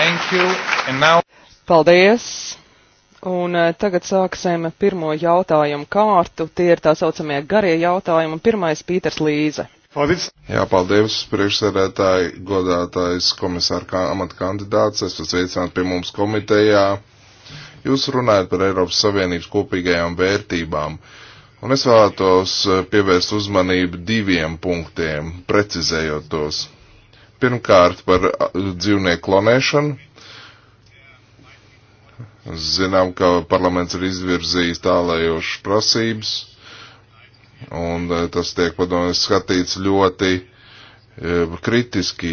Thank you. And now... Paldies. Un eh, tagad sāksim pirmo jautājumu kārtu. Tie ir tā saucamie garie jautājumi. Pirmais Pīters Līze. Paldies. Jā, paldies, priekšsēdētāji, godātais komisāra amatkandidāts. Es esmu sveicināts pie mums komitejā. Jūs runājat par Eiropas Savienības kopīgajām vērtībām. Un es vēlētos eh, pievērst uzmanību diviem punktiem, precizējot tos. Pirmkārt par dzīvnieku klonēšanu. Zinām, ka parlaments ir izvirzījis tālējošas prasības, un e, tas tiek padomājis skatīts ļoti e, kritiski.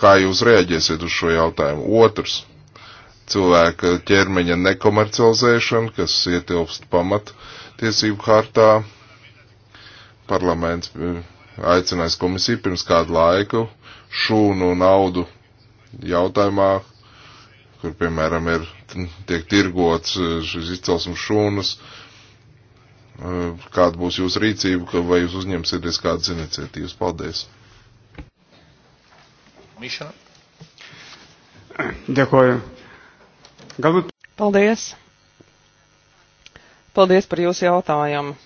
Kā jūs reaģēsiet uz šo jautājumu? Otrs - cilvēka ķermeņa nekomercializēšana, kas ietilpst pamat tiesību hartā. Parlaments e, aicinājis komisiju pirms kādu laiku šūnu naudu jautājumā, kur, piemēram, ir, tiek tirgots eh, šis izcelsmes šūnas, eh, kāda būs jūsu rīcība, vai jūs uzņemsieties kādas iniciatīvas. Paldies! Mišā. Ďakujem. Galbūt. Paldies. Paldies par jūsu jautājumu.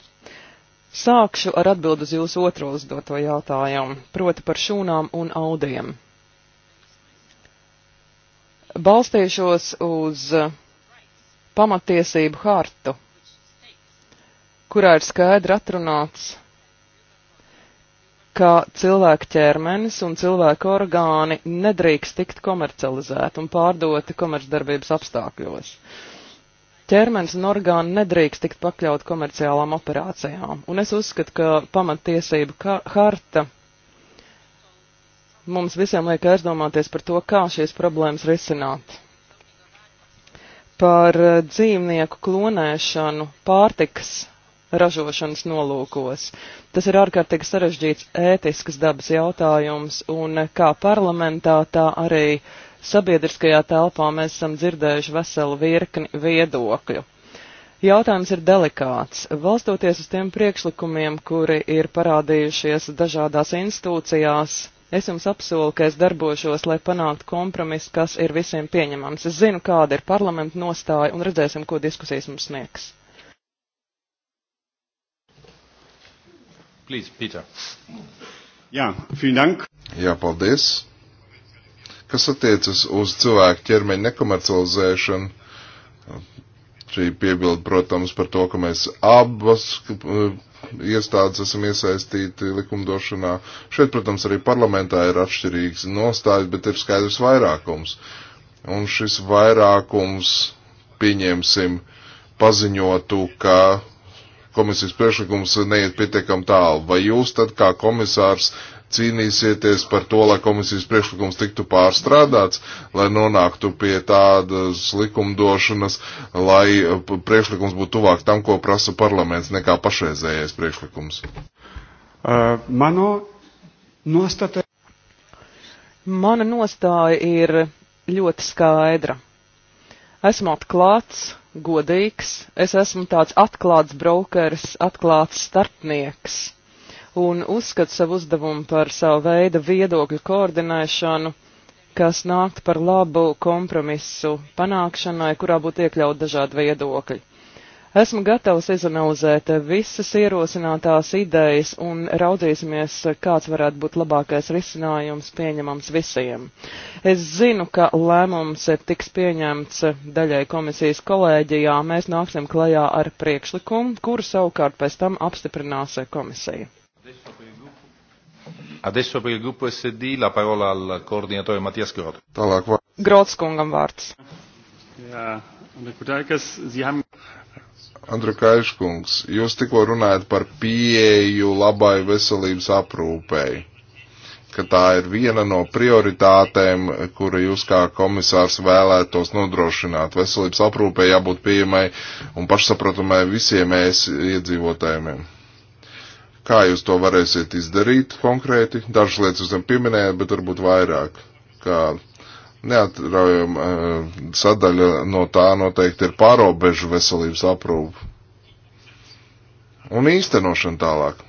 Sākšu ar atbildu uz jūsu otro uzdoto jautājumu, proti par šūnām un audiem. Balstīšos uz pamatiesību hartu, kurā ir skaidri atrunāts, ka cilvēka ķermenis un cilvēka orgāni nedrīkst tikt komercializēti un pārdoti komercdarbības apstākļos. Uh, ķermenis un orgāni nedrīkst tikt pakļaut komerciālām operācijām. Un es uzskatu, ka pamattiesība harta mums visiem liek aizdomāties par to, kā šīs problēmas risināt. Par eh, dzīvnieku klonēšanu pārtikas ražošanas nolūkos. Tas ir ārkārtīgi sarežģīts ētiskas dabas jautājums, un eh, kā parlamentā tā arī uh, Sabiedriskajā telpā mēs esam dzirdējuši veselu virkni viedokļu. Jautājums ir delikāts. Valstoties uz tiem priekšlikumiem, kuri ir parādījušies dažādās institūcijās, es jums apsolu, ka es darbošos, lai panāktu kompromisu, kas ir visiem pieņemams. Es zinu, kāda ir parlamenta nostāja, un redzēsim, ko diskusijas mums sniegs. Please, Peter. Jā, vielen dank. Jā, paldies. Kas attiecas uz cilvēku ķermeņa nekomercializēšanu, šī piebilda, protams, par to, ka mēs abas eh, iestādes esam iesaistīti likumdošanā. Šeit, protams, arī parlamentā ir atšķirīgs nostājs, bet ir skaidrs vairākums. Un šis vairākums, pieņemsim, paziņotu, ka komisijas priekšlikums neiet pietiekam tālu. Vai jūs tad kā komisārs cīnīsieties par to, lai komisijas priekšlikums tiktu pārstrādāts, lai nonāktu pie tādas likumdošanas, lai priekšlikums būtu tuvāk tam, ko prasa parlaments, nekā pašreizējais priekšlikums? Uh, mano nostate... Mana nostāja ir ļoti skaidra. Esmu atklāts, godīgs, es esmu tāds atklāts brokeris, atklāts starpnieks un uzskata savu uzdevumu par savu veidu viedokļu koordinēšanu, kas nākt par labu kompromisu panākšanai, kurā būtu iekļaut dažādi viedokļi. Esmu gatavs izanalizēt visas ierosinātās idejas un raudzīsimies, kāds varētu būt labākais risinājums pieņemams visiem. Es zinu, ka lēmums tiks pieņemts daļai komisijas kolēģijā. Mēs nāksim klajā ar priekšlikumu, kuru savukārt pēc tam apstiprinās komisija. Adesso per il gruppo SD la parola al coordinatore Mattias Groth. Tālāk vārds. Grots kungam vārds. Jā, Andrikaikas, Ziham. Andrikaiš kungs, jūs tikko runājat par pieeju labai veselības aprūpēji ka tā ir viena no prioritātēm, kura jūs kā komisārs vēlētos nodrošināt. Veselības aprūpē jābūt pieejamai un pašsaprotamai visiem mēs iedzīvotājiem. Kā jūs to varēsiet izdarīt konkrēti? Dažas lietas jūs tam pieminējāt, bet varbūt vairāk. Kā neatraujama uh, sadaļa no tā noteikti ir pārobežu veselības aprūpa. Un īstenošana tālāk.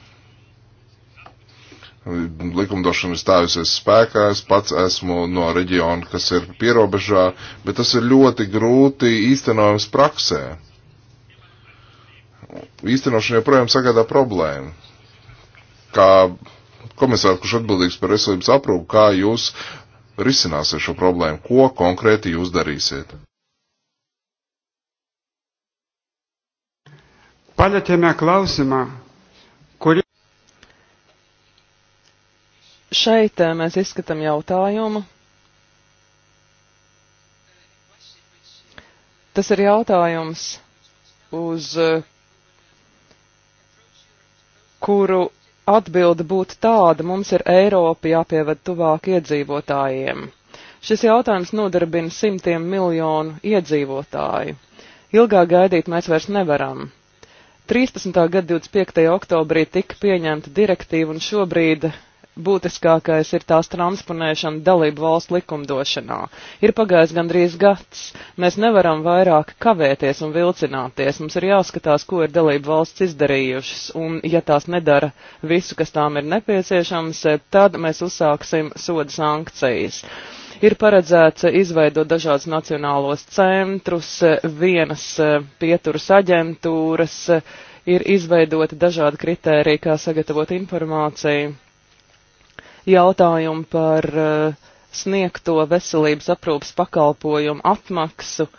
Likumdošana ir stājusies spēkā, es pats esmu no reģiona, kas ir pierobežā, bet tas ir ļoti grūti īstenojams praksē. Īstenošana joprojām sagādā problēmu kā komisārs, kurš atbildīgs par veselības aprūpu, kā jūs risināsiet šo problēmu, ko konkrēti jūs darīsiet? Paļatėme klausimą, kurį. Šeit eh, mēs izskatām jautājumu. Tas ir jautājums, uz eh, kuru atbilde būtu tāda, mums ir Eiropa jāpieved tuvāk iedzīvotājiem. Šis jautājums nodarbina simtiem miljonu iedzīvotāju. Ilgāk gaidīt mēs vairs nevaram. 13. gada 25. oktobrī tika pieņemta direktīva un šobrīd būtiskākais ir tās transponēšana dalību valstu likumdošanā. Ir pagājis gandrīz gads, mēs nevaram vairāk kavēties un vilcināties, mums ir jāskatās, ko ir dalību valsts izdarījušas, un ja tās nedara visu, kas tām ir nepieciešams, tad mēs uzsāksim soda sankcijas ir paredzēts izveidot dažādus nacionālos centrus, vienas pieturas aģentūras, ir izveidoti dažādi kritēriji, kā sagatavot informāciju jautājumu par uh, sniegto veselības aprūpas pakalpojumu apmaksu.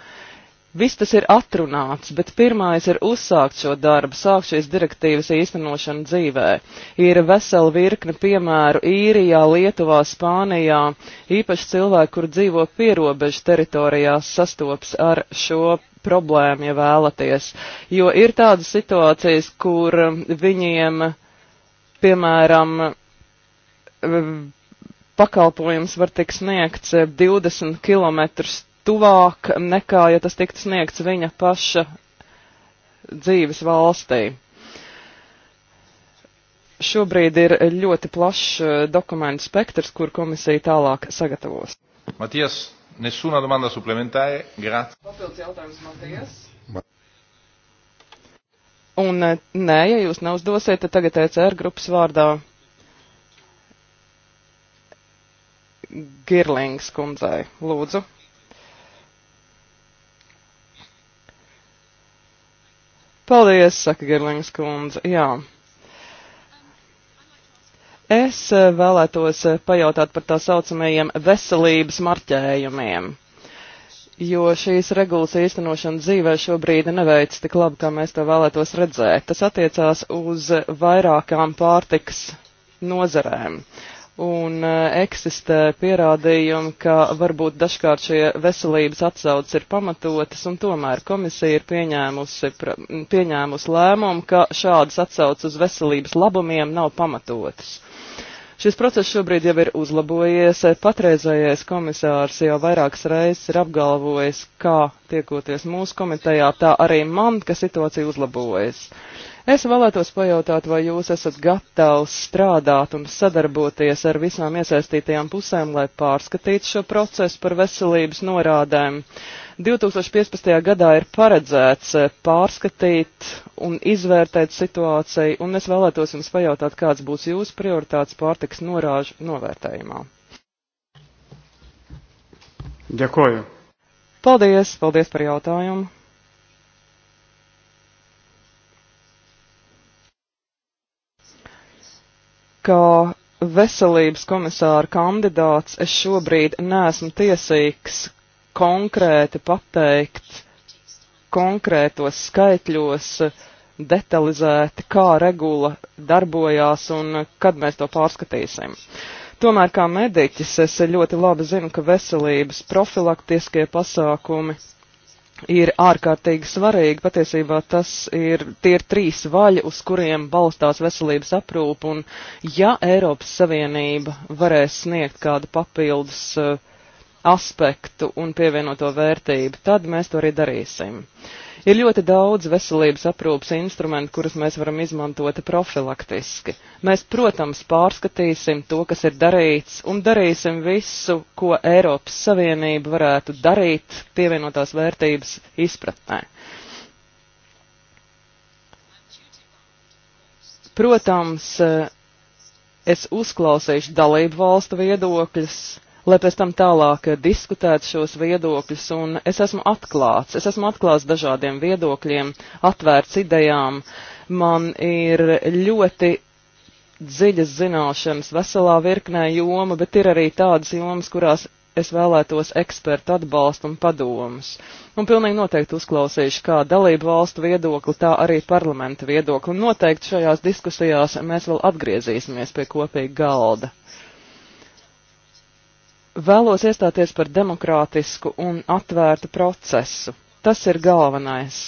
Viss tas ir atrunāts, bet pirmais ir uzsākt šo darbu, sākt šīs direktīvas īstenošanu dzīvē. Ir vesela virkne piemēru īrijā, Lietuvā, Spānijā, īpaši cilvēki, kur dzīvo pierobežu teritorijās, sastops ar šo problēmu, ja vēlaties. Jo ir tādas situācijas, kur viņiem, piemēram, pakalpojums var tikt sniegts 20 eh, km tuvāk nekā, ja tas tiktu sniegts viņa paša dzīves valstī. Šobrīd ir ļoti plašs eh, dokumentu spektrs, kur komisija tālāk sagatavos. Matijas, nesuna domanda suplementāre, grāts. Papildus jautājums, Matijas. Un eh, nē, ja jūs neuzdosiet, tad tagad ECR grupas vārdā Girlings kundzei. Lūdzu. Paldies, saka Gerlings kundze. Jā. Es eh, vēlētos eh, pajautāt par tā saucamajiem veselības marķējumiem, jo šīs regulas īstenošana dzīvē šobrīd neveic tik labi, kā mēs to vēlētos redzēt. Tas attiecās uz vairākām pārtiks nozerēm un eh, eksistē pierādījumi, ka varbūt dažkārt šie veselības atsauces ir pamatotas, un tomēr komisija ir pieņēmusi, pieņēmusi lēmumu, ka šādas atsauces uz veselības labumiem nav pamatotas. Šis process šobrīd jau ir uzlabojies. Patreizējais komisārs jau vairākas reizes ir apgalvojis, kā tiekoties mūsu komitejā, tā arī man, ka situācija uzlabojas. Uh, Es vēlētos pajautāt, vai jūs esat gatavs strādāt un sadarboties ar visām iesaistītajām pusēm, lai pārskatītu šo procesu par veselības norādēm. 2015. gadā ir paredzēts eh, pārskatīt un izvērtēt situāciju, un es vēlētos jums pajautāt, kāds būs jūsu prioritāts pārtiks norāžu novērtējumā. Ďakujem. Paldies, paldies par jautājumu. kā veselības komisāra kandidāts es šobrīd neesmu tiesīgs konkrēti pateikt konkrētos skaitļos detalizēti, kā regula darbojās un kad mēs to pārskatīsim. Tomēr kā mediķis es ļoti labi zinu, ka veselības profilaktiskie pasākumi ir ārkārtīgi svarīgi. Patiesībā tas ir, tie ir trīs vaļi, uz kuriem balstās veselības aprūpa, un ja Eiropas Savienība varēs sniegt kādu papildus uh, aspektu un pievienoto vērtību, tad mēs to arī darīsim. Uh, Ir ļoti daudz veselības aprūpas instrumentu, kurus mēs varam izmantot profilaktiski. Mēs, protams, pārskatīsim to, kas ir darīts, un darīsim visu, ko Eiropas Savienība varētu darīt pievienotās vērtības izpratnē. Protams, es uzklausīšu dalību valstu viedokļus lai pēc tam tālāk diskutētu šos viedokļus, un es esmu atklāts, es esmu atklāts dažādiem viedokļiem, atvērts idejām, man ir ļoti dziļas zināšanas veselā virknē joma, bet ir arī tādas jomas, kurās es vēlētos ekspertu atbalstu un padomus. Un pilnīgi noteikti uzklausīšu kā dalību valstu viedokli, tā arī parlamenta viedokli. Un noteikti šajās diskusijās mēs vēl atgriezīsimies pie kopīga galda. Vēlos iestāties par demokrātisku un atvērtu procesu. Tas ir galvenais.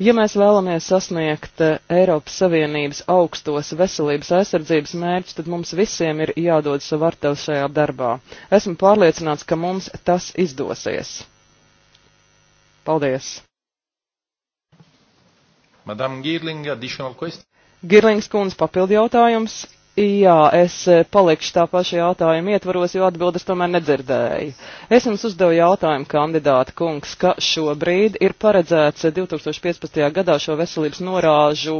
Ja mēs vēlamies sasniegt eh, Eiropas Savienības augstos veselības aizsardzības mērķus, tad mums visiem ir jādod savu artavu šajā darbā. Esmu pārliecināts, ka mums tas izdosies. Paldies! Madam Girling, additional question. Girlings kundze papildu jautājums. Jā, es e, palikšu tā paša jautājuma ietvaros, jo atbildes tomēr nedzirdēju. Es jums uzdevu jautājumu, kandidāta kungs, ka šobrīd ir paredzēts 2015. gadā šo veselības norāžu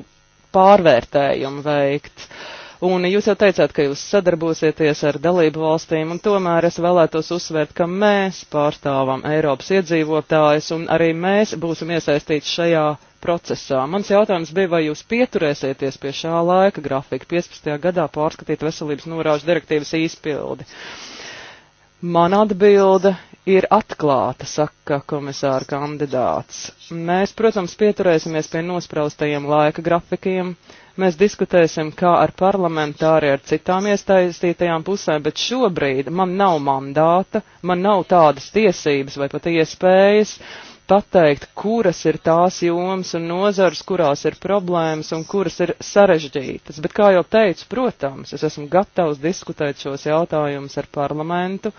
pārvērtējumu veikt. Un jūs jau teicāt, ka jūs sadarbosieties ar dalību valstīm, un tomēr es vēlētos uzsvērt, ka mēs pārstāvam Eiropas iedzīvotājus, un arī mēs būsim iesaistīti šajā procesā. Mans jautājums bija, vai jūs pieturēsieties pie šā laika grafika 15. gadā pārskatīt veselības norāžu direktīvas īspildi. Man atbilde ir atklāta, saka komisāra kandidāts. Mēs, protams, pieturēsimies pie nospraustajiem laika grafikiem. Mēs diskutēsim kā ar parlamentāri, ar citām iesaistītajām pusēm, bet šobrīd man nav mandāta, man nav tādas tiesības vai pat iespējas. Uh, pateikt, kuras ir tās jomas un nozars, kurās ir problēmas un kuras ir sarežģītas. Bet, kā jau teicu, protams, es esmu gatavs diskutēt šos jautājumus ar parlamentu.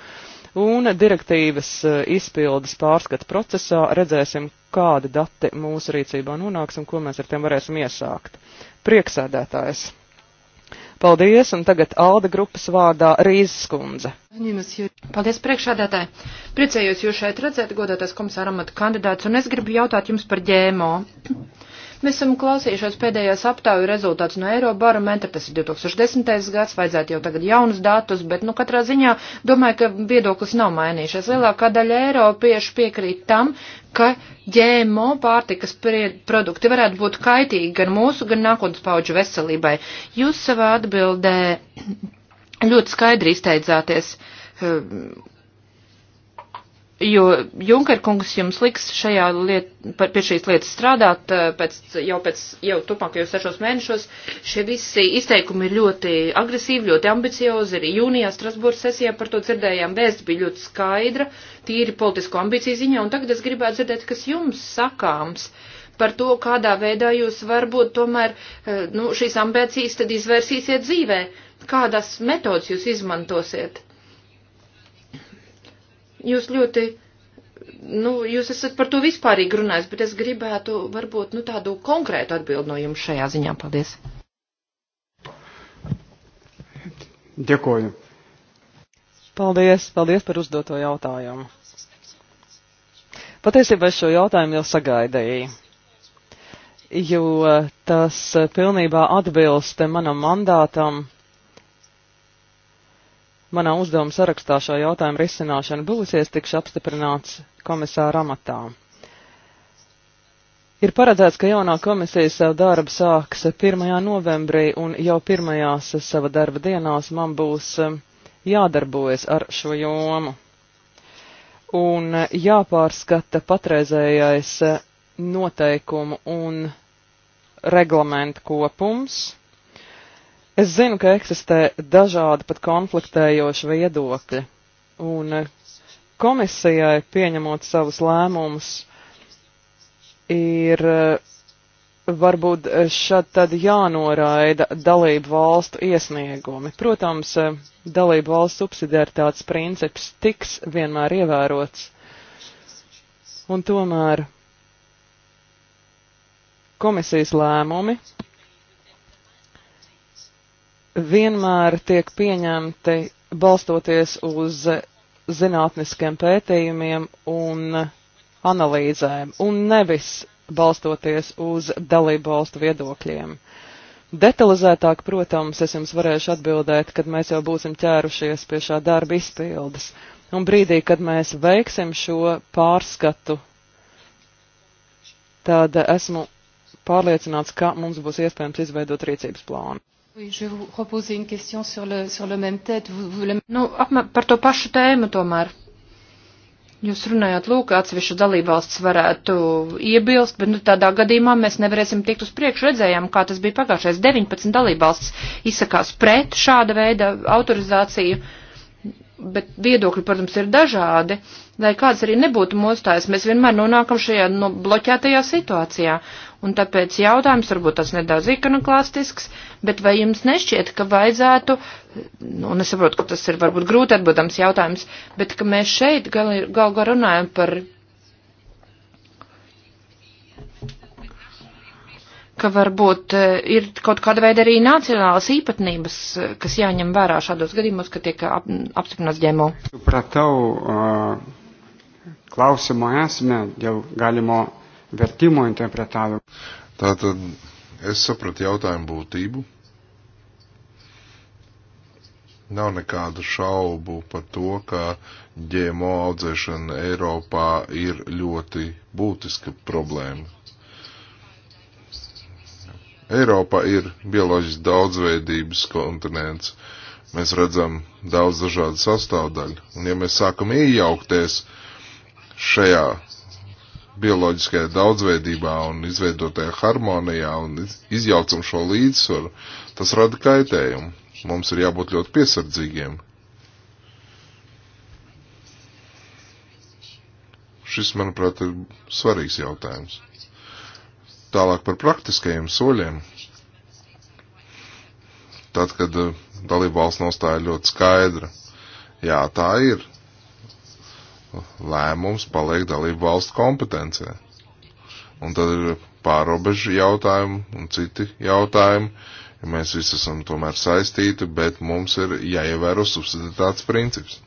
Un direktīvas eh, izpildes pārskata procesā redzēsim, kādi dati mūsu rīcībā nonāks un ko mēs ar tiem varēsim iesākt. Prieksēdētājs! Paldies, un tagad Alda grupas vārdā Rīzes kundze. Paldies priekšādātāji. Priecējos jūs šeit redzēt, godātais komisāram kandidāts, un es gribu jautāt jums par ģēmo. Mēs esam klausījušos pēdējās aptāju rezultātus no Eirobarometra, tas ir 2010. gads, vajadzētu jau tagad jaunus datus, bet, nu, katrā ziņā domāju, ka viedoklis nav mainījušies. Lielākā daļa Eiropiešu piekrīt tam, ka ģēmo pārtikas produkti varētu būt kaitīgi gan mūsu, gan nākotnes pauģu veselībai. Jūs savā atbildē ļoti skaidri izteicāties jo Junker kungs jums liks šajā liet, par, pie šīs lietas strādāt eh, pēc, jau pēc, jau tupākajos sešos mēnešos. Šie visi izteikumi ir ļoti agresīvi, ļoti ambiciozi. Arī jūnijā Strasbūras sesijā par to dzirdējām vēsts bija ļoti skaidra, tīri politisko ambīciju ziņā, un tagad es gribētu dzirdēt, kas jums sakāms par to, kādā veidā jūs varbūt tomēr, eh, nu, šīs ambīcijas tad izvērsīsiet dzīvē, kādas metodas jūs izmantosiet Jūs ļoti, nu, jūs esat par to vispārīgi runājis, bet es gribētu varbūt, nu, tādu konkrētu atbildu no jums šajā ziņā. Paldies. Ďakujem. Paldies, paldies par uzdoto jautājumu. Patiesībā es šo jautājumu jau sagaidīju, jo tas pilnībā atbilst manam mandātam manā uzdevuma sarakstā šā jautājuma risināšana būsies, tikšu apstiprināts komisāra amatā. Ir paredzēts, ka jaunā komisija savu darbu sāks 1. novembrī, un jau pirmajās sava darba dienās man būs um, jādarbojas ar šo jomu. Un uh, jāpārskata patreizējais uh, noteikumu un reglamentu kopums Es zinu, ka eksistē dažādi pat konfliktējoši viedokļi, un eh, komisijai pieņemot savus lēmumus ir eh, varbūt eh, šad tad jānoraida dalību valstu iesniegumi. Protams, dalību valstu subsidiaritātes princips tiks vienmēr ievērots, un tomēr komisijas lēmumi vienmēr tiek pieņemti balstoties uz zinātniskiem pētījumiem un analīzēm, un nevis balstoties uz dalību valstu viedokļiem. Detalizētāk, protams, es jums varēšu atbildēt, kad mēs jau būsim ķērušies pie šā darba izpildes. Un brīdī, kad mēs veiksim šo pārskatu, tad esmu pārliecināts, ka mums būs iespējams izveidot rīcības plānu. Oui, je vais vous proposer une question sur le, sur le même tête. Vous, vous le... Nu, apmēr par to pašu tēmu tomēr. Jūs runājāt, lūk, atsevišķu dalībvalsts varētu iebilst, bet nu, tādā gadījumā mēs nevarēsim tikt uz priekšu. Redzējām, kā tas bija pagājušais. 19 dalībvalsts izsakās pret šāda veida autorizāciju, bet viedokļi, protams, ir dažādi. Lai kāds arī nebūtu mostājas, mēs vienmēr nonākam šajā no nu, bloķētajā situācijā. Un tāpēc jautājums, varbūt tas nedaudz ikonoklastisks, bet vai jums nešķiet, ka vajadzētu, nu, un es saprotu, ka tas ir varbūt grūti atbildams jautājums, bet ka mēs šeit gal, gal, gal runājam par. ka varbūt eh, ir kaut kāda veida arī nacionālas īpatnības, eh, kas jāņem vērā šādos gadījumos, ka tiek ap, apstiprināts ģemo. Supratau, uh, klausimo esmę dėl galimo vertimo interpretavimo. Tātad es sapratu jautājumu būtību. Nav nekādu šaubu par to, ka GMO audzēšana Eiropā ir ļoti būtiska problēma. Eiropa ir bioloģiski daudzveidības kontinents. Mēs redzam daudz dažādu sastāvdaļu. Un ja mēs sākam iejaukties šajā bioloģiskajā daudzveidībā un izveidotajā harmonijā un izjaucam šo līdzsvaru, tas rada kaitējumu. Mums ir jābūt ļoti piesardzīgiem. Šis, manuprāt, ir svarīgs jautājums. Tālāk par praktiskajiem soļiem. Tad, kad eh, dalība valsts nostāja ļoti skaidra. Jā, tā ir lēmums paliek dalību valstu kompetencē. Un tad ir pārobežu jautājumi un citi jautājumi. Ja mēs visi esam tomēr saistīti, bet mums ir jāievēro subsidiatāts princips.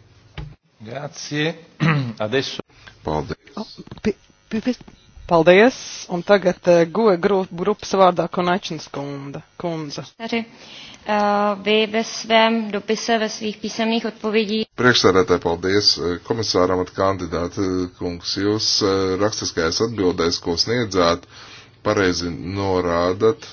Grazie. Adesso. Paldies. Oh, Paldies, un tagad eh, goja grupas vārdā Konečnas kundze. Arī. Eh, vy ve svém dopise, ve svých písemných odpovědí. Priekšsēdētāji, paldies komisāram at kandidāti, eh, kungs. Jūs rakstiskajās atbildēs, ko sniedzāt, pareizi norādat,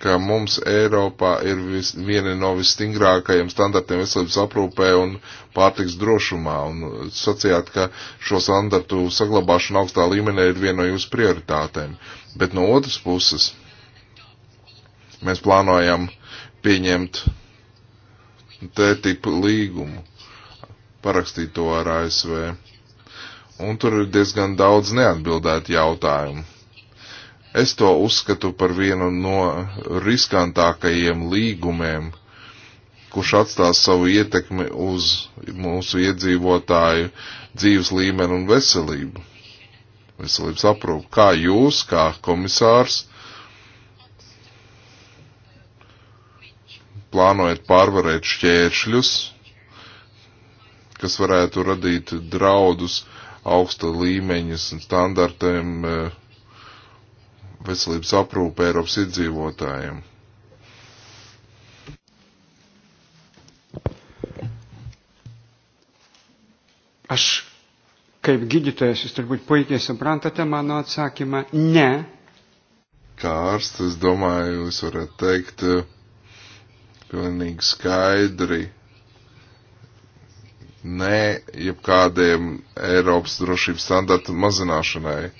ka mums Eiropā ir vis, viena no visstingrākajiem standartiem veselības aprūpē un pārtiks drošumā. Un sacījāt, ka šo standartu saglabāšana augstā līmenī ir viena no jūsu prioritātēm. Bet no otras puses mēs plānojam pieņemt T-tipu līgumu, parakstīt to ar ASV. Un tur ir diezgan daudz neatbildētu jautājumu Es to uzskatu par vienu no riskantākajiem līgumiem, kurš atstās savu ietekmi uz mūsu iedzīvotāju dzīves līmeni un veselību. Veselības aprūpu. Kā jūs, kā komisārs, plānojat pārvarēt šķēršļus, kas varētu radīt draudus augsta līmeņa standartiem eh, veselības aprūpe Eiropas iedzīvotājiem. Aš kaip gydytojas, jūs turbūt puikiai suprantate mano atsakymą - ne. Kā ārsts, es domāju, jūs varat teikt eh, pilnīgi skaidri nē jebkādiem Eiropas drošības standartu mazināšanai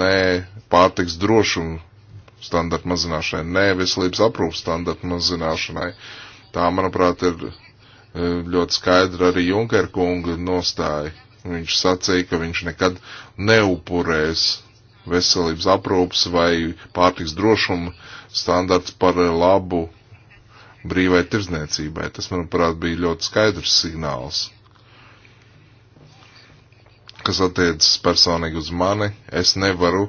nē pārtiks drošumu standartu mazināšanai, nē veselības aprūpas standartu mazināšanai. Tā, manuprāt, ir e, ļoti skaidra arī Junker kunga nostāja. Viņš sacīja, ka viņš nekad neupurēs veselības aprūpas vai pārtiks drošuma standarts par labu brīvai tirzniecībai. Tas, manuprāt, bija ļoti skaidrs signāls kas attiecas personīgi uz mani, es nevaru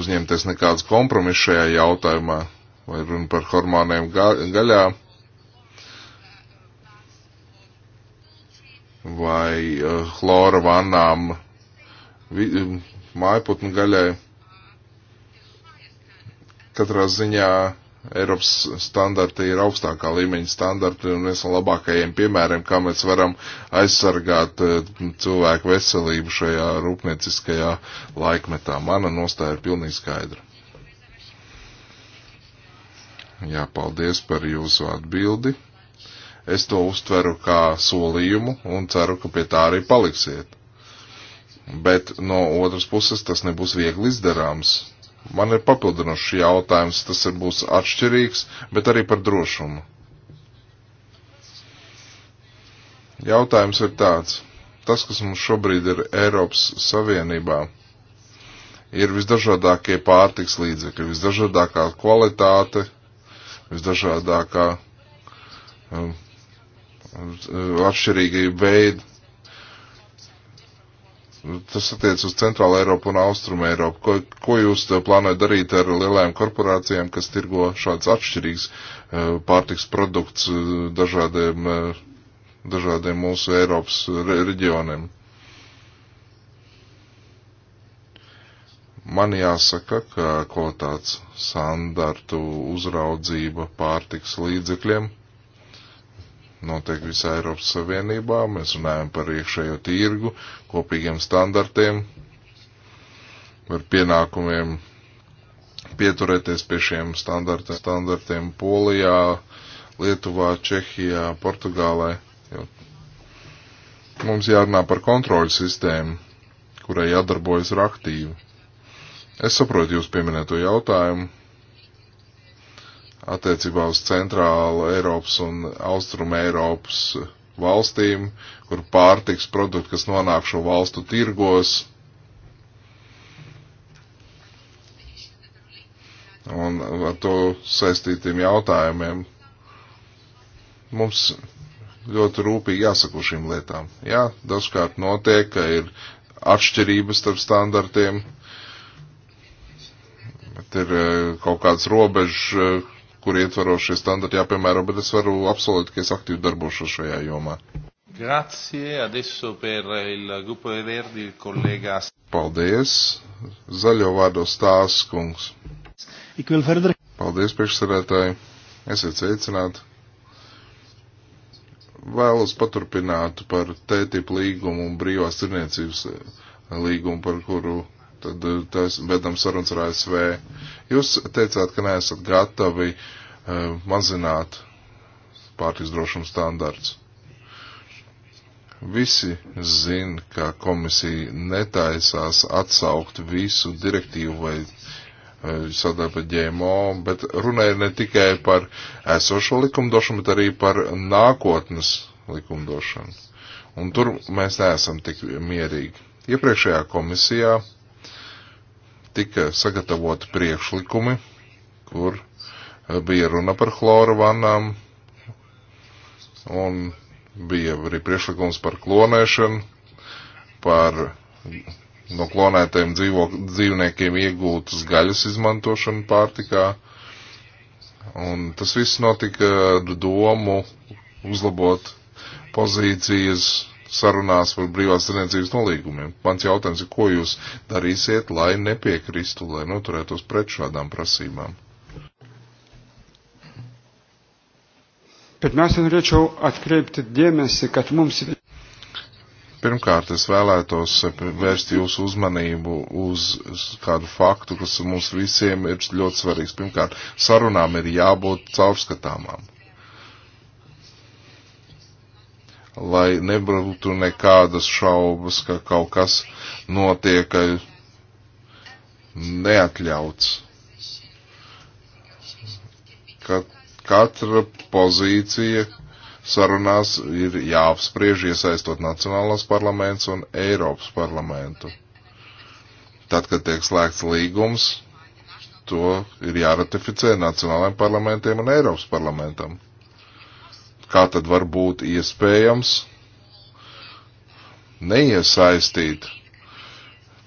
uzņemties nekādus kompromisu šajā jautājumā, vai runa par hormoniem ga gaļā, vai uh, chlora vannām eh, mājputnu gaļai. Katrā ziņā Eiropas standarti ir augstākā līmeņa standarti un viens no labākajiem piemēriem, kā mēs varam aizsargāt eh, cilvēku veselību šajā rūpnieciskajā laikmetā. Mana nostāja ir pilnīgi skaidra. Jā, paldies par jūsu atbildi. Es to uztveru kā solījumu un ceru, ka pie tā arī paliksiet. Bet no otras puses tas nebūs viegli izdarāms, Man ir papildinošs jautājums, tas ir būs atšķirīgs, bet arī par drošumu. Jautājums ir tāds. Tas, kas mums šobrīd ir Eiropas Savienībā, ir visdažādākie pārtiks līdzekļi, visdažādākā kvalitāte, visdažādākā um, atšķirīgi veidi Tas attiec uz Centrālu Eiropu un Austrumu Eiropu. Ko, ko jūs eh, plānojat darīt ar lielajām korporācijām, kas tirgo šāds atšķirīgs eh, pārtiks produkts eh, dažādiem, dažādiem mūsu Eiropas reģioniem? Man jāsaka, ka kvalitātes standartu uzraudzība pārtiks līdzekļiem notiek visā Eiropas Savienībā. Mēs runājam par iekšējo tirgu, kopīgiem standartiem, par pienākumiem pieturēties pie šiem standartiem, standartiem Polijā, Lietuvā, Čehijā, Portugālē. Jo mums jārunā par kontroļu sistēmu, kurai jādarbojas ar aktīvu. Es saprotu jūs pieminēto jautājumu attiecībā uz centrālu Eiropas un austrumu Eiropas valstīm, kur pārtiks produkti, kas nonāk šo valstu tirgos. Un ar to saistītiem jautājumiem mums ļoti rūpīgi jāsako šīm lietām. Jā, dažkārt notiek, ka ir atšķirības starp standartiem, bet ir eh, kaut kāds robežs, eh, kur ietvarošie standarti jāpiemēro, bet es varu apsolīt, ka es aktīvi darbošos šajā jomā. Grazie, adesso per il gruppo Verdi il collega. Paldies, zaļo vārdo stāskungs. Paldies, priekšsarētāji, esiet sveicināti. Vēlos paturpināt par tētību līgumu un brīvās tirniecības eh, līgumu, par kuru tad eh, tas vedam sarunas ar ASV. Jūs teicāt, ka neesat gatavi uh, mazināt pārtiks drošuma standarts. Visi zin, ka komisija netaisās atsaukt visu direktīvu vai eh, sadaļu par ģēmo, bet runa ir ne tikai par esošo likumdošanu, bet arī par nākotnes likumdošanu. Un tur mēs neesam tik mierīgi. Iepriekšējā komisijā tika sagatavoti priekšlikumi, kur eh, bija runa par chlora vannām, un bija arī priekšlikums par klonēšanu, par no klonētajiem dzīvo, dzīvniekiem iegūtas gaļas izmantošanu pārtikā. Un tas viss notika domu uzlabot pozīcijas sarunās par brīvās tirdzniecības nolīgumiem. Mans jautājums ir, ko jūs darīsiet, lai nepiekristu, lai noturētos pret šādām prasībām? Pirmiausia, norėčiau atkreipti dėmesį, kad mums. Pirmkārt, es vēlētos vērst jūsu uzmanību uz kādu faktu, kas mums visiem ir ļoti svarīgs. Pirmkārt, sarunām ir jābūt caurskatāmām. lai nebūtu nekādas šaubas, ka kaut kas notiek neatļauts. Ka katra pozīcija sarunās ir jāapspriež iesaistot Nacionālās parlaments un Eiropas parlamentu. Tad, kad tiek slēgts līgums, to ir jāratificē Nacionālajiem parlamentiem un Eiropas parlamentam kā tad var būt iespējams neiesaistīt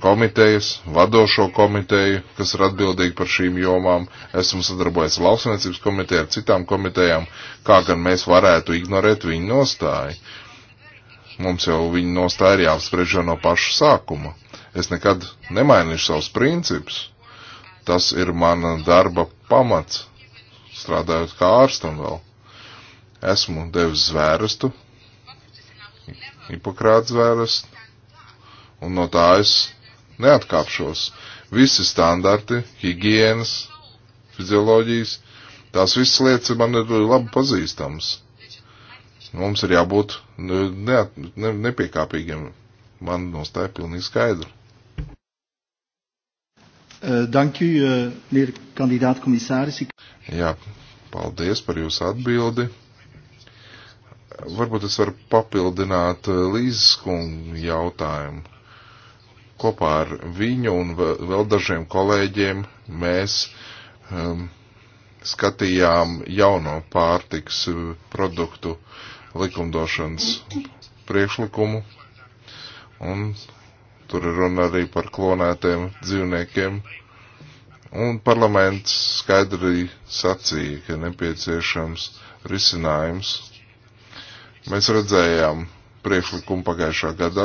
komitejas, vadošo komiteju, kas ir atbildīgi par šīm jomām. Esmu sadarbojies ar lauksaimniecības komiteju, ar citām komitejām, kā gan mēs varētu ignorēt viņu nostāju. Mums jau viņa nostāja ir jāapspriež jau no paša sākuma. Es nekad nemainīšu savus principus. Tas ir mana darba pamats, strādājot kā ārstam vēl. Esmu devis zvērstu, Hipokrāta zvērstu, un no tā es neatkāpšos. Visi standarti, higienas, fizioloģijas, tās visas lietas man ir labi pazīstams. Mums ir jābūt neat, ne, nepiekāpīgiem. Man nostāja pilnīgi skaidra. Eh, dank u, eh, meneer kandidaat-commissaris. Jā, paldies par jūsu atbildi. Varbūt es varu papildināt eh, Līzes kungu jautājumu. Kopā ar viņu un vēl dažiem kolēģiem mēs um, skatījām jauno pārtiks eh, produktu likumdošanas priekšlikumu. Un tur ir runa arī par klonētiem dzīvniekiem. Un parlaments skaidri sacīja, ka nepieciešams risinājums Mēs redzējām priekšlikumu pagājušā gadā,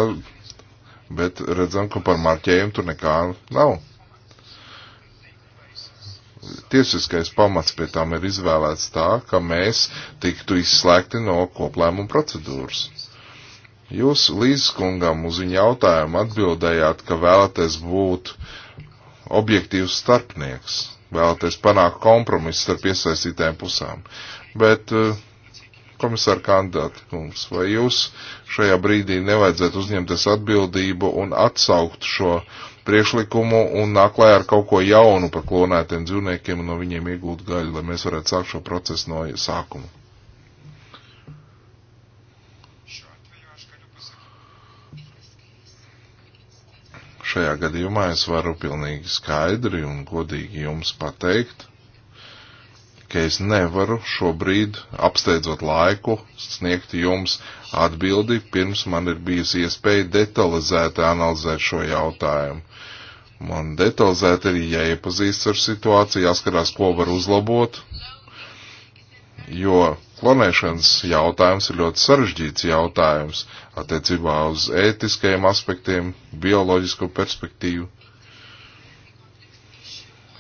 bet redzam, ka par marķējumu tur nekā nav. Tiesiskais pamats pie tām ir izvēlēts tā, ka mēs tiktu izslēgti no koplēmuma procedūras. Jūs līdzskungam uz viņu jautājumu atbildējāt, ka vēlaties būt objektīvs starpnieks, vēlaties panākt kompromisu starp iesaistītēm pusām, bet uh, Komisāra kandidāti kungs, vai jūs šajā brīdī nevajadzētu uzņemties atbildību un atsaukt šo priekšlikumu un nāklē ar kaut ko jaunu par klonētiem dzīvniekiem un no viņiem iegūt gaļu, lai mēs varētu sākt šo procesu no sākuma? Šajā gadījumā es varu pilnīgi skaidri un godīgi jums pateikt, ka es nevaru šobrīd, apsteidzot laiku, sniegt jums atbildi, pirms man ir bijusi iespēja detalizēti analizēt šo jautājumu. Man detalizēti ir jāiepazīst ar situāciju, jāskatās, ko var uzlabot, jo klonēšanas jautājums ir ļoti sarežģīts jautājums attiecībā uz ētiskajiem aspektiem, bioloģisko perspektīvu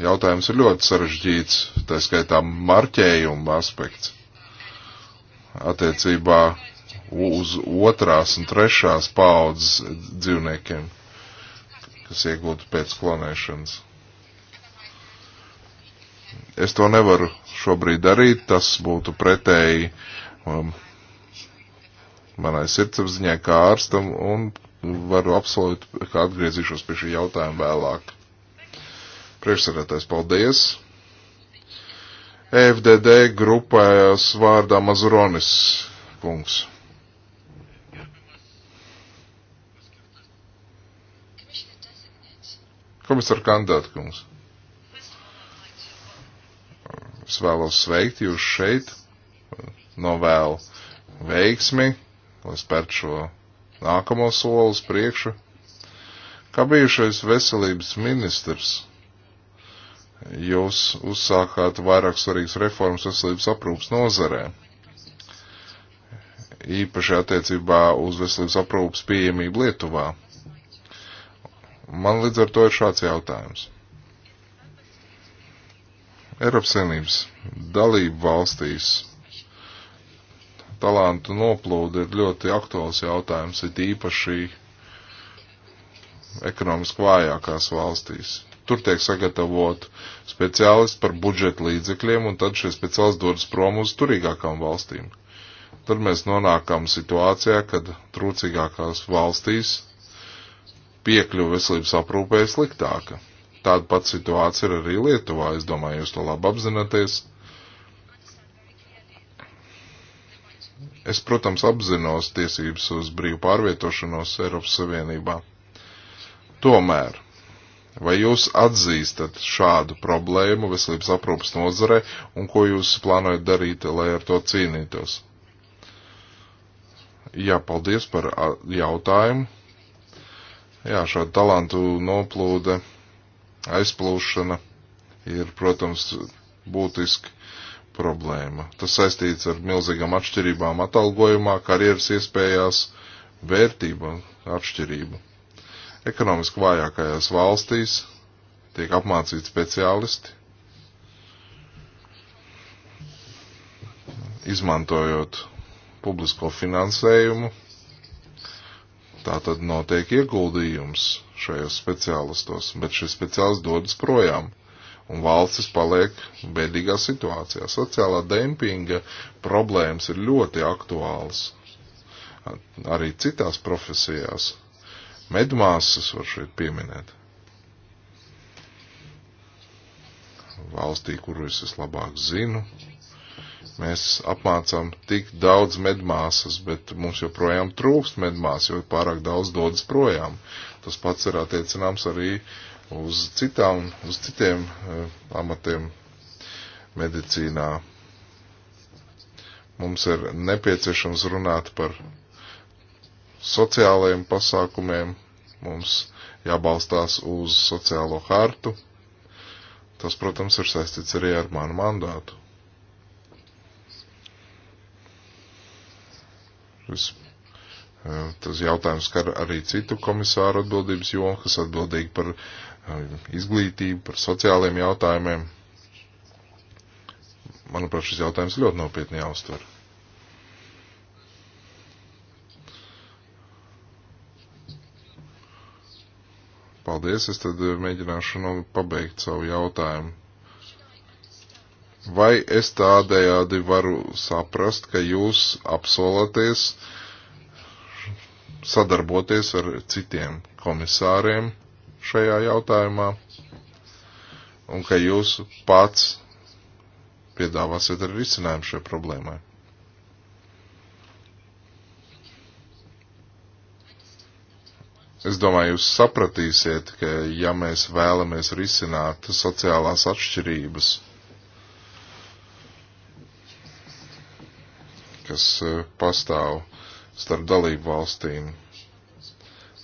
Jautājums ir ļoti sarežģīts, tā skaitā marķējuma aspekts attiecībā uz otrās un trešās paudzes dzīvniekiem, kas iegūtu pēc klonēšanas. Es to nevaru šobrīd darīt, tas būtu pretēji um, manai sirdsapziņai kā ārstam un varu apsolīt, ka atgriezīšos pie šī jautājuma vēlāk. Priekšsēdētājs, paldies! FDD grupējās vārdā Mazuronis kungs. Komisāra kandidāta kungs. Es vēlos sveikt jūs šeit, novēlu veiksmi, lai spērt šo nākamo soli uz priekšu. Kā bijušais veselības ministrs jūs uzsākāt vairāk svarīgas reformas veselības aprūpas nozarē. Īpaši attiecībā uz veselības aprūpas pieejamību Lietuvā. Man līdz ar to ir šāds jautājums. Eiropas Savienības dalību valstīs talantu noplūda ir ļoti aktuāls jautājums, ir īpaši ekonomiski vājākās valstīs Tur tiek sagatavot speciālisti par budžeta līdzekļiem, un tad šie speciālisti dodas prom uz turīgākām valstīm. Tad mēs nonākam situācijā, kad trūcīgākās valstīs piekļuva veselības aprūpē ir sliktāka. Tāda pati situācija ir arī Lietuvā, es domāju, jūs to labi apzināties. Es, protams, apzinos tiesības uz brīvu pārvietošanos Eiropas Savienībā. Tomēr Vai jūs atzīstat šādu problēmu veselības aprūpas nozarē un ko jūs plānojat darīt, lai ar to cīnītos? Jā, paldies par jautājumu. Jā, šāda talantu noplūde, aizplūšana ir, protams, būtiski problēma. Tas saistīts ar milzīgām atšķirībām atalgojumā, karjeras iespējās, vērtība atšķirība. Ekonomiski vājākajās valstīs tiek apmācīti speciālisti, izmantojot publisko finansējumu. Tā tad notiek ieguldījums šajos speciālistos, bet šis speciālists dodas projām un valstis paliek bēdīgā situācijā. Sociālā dempinga problēmas ir ļoti aktuāls arī citās profesijās medmāsas var šeit pieminēt. Valstī, kuru es vislabāk zinu, mēs apmācām tik daudz medmāsas, bet mums joprojām trūkst medmās, jo pārāk daudz dodas projām. Tas pats ir attiecināms arī uz citām, uz citiem uh, amatiem medicīnā. Mums ir nepieciešams runāt par sociālajiem pasākumiem, mums jābalstās uz sociālo hartu. Tas, protams, ir saistīts arī ar manu mandātu. Es, e, tas jautājums skar arī citu komisāru atbildības jomu, kas atbildīgi par e, izglītību, par sociālajiem jautājumiem. Manuprāt, šis jautājums ļoti nopietni jāuztver. Paldies, es tad eh, mēģināšu nu pabeigt savu jautājumu. Vai es tādējādi varu saprast, ka jūs apsolaties sadarboties ar citiem komisāriem šajā jautājumā un ka jūs pats piedāvāsiet ar risinājumu šai problēmai? Es domāju, jūs sapratīsiet, ka ja mēs vēlamies risināt sociālās atšķirības, kas eh, pastāv starp dalību valstīm,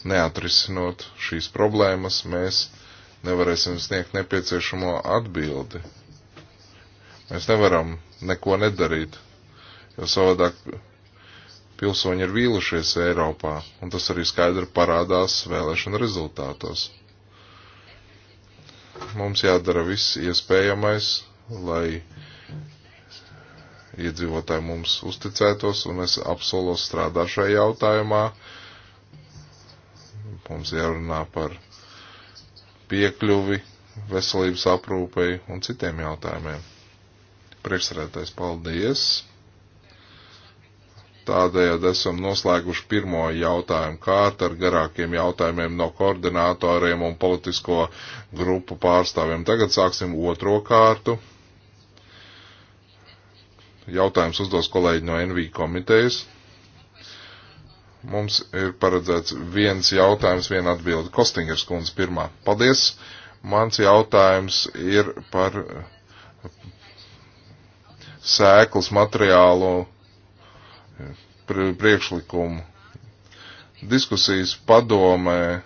neatrisinot šīs problēmas, mēs nevarēsim sniegt nepieciešamo atbildi. Mēs nevaram neko nedarīt, jo savādāk pilsoņi ir vīlušies Eiropā, un tas arī skaidri parādās vēlēšana rezultātos. Mums jādara viss iespējamais, lai iedzīvotāji mums uzticētos, un es apsolos strādā šajā jautājumā. Mums jārunā par piekļuvi veselības aprūpei un citiem jautājumiem. Priekšsarētais, paldies! Tādējādi esam noslēguši pirmo jautājumu kārtu ar garākiem jautājumiem no koordinātoriem un politisko grupu pārstāvjiem. Tagad sāksim otro kārtu. Jautājums uzdos kolēģi no NV komitejas. Mums ir paredzēts viens jautājums, viena atbilde. Kostingers kundze pirmā. Paldies! Mans jautājums ir par sēklas materiālu priekšlikumu. Diskusijas padomē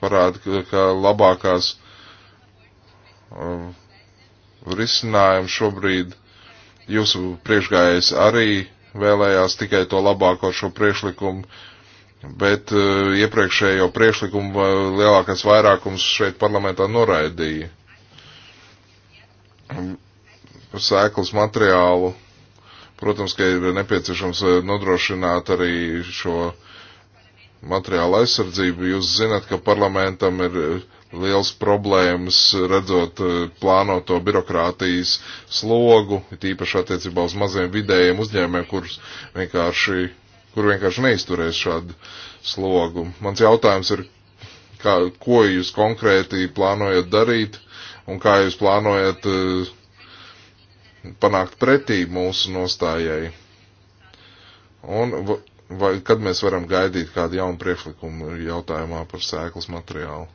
parāda, ka labākās uh, risinājums šobrīd jūsu priekšgājējs arī vēlējās tikai to labāko šo priekšlikumu, bet uh, iepriekšējo priekšlikumu uh, lielākais vairākums šeit parlamentā noraidīja. Sēklas materiālu Protams, ka ir nepieciešams eh, nodrošināt arī šo materiālu aizsardzību. Jūs zināt, ka parlamentam ir eh, liels problēmas redzot eh, plānoto birokrātijas slogu, tīpaši attiecībā uz maziem vidējiem uzņēmēm, kurus vienkārši, kur vienkārši neizturēs šādu slogu. Mans jautājums ir, kā, ko jūs konkrēti plānojat darīt un kā jūs plānojat uh, panākt pretī mūsu nostājai? Un vai, kad mēs varam gaidīt kādu jaunu priekšlikumu jautājumā par sēklas materiālu?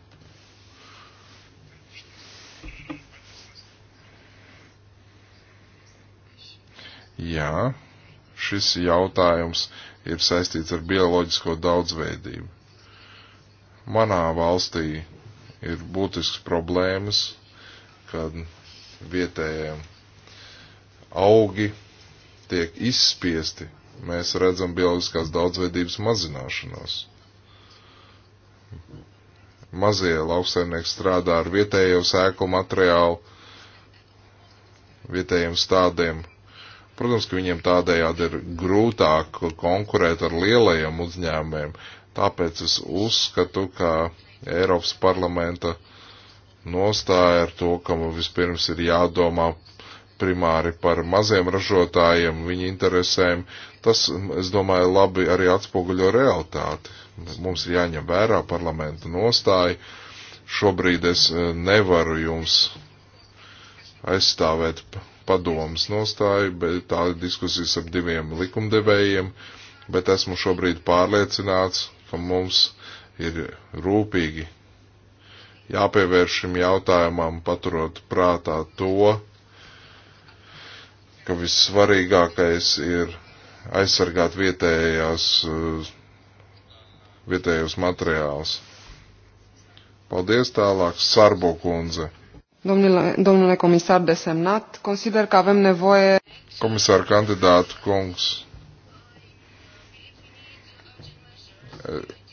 Jā, šis jautājums ir saistīts ar bioloģisko daudzveidību. Manā valstī ir būtisks problēmas, kad vietējiem augi tiek izspiesti, mēs redzam bioloģiskās daudzveidības mazināšanos. Mazie lauksaimnieki strādā ar vietējo sēklu materiālu, vietējiem stādiem. Protams, ka viņiem tādējādi ir grūtāk konkurēt ar lielajiem uzņēmumiem, tāpēc es uzskatu, ka Eiropas parlamenta nostāja ar to, ka mums vispirms ir jādomā primāri par maziem ražotājiem, viņu interesēm, tas, es domāju, labi arī atspoguļo realitāti. Mums ir jāņem vērā parlamenta nostāja. Šobrīd es e, nevaru jums aizstāvēt padomas nostāju, bet tā ir diskusijas ar diviem likumdevējiem, bet esmu šobrīd pārliecināts, ka mums ir rūpīgi jāpievērš šim jautājumam, paturot prātā to, ka vissvarīgākais ir aizsargāt vietējās, vietējos materiālus. Paldies tālāk, Sarbo kundze. Domnule, domnule comisar desemnat, consider că avem nevoie... Comisar candidat, kungs.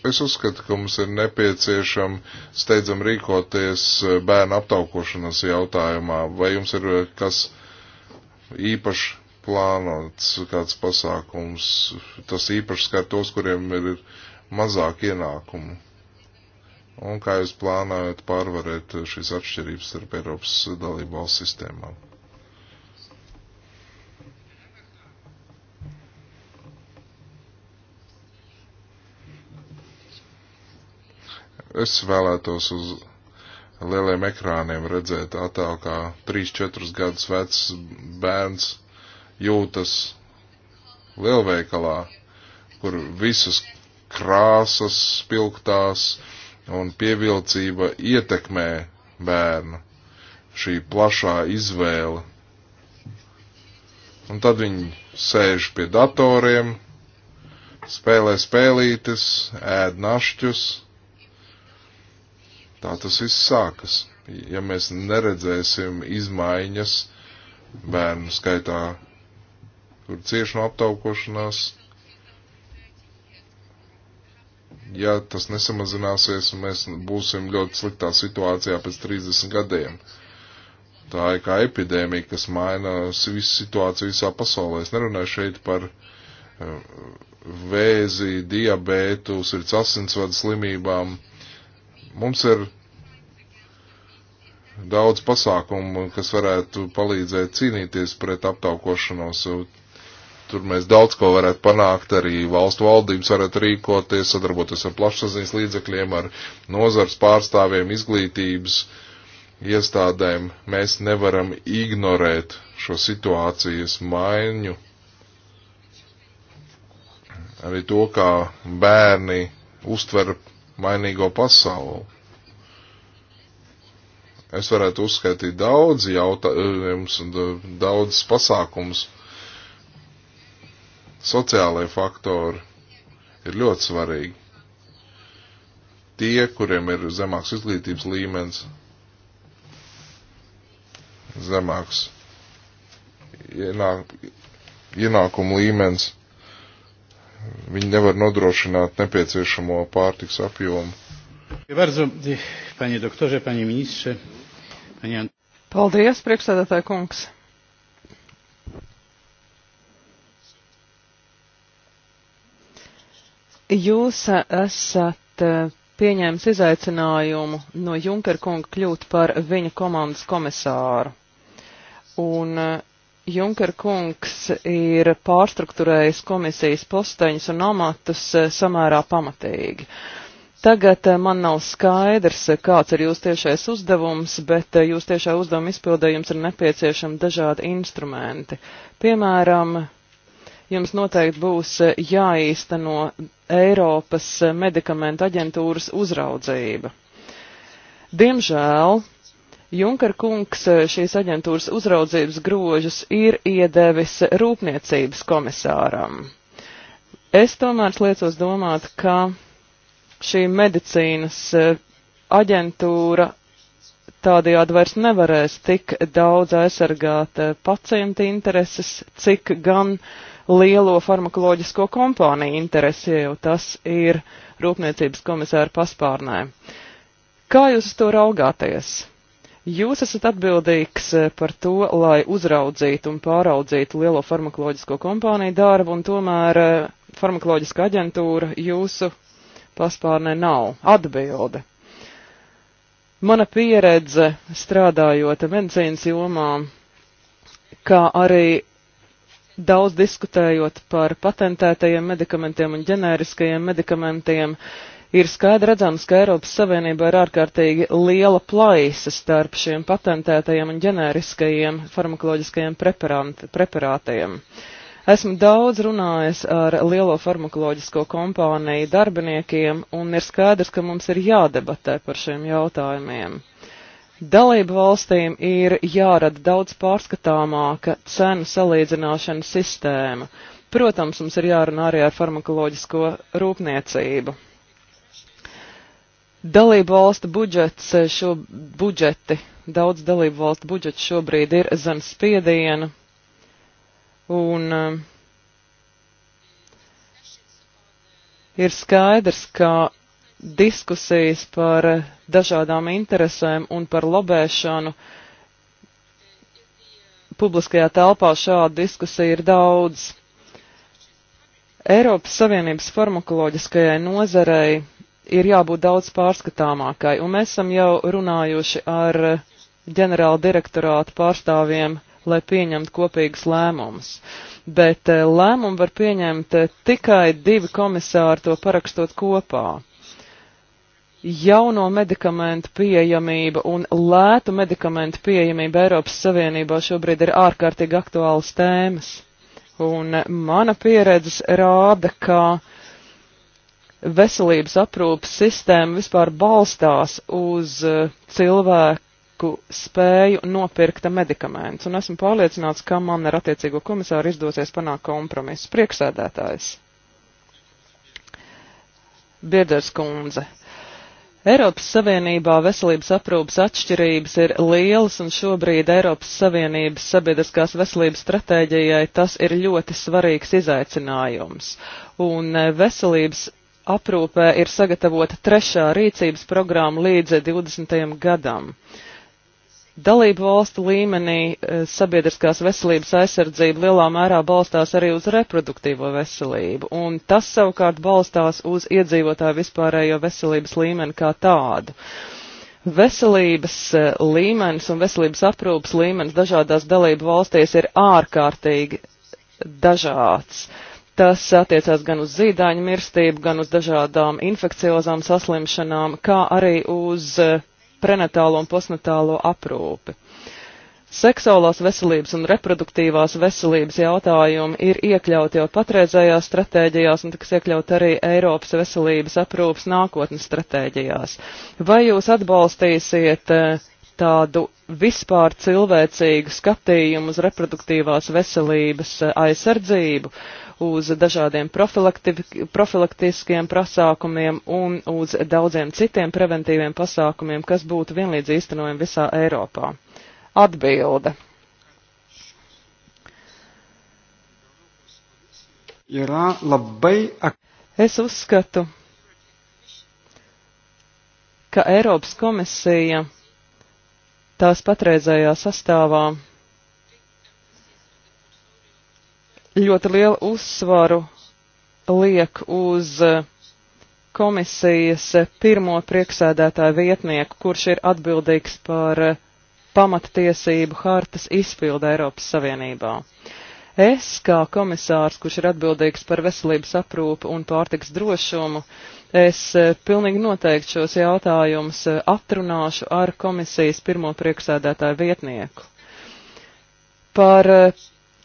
Es uzskatu, ka mums ir nepieciešama steidzam rīkoties bērnu aptaukošanas jautājumā. Vai jums ir kas īpaši plānots kāds pasākums, tas īpaši skar tos, kuriem ir mazāk ienākumu. Un kā jūs plānojat pārvarēt šīs atšķirības starp Eiropas dalību valsts sistēmām? Es vēlētos uz lieliem ekrāniem redzēt attēlu, kā 3-4 gadus vecs bērns jūtas lielveikalā, kur visas krāsas spilgtās un pievilcība ietekmē bērnu šī plašā izvēle. Un tad viņi sēž pie datoriem, spēlē spēlītes, ēd našķus Tā tas viss sākas. Ja mēs neredzēsim izmaiņas bērnu skaitā, kur cieši no aptaukošanās, ja tas nesamazināsies, mēs būsim ļoti sliktā situācijā pēc 30 gadiem. Tā ir kā epidēmija, kas maina visu situāciju visā pasaulē. Es nerunāju šeit par eh, vēzi, diabētu, sirds asinsvadu slimībām, Mums ir daudz pasākumu, kas varētu palīdzēt cīnīties pret aptaukošanos. Tur mēs daudz ko varētu panākt, arī valstu valdības varētu rīkoties, sadarboties ar plašsaziņas līdzekļiem, ar nozars pārstāvjiem, izglītības iestādēm. Mēs nevaram ignorēt šo situācijas maiņu. Arī to, kā bērni uztver vainīgo pasauli. Es varētu uzskaitīt daudz jautājumus un uh, daudz pasākums. Sociālai faktori ir ļoti svarīgi. Tie, kuriem ir zemāks izglītības līmenis, zemāks ienāk, ienākumu līmenis, viņi nevar nodrošināt nepieciešamo pārtiks apjomu. Paldies, priekšsēdētāji kungs! Jūs esat eh, pieņēmis izaicinājumu no Junker kunga kļūt par viņa komandas komisāru. Un eh, Junker kungs ir pārstruktūrējis komisijas posteņus un amatus eh, samērā pamatīgi. Tagad eh, man nav skaidrs, eh, kāds ir jūs tiešais uzdevums, bet jūs tiešā uzdevuma izpildējums ir nepieciešami dažādi instrumenti. Piemēram, jums noteikti būs jāīsteno Eiropas medikamentu aģentūras uzraudzība. Diemžēl Junker kungs eh, šīs aģentūras uzraudzības grožus ir iedevis rūpniecības komisāram. Es tomēr liecos domāt, ka šī medicīnas eh, aģentūra tādajādi vairs nevarēs tik daudz aizsargāt eh, pacienta intereses, cik gan lielo farmakoloģisko kompāniju interesi, jo tas ir rūpniecības komisāra paspārnē. Kā jūs uz to raugāties? Jūs esat atbildīgs eh, par to, lai uzraudzītu un pāraudzītu lielo farmakoloģisko kompāniju darbu, un tomēr eh, farmakoloģiska aģentūra jūsu paspārnē nav atbilde. Mana pieredze strādājot medicīnas jomā, kā arī daudz diskutējot par patentētajiem medikamentiem un ģenēriskajiem medikamentiem, ir skaidri redzams, ka Eiropas Savienībā ir ārkārtīgi liela plaisa starp šiem patentētajiem un ģenēriskajiem farmakoloģiskajiem preparātiem. Esmu daudz runājis ar lielo farmakoloģisko kompāniju darbiniekiem, un ir skaidrs, ka mums ir jādebatē par šiem jautājumiem. Dalību valstīm ir jārada daudz pārskatāmāka cenu salīdzināšanas sistēma. Protams, mums ir jārunā arī ar farmakoloģisko rūpniecību. Dalību valstu budžets eh, šo budžeti, daudz dalību valstu budžeti šobrīd ir zem spiediena, un eh, ir skaidrs, ka diskusijas par eh, dažādām interesēm un par lobēšanu publiskajā telpā šāda diskusija ir daudz. Eiropas Savienības farmakoloģiskajai nozarei ir jābūt daudz pārskatāmākai, un mēs esam jau runājuši ar ģenerāla direktorāta pārstāvjiem, lai pieņemtu kopīgus lēmumus. Bet eh, lēmumu var pieņemt eh, tikai divi komisāri to parakstot kopā. Jauno medikamentu pieejamība un lētu medikamentu pieejamība Eiropas Savienībā šobrīd ir ārkārtīgi aktuāls tēmas. Un eh, mana pieredze rāda, ka uh, veselības aprūpas sistēma vispār balstās uz eh, cilvēku spēju nopirkt medikamentus, un esmu pārliecināts, ka man ar attiecīgo komisāru izdosies panākt kompromisu. Prieksēdētājs. Bieders kundze. Eiropas Savienībā veselības aprūpas atšķirības ir lielas, un šobrīd Eiropas Savienības sabiedriskās veselības stratēģijai tas ir ļoti svarīgs izaicinājums. Un eh, veselības aprūpē ir sagatavota trešā rīcības programma līdz 20. gadam. Dalību valstu līmenī e, sabiedriskās veselības aizsardzība lielā mērā balstās arī uz reproduktīvo veselību, un tas savukārt balstās uz iedzīvotāju vispārējo veselības līmeni kā tādu. Veselības e, līmenis un veselības aprūpas līmenis dažādās dalību valstīs ir ārkārtīgi dažāds. Uh, Tas attiecās gan uz zīdaiņu mirstību, gan uz dažādām infekciozām saslimšanām, kā arī uz e, prenatālo un postnatālo aprūpi. Seksuālās veselības un reproduktīvās veselības jautājumi ir iekļauti jau patreizējās stratēģijās un tiks iekļaut arī Eiropas veselības aprūpas nākotnes stratēģijās. Vai jūs atbalstīsiet e, tādu vispār cilvēcīgu skatījumu uz reproduktīvās veselības e, aizsardzību? Uh, uz dažādiem profilaktiskiem pasākumiem un uz daudziem citiem preventīviem pasākumiem, kas būtu vienlīdz īstenojami visā Eiropā? Atbilde. Es uzskatu, ka Eiropas komisija tās patreizējā sastāvā ļoti lielu uzsvaru liek uz eh, komisijas pirmo prieksēdētāju vietnieku, kurš ir atbildīgs par eh, pamatiesību hartas izpildu Eiropas Savienībā. Es, kā komisārs, kurš ir atbildīgs par veselības aprūpu un pārtiks drošumu, es eh, pilnīgi noteikti šos jautājumus atrunāšu ar komisijas pirmo prieksēdētāju vietnieku. Par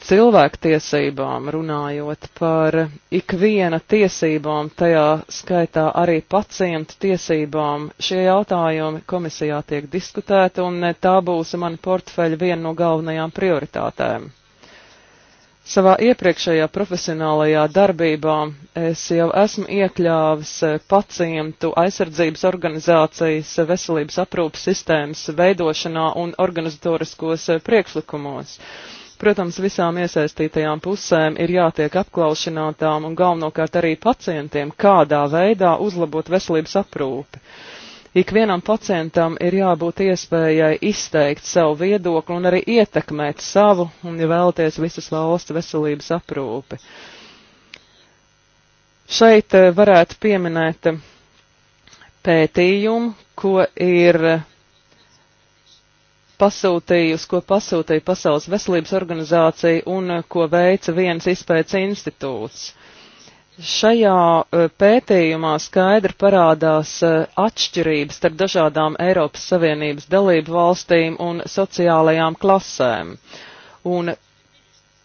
cilvēktiesībām runājot par ikviena tiesībām, tajā skaitā arī pacientu tiesībām, šie jautājumi komisijā tiek diskutēti un tā būs mana portfeļa viena no galvenajām prioritātēm. Savā iepriekšējā profesionālajā darbībā es jau esmu iekļāvis pacientu aizsardzības organizācijas veselības aprūpas sistēmas veidošanā un organizatoriskos priekšlikumos. Uh, Protams, visām iesaistītajām pusēm ir jātiek apklaušanātām un galvenokārt arī pacientiem, kādā veidā uzlabot veselības aprūpi. Ikvienam pacientam ir jābūt iespējai izteikt savu viedokli un arī ietekmēt savu un, ja vēlaties, visas valsts veselības aprūpi. Šeit eh, varētu pieminēt eh, pētījumu, ko ir pasūtīja, uz ko pasūtīja Pasaules veselības organizācija un eh, ko veica viens izpētes institūts. Šajā eh, pētījumā skaidri parādās eh, atšķirības starp dažādām Eiropas Savienības dalību valstīm un sociālajām klasēm. Un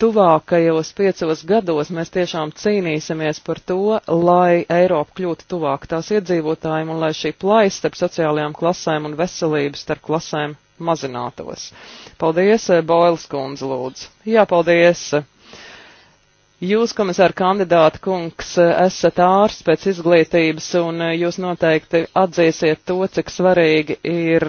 tuvākajos piecos gados mēs tiešām cīnīsimies par to, lai Eiropa kļūtu tuvāk tās iedzīvotājiem un lai šī plaisa starp sociālajām klasēm un veselības starp klasēm mazinātos. Paldies, eh, Boils kundze, lūdzu. Jā, paldies. Jūs, komisāra kandidāta kungs, eh, esat ārsts pēc izglītības, un eh, jūs noteikti atzīsiet to, cik svarīgi ir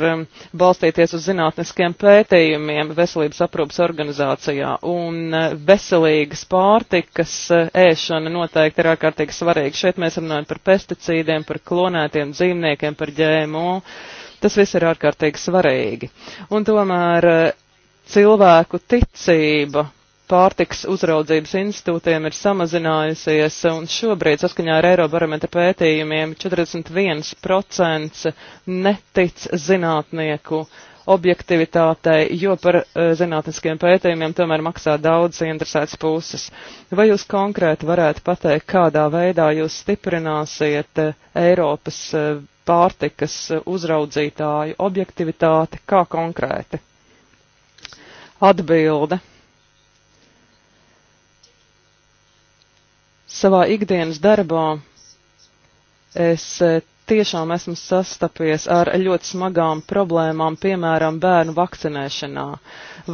balstīties uz zinātniskiem pētījumiem veselības aprūpas organizācijā, un veselīgas pārtikas ēšana noteikti ir ārkārtīgi svarīga. Šeit mēs runājam par pesticīdiem, par klonētiem dzīvniekiem, par ģēmo. Tas viss ir ārkārtīgi svarīgi. Un tomēr eh, cilvēku ticība pārtiks uzraudzības institūtiem ir samazinājusies, un šobrīd saskaņā ar Eirobarometra pētījumiem 41% netic zinātnieku objektivitātei, jo par eh, zinātniskiem pētījumiem tomēr maksā daudz interesētas puses. Vai jūs konkrēti varētu pateikt, kādā veidā jūs stiprināsiet eh, Eiropas pārtikas uzraudzītāju objektivitāti, kā konkrēti? Atbilde. Savā ikdienas darbā es e, tiešām esmu sastapies ar ļoti smagām problēmām, piemēram, bērnu vakcinēšanā.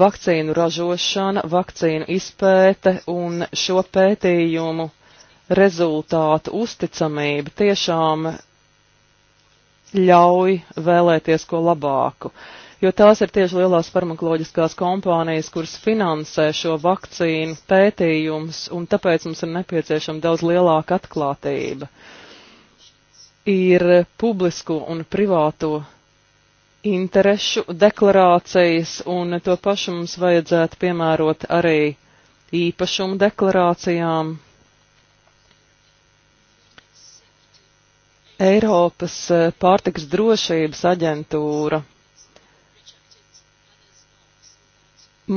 Vakcīnu ražošana, vakcīnu izpēte un šo pētījumu rezultātu uzticamība tiešām ļauj vēlēties ko labāku. Jo tās ir tieši lielās farmakoloģiskās kompānijas, kuras finansē šo vakcīnu pētījumus, un tāpēc mums ir nepieciešama daudz lielāka atklātība. Ir publisko un privāto interešu deklarācijas, un to pašu mums vajadzētu piemērot arī īpašumu deklarācijām, Eiropas eh, pārtikas drošības aģentūra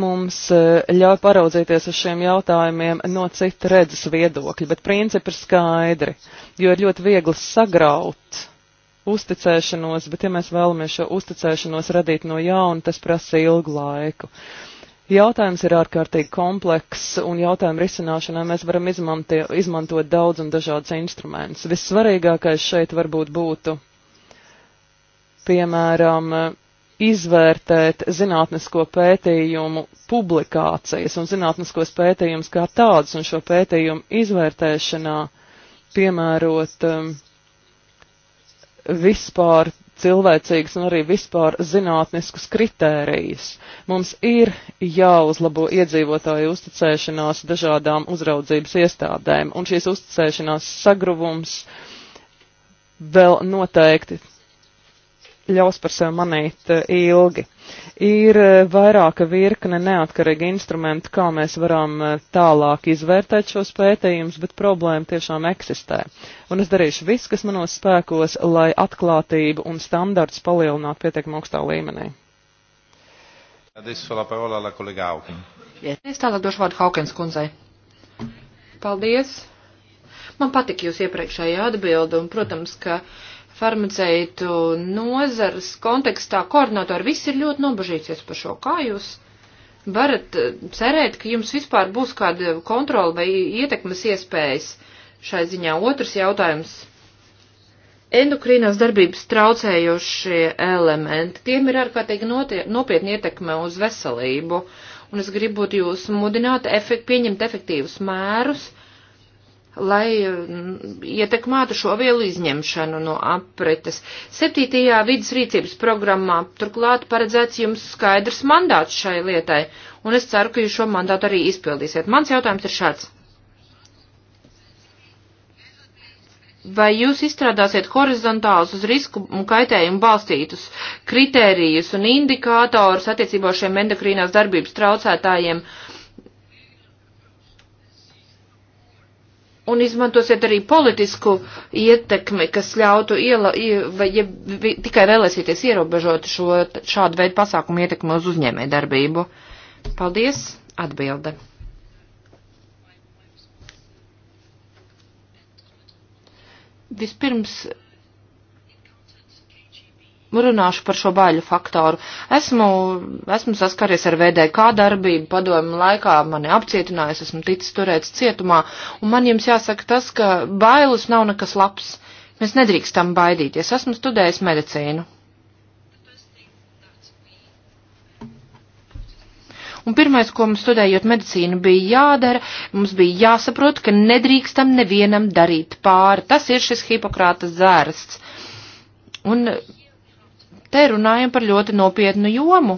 mums eh, ļauj paraudzīties uz šiem jautājumiem no cita redzes viedokļa, bet principi ir skaidri, jo ir ļoti viegli sagraut uzticēšanos, bet ja mēs vēlamies šo uzticēšanos radīt no jauna, tas prasa ilgu laiku. Uh, Jautājums ir ārkārtīgi komplekss, un jautājumu risināšanai mēs varam izmantie, izmantot daudz un dažādas instrumentus. Vissvarīgākais šeit varbūt būtu, piemēram, izvērtēt zinātnisko pētījumu publikācijas un zinātniskos pētījumus kā tādus, un šo pētījumu izvērtēšanā piemērot um, vispār cilvēcīgus un arī vispār zinātniskus kritērijus. Mums ir jāuzlabo iedzīvotāju uzticēšanās dažādām uzraudzības iestādēm, un šīs uzticēšanās sagruvums vēl noteikti ļaus par sevi manīt eh, ilgi. Ir eh, vairāka virkne neatkarīgi instrumenti, kā mēs varam eh, tālāk izvērtēt šos pētījumus, bet problēma tiešām eksistē. Un es darīšu visu, kas manos spēkos, lai atklātību un standarts palielinātu pietiekam augstā līmenī. Adesso la parola alla collega Hauken. Es tālāk došu vārdu Haukens kundzei. Paldies! Man patika jūs iepriekšējā atbildi, un, protams, ka uh, farmaceitu nozares kontekstā koordinatori viss ir ļoti nobažīsies par šo. Kā jūs varat eh, cerēt, ka jums vispār būs kāda kontrola vai ietekmes iespējas šai ziņā? Otrs jautājums. Endokrīnās darbības traucējošie elementi, tiem ir ārkārtīgi nopietni ietekme uz veselību, un es gribu jūs mudināt efekt, pieņemt efektīvus mērus, uh, lai mm, ietekmētu šo vielu izņemšanu no apretes. Septītajā vidas rīcības programmā turklāt paredzēts jums skaidrs mandāts šai lietai, un es ceru, ka jūs šo mandātu arī izpildīsiet. Mans jautājums ir šāds. Vai jūs izstrādāsiet horizontālus uz risku un kaitējumu balstītus kritērijus un indikātorus attiecībā šiem endokrīnās darbības traucētājiem? Uh, un izmantosiet arī politisku ietekmi, kas ļautu iela, vai ja tikai vēlēsieties ierobežot šo šādu veidu pasākumu ietekmi uz uzņēmē darbību. Paldies, atbilde. Vispirms runāšu par šo baļu faktoru. Esmu, esmu saskaries ar VDK darbību, padomu laikā mani apcietinājis, esmu ticis turēts cietumā, un man jums jāsaka tas, ka bailes nav nekas labs. Mēs nedrīkstam baidīties. Esmu studējis medicīnu. Un pirmais, ko mums studējot medicīnu bija jādara, mums bija jāsaprot, ka nedrīkstam nevienam darīt pāri. Tas ir šis Hipokrāta zērsts. Un Te runājam par ļoti nopietnu jomu.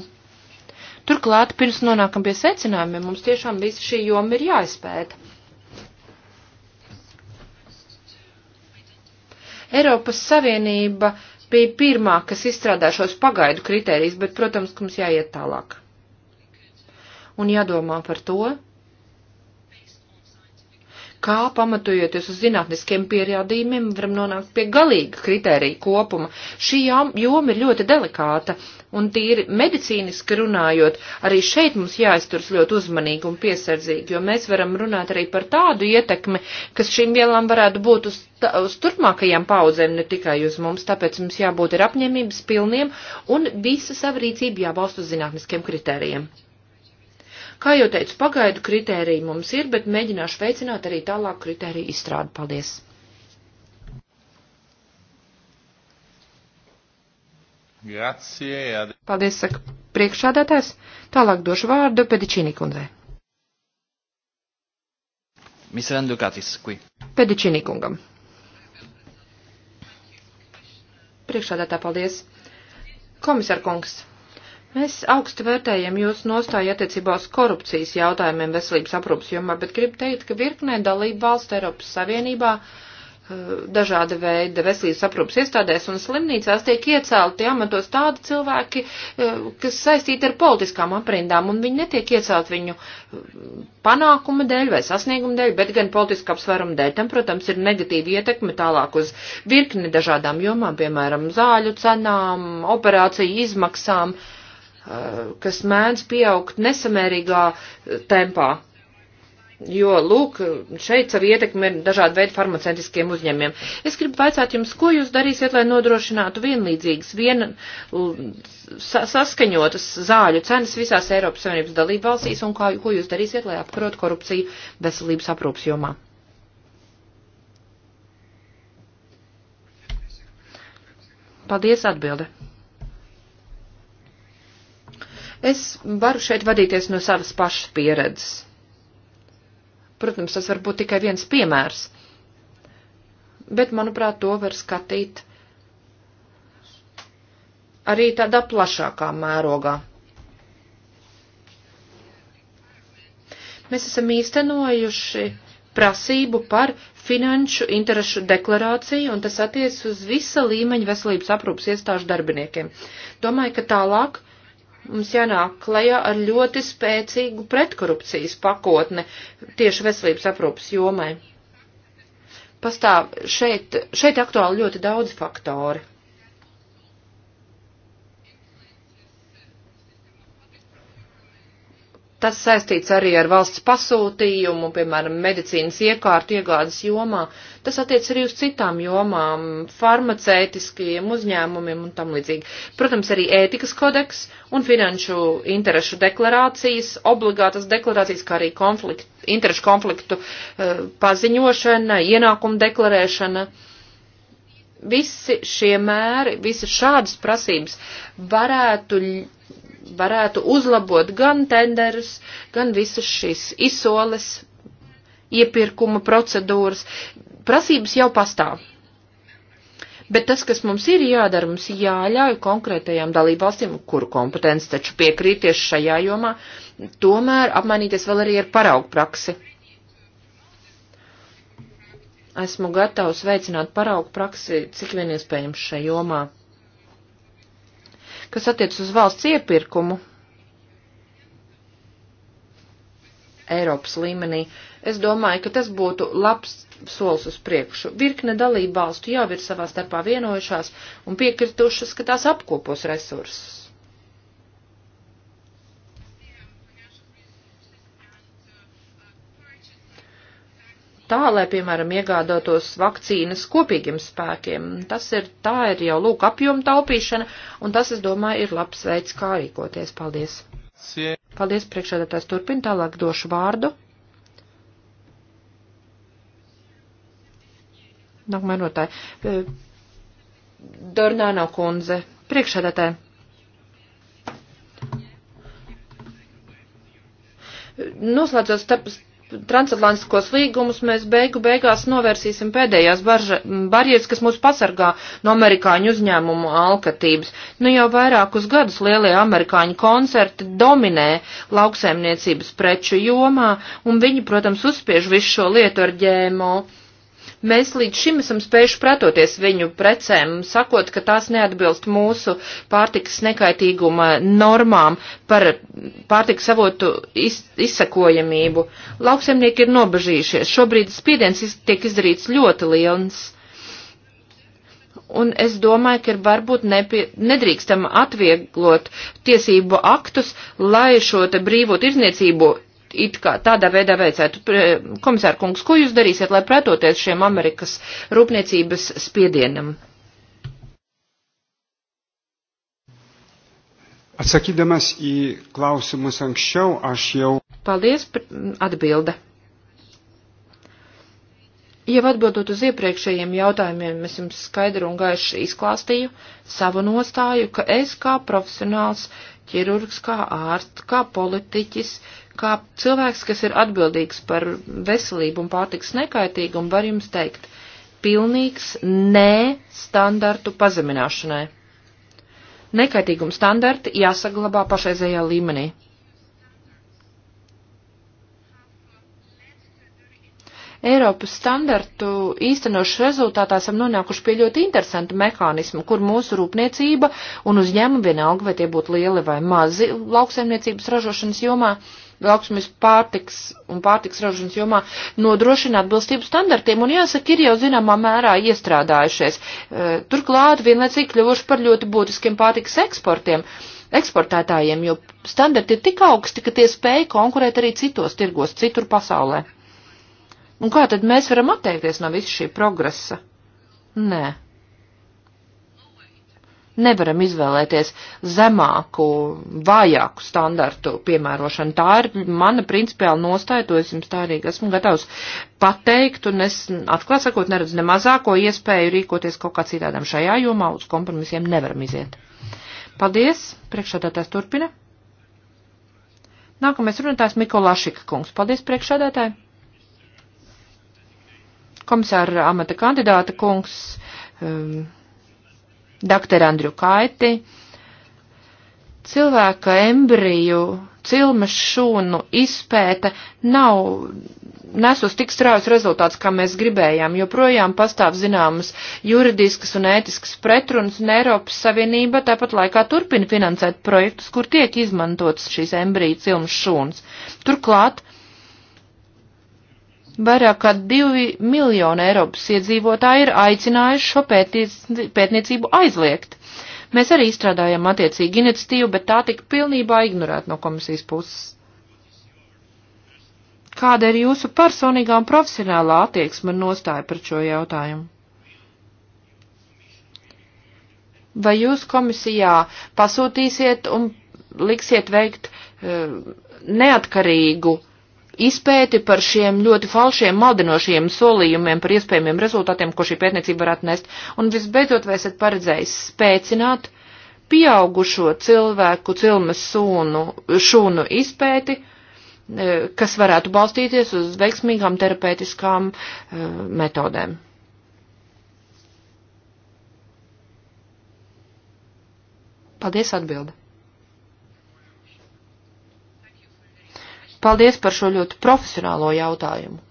Turklāt, pirms nonākam pie secinājumiem, mums tiešām visa šī joma ir jāizpēta. Eiropas Savienība bija pirmā, kas izstrādā šos pagaidu kritērijus, bet, protams, ka mums jāiet tālāk. Un jādomā par to, kā pamatojoties uz zinātniskiem pierādījumiem varam nonākt pie galīga kritērija kopuma. Šī joma ir ļoti delikāta un tīri medicīniski runājot, arī šeit mums jāizturas ļoti uzmanīgi un piesardzīgi, jo mēs varam runāt arī par tādu ietekmi, kas šīm vielām varētu būt uz, uz turpmākajām paudzēm, ne tikai uz mums, tāpēc mums jābūt ir apņēmības pilniem un visa savrīcība jābalst uz zinātniskiem kritērijiem. Kā jau teicu, pagaidu kritēriju mums ir, bet mēģināšu veicināt arī tālāk kritēriju izstrādi. Paldies! Grazie. Paldies, saka priekšādātājs. Tālāk došu vārdu Pedičīnī kundzei. Misran Dukatis, kui. Pedičīnī kungam. Priekšādātā, paldies. Komisār kungs. Mēs augstu vērtējam jūsu nostāju attiecībā uz korupcijas jautājumiem veselības aprūpas jomā, bet gribu teikt, ka virknē dalību valstu Eiropas Savienībā eh, dažāda veida veselības aprūpas iestādēs un slimnīcās tiek iecelti amatos tādi cilvēki, eh, kas saistīti ar politiskām aprindām, un viņi netiek iecelt viņu eh, panākuma dēļ vai sasnieguma dēļ, bet gan politiska apsvēruma dēļ. Tam, protams, ir negatīva ietekme tālāk uz virkni dažādām jomām, piemēram, zāļu cenām, operāciju izmaksām. Uh, Eh, kas mēdz pieaugt nesamērīgā eh, tempā. Jo, lūk, šeit savu ietekmi ir dažādi veidi farmaceitiskiem uzņēmiem. Es gribu vaicāt jums, ko jūs darīsiet, lai nodrošinātu vienlīdzīgas, vien saskaņotas zāļu cenas visās Eiropas Savienības dalībvalstīs un kā, ko jūs darīsiet, lai apkarotu korupciju veselības aprūpas jomā? Paldies, atbilde. Es varu šeit vadīties no savas pašas pieredzes. Protams, tas var būt tikai viens piemērs, bet, manuprāt, to var skatīt arī tādā plašākā mērogā. Mēs esam īstenojuši prasību par finanšu interešu deklarāciju, un tas attiec uz visa līmeņa veselības aprūpas iestāžu darbiniekiem. Domāju, ka tālāk mums jānāk klajā ar ļoti spēcīgu pretkorupcijas pakotni tieši veselības aprūpas jomai. Pastāv šeit, šeit aktuāli ļoti daudz faktori. Tas saistīts arī ar valsts pasūtījumu, piemēram, medicīnas iekārtu iegādes jomā. Tas attiec arī uz citām jomām, farmacētiskajiem uzņēmumiem un tam līdzīgi. Protams, arī ētikas kodeks un finanšu interešu deklarācijas, obligātas deklarācijas, kā arī konflikt, interešu konfliktu uh, paziņošana, ienākumu deklarēšana visi šie mēri, visas šādas prasības varētu varētu uzlabot gan tenderus, gan visas šīs izsoles, iepirkuma procedūras. Prasības jau pastāv. Bet tas, kas mums ir jādara, mums jāļauj konkrētajām dalībvalstīm, kuru kompetence taču piekrīties šajā jomā, tomēr apmainīties vēl arī ar paraugu praksi. Esmu gatavs veicināt paraugu praksi, cik vien iespējams šajā jomā. Kas attiec uz valsts iepirkumu Eiropas līmenī, es domāju, ka tas būtu labs solis uz priekšu. Virkne dalību valstu jau ir savā starpā vienojušās un piekritušas, ka tās apkopos resursus tā, lai, piemēram, iegādātos vakcīnas kopīgiem spēkiem. Tas ir, tā ir jau, lūk, apjoma taupīšana, un tas, es domāju, ir labs veids, kā rīkoties. Paldies! Paldies, priekšādātājs turpin, tālāk došu vārdu. Nākamā runātāja. Dornāno kundze, priekšādātāja. Noslēdzot starp transatlantiskos līgumus mēs beigu beigās novērsīsim pēdējās barže, barjeras, kas mūs pasargā no amerikāņu uzņēmumu alkatības. Nu jau vairākus gadus lielie amerikāņu koncerti dominē lauksaimniecības preču jomā, un viņi, protams, uzspiež visu šo lietu ar ģēmo. Uh, Mēs līdz šim esam spējuši pretoties viņu precēm, sakot, ka tās neatbilst mūsu pārtikas nekaitīguma normām par pārtikas avotu iz, izsakojamību. Lauksemnieki ir nobežījušies. Šobrīd spiediens iz, tiek izdarīts ļoti liels un es domāju, ka ir varbūt nepie, nedrīkstam atvieglot tiesību aktus, lai šo te brīvo tirzniecību it kā tādā veidā veicētu. Komisāra kungs, ko jūs darīsiet, lai pretoties šiem Amerikas rūpniecības spiedienam? Atsakydamas į klausimus anksčiau, aš jau. Paldies, atbilde. Jau atbildot uz iepriekšējiem jautājumiem, es jums skaidru un gaišu izklāstīju savu nostāju, ka es kā profesionāls ķirurgs, kā ārsts, kā politiķis, Kā cilvēks, kas ir atbildīgs par veselību un pārtiks nekaitīgumu, var jums teikt, pilnīgs nē standartu pazemināšanai. Nekaitīguma standarti jāsaglabā pašreizējā līmenī. Eiropas standartu īstenošu rezultātā esam nonākuši pie ļoti interesanta mehānisma, kur mūsu rūpniecība un uzņēmumi vienalga, vai tie būtu lieli vai mazi lauksaimniecības ražošanas jomā, uh, lauksmes pārtiks un pārtiks ražošanas jomā nodrošina atbilstību standartiem, un jāsaka, ir jau zināmā mērā iestrādājušies. E, turklāt vienlaicīgi kļuvuši par ļoti būtiskiem pārtiks eksportiem, eksportētājiem, jo standarti ir tik augsti, ka tie spēja konkurēt arī citos tirgos, citur pasaulē. Un kā tad mēs varam atteikties no visu šī progresa? Nē. Nevaram izvēlēties zemāku, vājāku standartu piemērošanu. Tā ir mana principiāla nostāja, to es jums tā arī esmu gatavs pateikt, un es atklāt sakot neredzu ne mazāko iespēju rīkoties kaut kā citādām šajā jomā, uz kompromisiem nevaram iziet. Paldies, priekšādātājs turpina. Nākamais runātājs Mikolāšika kungs. Paldies, priekšādātāji. Komisāra amata kandidāta kungs. Um, dr. Andriu Kaiti, cilvēka embriju, cilmes šūnu izpēta nav nesus tik straujas rezultāts, kā mēs gribējām, jo projām pastāv zināmas juridiskas un ētiskas pretrunas, un Eiropas Savienība tāpat laikā turpina finansēt projektus, kur tiek izmantotas šīs embriju cilmes šūnas. Turklāt, Vairāk kā 2 miljoni Eiropas iedzīvotāji ir aicinājuši šo pētniecību aizliegt. Mēs arī izstrādājam attiecīgu iniciatīvu, bet tā tika pilnībā ignorēta no komisijas puses. Kāda ir jūsu personīgā un profesionālā attieksme un nostāja par šo jautājumu? Vai jūs komisijā pasūtīsiet un liksiet veikt uh, neatkarīgu uh, izpēti par šiem ļoti falšiem, maldinošiem solījumiem par iespējamiem rezultātiem, ko šī pētniecība varētu nest. Un visbeidzot, vai esat paredzējis spēcināt pieaugušo cilvēku cilmes sūnu, šūnu izpēti, eh, kas varētu balstīties uz veiksmīgām terapeitiskām eh, metodēm? Paldies atbildi! Paldies par šo ļoti profesionālo jautājumu.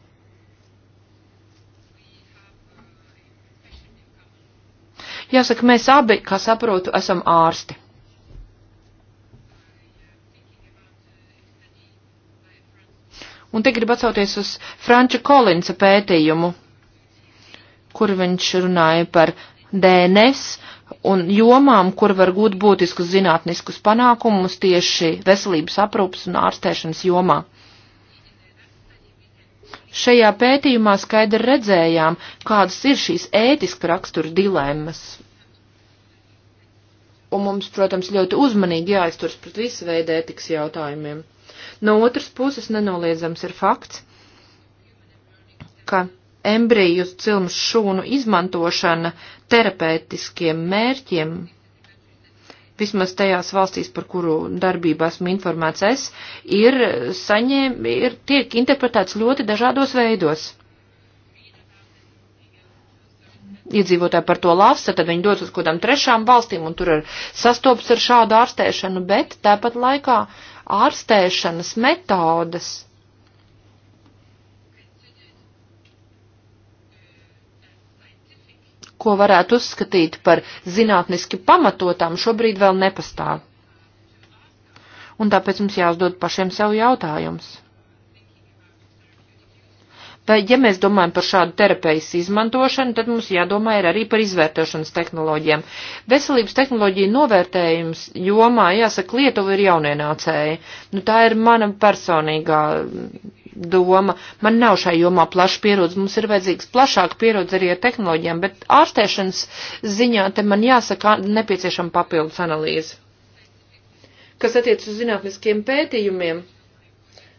Jāsaka, mēs abi, kā saprotu, esam ārsti. Un te grib atsauties uz Franča Kolinsa pētījumu, kur viņš runāja par DNS un jomām, kur var gūt būtiskus zinātniskus panākumus tieši veselības aprūpas un ārstēšanas jomā. Šajā pētījumā skaidri redzējām, kādas ir šīs ētiska rakstura dilemmas. Un mums, protams, ļoti uzmanīgi jāizturas pret visu veidu ētikas jautājumiem. No otras puses nenoliedzams ir fakts, ka embrijus cilmas šūnu izmantošana terapeitiskiem mērķiem, vismaz tajās valstīs, par kuru darbību esmu informēts es, ir saņēm, ir tiek interpretēts ļoti dažādos veidos. Iedzīvotāji par to lasa, tad viņi dodas uz kodām trešām valstīm un tur ir sastops ar šādu ārstēšanu, bet tāpat laikā ārstēšanas metodas ko varētu uzskatīt par zinātniski pamatotām, šobrīd vēl nepastāv. Un tāpēc mums jāuzdod pašiem sev jautājums. Vai, ja mēs domājam par šādu terapijas izmantošanu, tad mums jādomā ir arī par izvērtēšanas tehnoloģiem. Veselības tehnoloģija novērtējums jomā, jāsaka, Lietuva ir jaunienācēja. Nu, tā ir mana personīgā doma. Man nav šai jomā plaša pieredze, mums ir vajadzīgs plašāk pieredze arī ar tehnoloģijām, bet ārstēšanas ziņā te man jāsaka nepieciešama papildus analīze. Kas attiec uz zinātniskiem pētījumiem,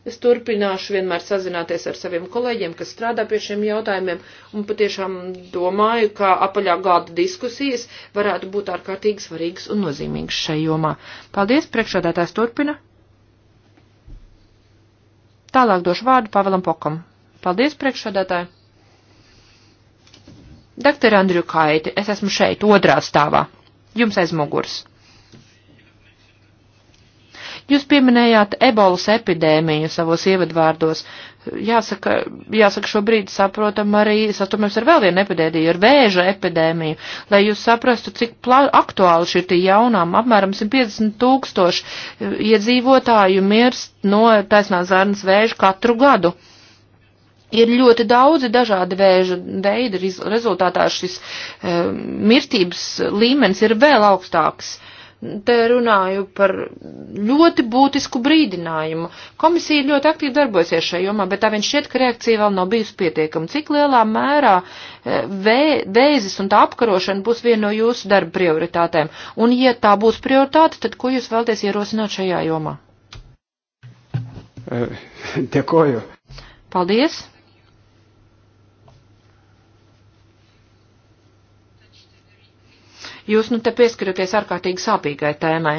es turpināšu vienmēr sazināties ar saviem kolēģiem, kas strādā pie šiem jautājumiem, un patiešām domāju, ka apaļā gada diskusijas varētu būt ārkārtīgi svarīgas un nozīmīgas šai jomā. Paldies, priekšādātājs turpina. Tālāk došu vārdu Pavelam Pokam. Paldies, priekšsādātāji! Doktor Andriu Kaiti, es esmu šeit, otrā stāvā. Jums aiz muguras. Jūs pieminējāt ebolas epidēmiju savos ievadvārdos. Jāsaka, jāsaka, šobrīd saprotam arī, sastopamies ar vēl vienu epidēmiju, ar vēža epidēmiju, lai jūs saprastu, cik aktuāli šī ir jaunām. Apmēram 150 tūkstoši eh, iedzīvotāju mirst no taisnās zarnas vēža katru gadu. Ir ļoti daudzi dažādi vēža veidi, rezultātā šis e, mirstības līmenis ir vēl augstāks te runāju par ļoti būtisku brīdinājumu. Komisija ļoti aktīvi darbosies šajā jomā, bet tā viņš šķiet, ka reakcija vēl nav bijusi pietiekama. Cik lielā mērā eh, vē, vēzis un tā apkarošana būs viena no jūsu darba prioritātēm? Un, ja tā būs prioritāte, tad ko jūs vēlties ierosināt šajā jomā? Eh, Dekoju. Paldies! Jūs nu te pieskaraties ārkārtīgi sāpīgai tēmai.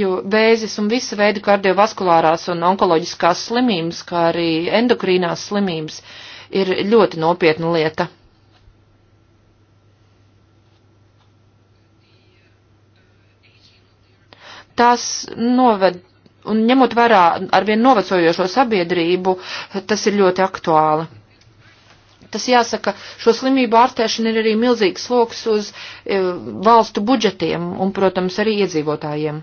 Jo vēzis un visa veida kardiovaskulārās un onkoloģiskās slimības, kā arī endokrīnās slimības, ir ļoti nopietna lieta. Tās noved, un ņemot vērā arvien novecojošo sabiedrību, tas ir ļoti aktuāli tas jāsaka, šo slimību ārstēšana ir arī milzīgs sloks uz e, valstu budžetiem un, protams, arī iedzīvotājiem.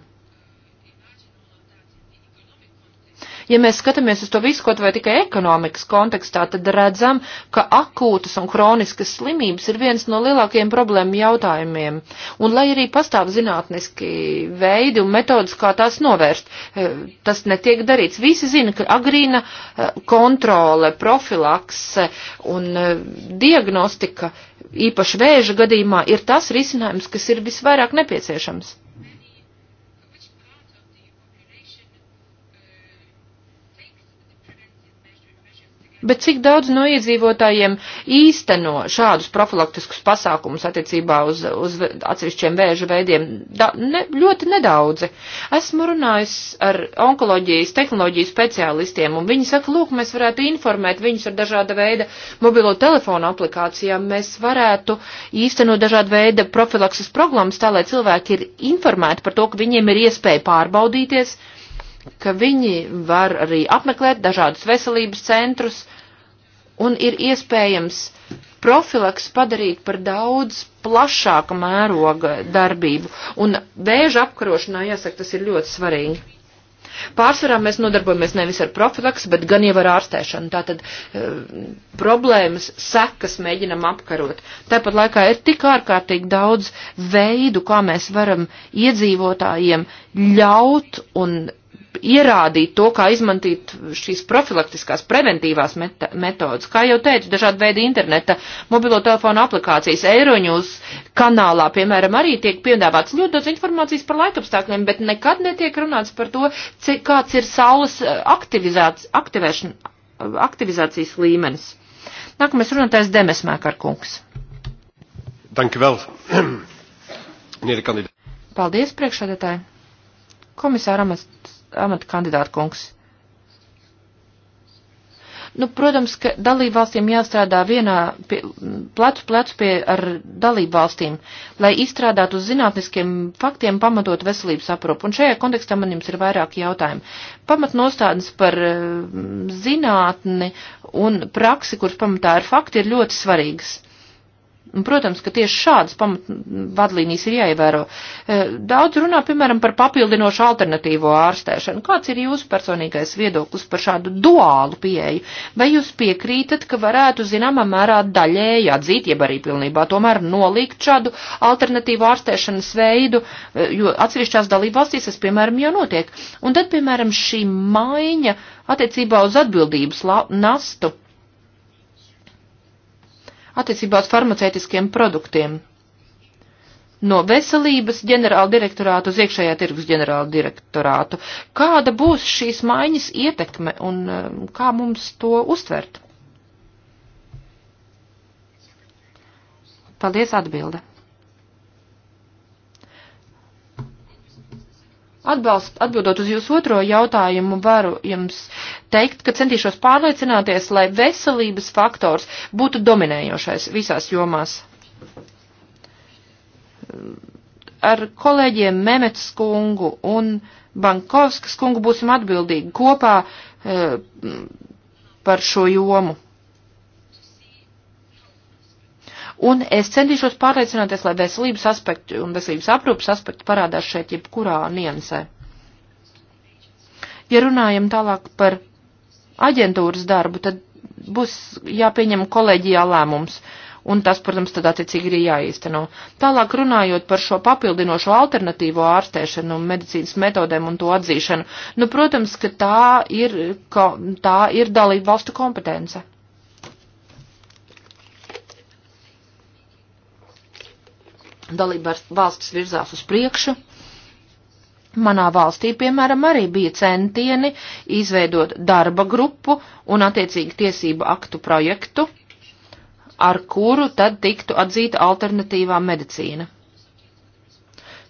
Ja mēs skatāmies uz to visu kaut vai tikai ekonomikas kontekstā, tad redzam, ka akūtas un kroniskas slimības ir viens no lielākajiem problēmu jautājumiem. Un lai arī pastāv zinātniski veidi un metodas, kā tās novērst, eh, tas netiek darīts. Visi zina, ka agrīna eh, kontrole, profilakse un eh, diagnostika īpaši vēža gadījumā ir tas risinājums, kas ir visvairāk nepieciešams. bet cik daudz no iedzīvotājiem īsteno šādus profilaktiskus pasākumus attiecībā uz, uz atsevišķiem vēža veidiem? Da, ne, ļoti nedaudzi. Esmu runājis ar onkoloģijas, tehnoloģiju speciālistiem, un viņi saka, lūk, mēs varētu informēt viņus ar dažāda veida mobilo telefonu aplikācijām, mēs varētu īstenot dažāda veida profilakses programmas, tā lai cilvēki ir informēti par to, ka viņiem ir iespēja pārbaudīties, ka viņi var arī apmeklēt dažādus veselības centrus, un ir iespējams profilaks padarīt par daudz plašāka mēroga darbību, un vēža apkarošanā, jāsaka, tas ir ļoti svarīgi. Pārsvarā mēs nodarbojamies nevis ar profilaksu, bet gan jau ar ārstēšanu. Tātad e, problēmas, sekas mēģinam apkarot. Tāpat laikā ir tik ārkārtīgi daudz veidu, kā mēs varam iedzīvotājiem ļaut un ierādīt to, kā izmantīt šīs profilaktiskās preventīvās metodas. Kā jau teicu, dažādi veidi interneta, mobilo telefonu aplikācijas, Eiroņūs kanālā, piemēram, arī tiek piedāvāts ļoti daudz informācijas par laikapstākļiem, bet nekad netiek runāts par to, cik, kāds ir saules eh, aktivizācijas līmenis. Nākamais runātājs Demesmēkar kungs. Dank u wel, meneer de kandidaat. Paldies, priekšsēdētāji. Komisāra amats amata kandidāta kungs. Nu, protams, ka dalībvalstīm jāstrādā vienā pie, plecu plecu pie ar dalībvalstīm, lai izstrādātu uz zinātniskiem faktiem pamatot veselības aprūpu. Un šajā kontekstā man jums ir vairāki jautājumi. Pamatnostādnes par eh, zinātni un praksi, kuras pamatā ir fakti, ir ļoti svarīgas. Un, protams, ka tieši šādas pamatvadlīnijas ir jāievēro. E, daudz runā, piemēram, par papildinošu alternatīvo ārstēšanu. Kāds ir jūsu personīgais viedoklis par šādu duālu pieeju? Vai jūs piekrītat, ka varētu zināmā mērā daļēji atzīt, jeb arī pilnībā tomēr nolikt šādu alternatīvu ārstēšanas veidu, e, jo atsevišķās dalībvalstīs tas, piemēram, jau notiek. Un tad, piemēram, šī maiņa attiecībā uz atbildības nastu attiecībā uz farmaceitiskiem produktiem no veselības ģenerāla direktorāta uz iekšējā tirgus ģenerāla direktorātu. Kāda būs šīs maiņas ietekme un um, kā mums to uztvert? Paldies atbilde. Atbalst, atbildot uz jūsu otro jautājumu, varu jums teikt, ka centīšos pārliecināties, lai veselības faktors būtu dominējošais visās jomās. Ar kolēģiem Memets kungu un Bankovskas kungu būsim atbildīgi kopā e, par šo jomu. un es centīšos pārliecināties, lai veselības aspekti un veselības aprūpas aspekti parādās šeit jebkurā niansē. Ja runājam tālāk par aģentūras darbu, tad būs jāpieņem kolēģijā lēmums. Un tas, protams, tad attiecīgi arī jāīsteno. Tālāk runājot par šo papildinošo alternatīvo ārstēšanu un medicīnas metodēm un to atzīšanu, nu, protams, ka tā ir, ka tā ir dalība valstu kompetence. dalība valstis virzās uz priekšu. Manā valstī, piemēram, arī bija centieni izveidot darba grupu un attiecīgi tiesību aktu projektu, ar kuru tad tiktu atzīta alternatīvā medicīna.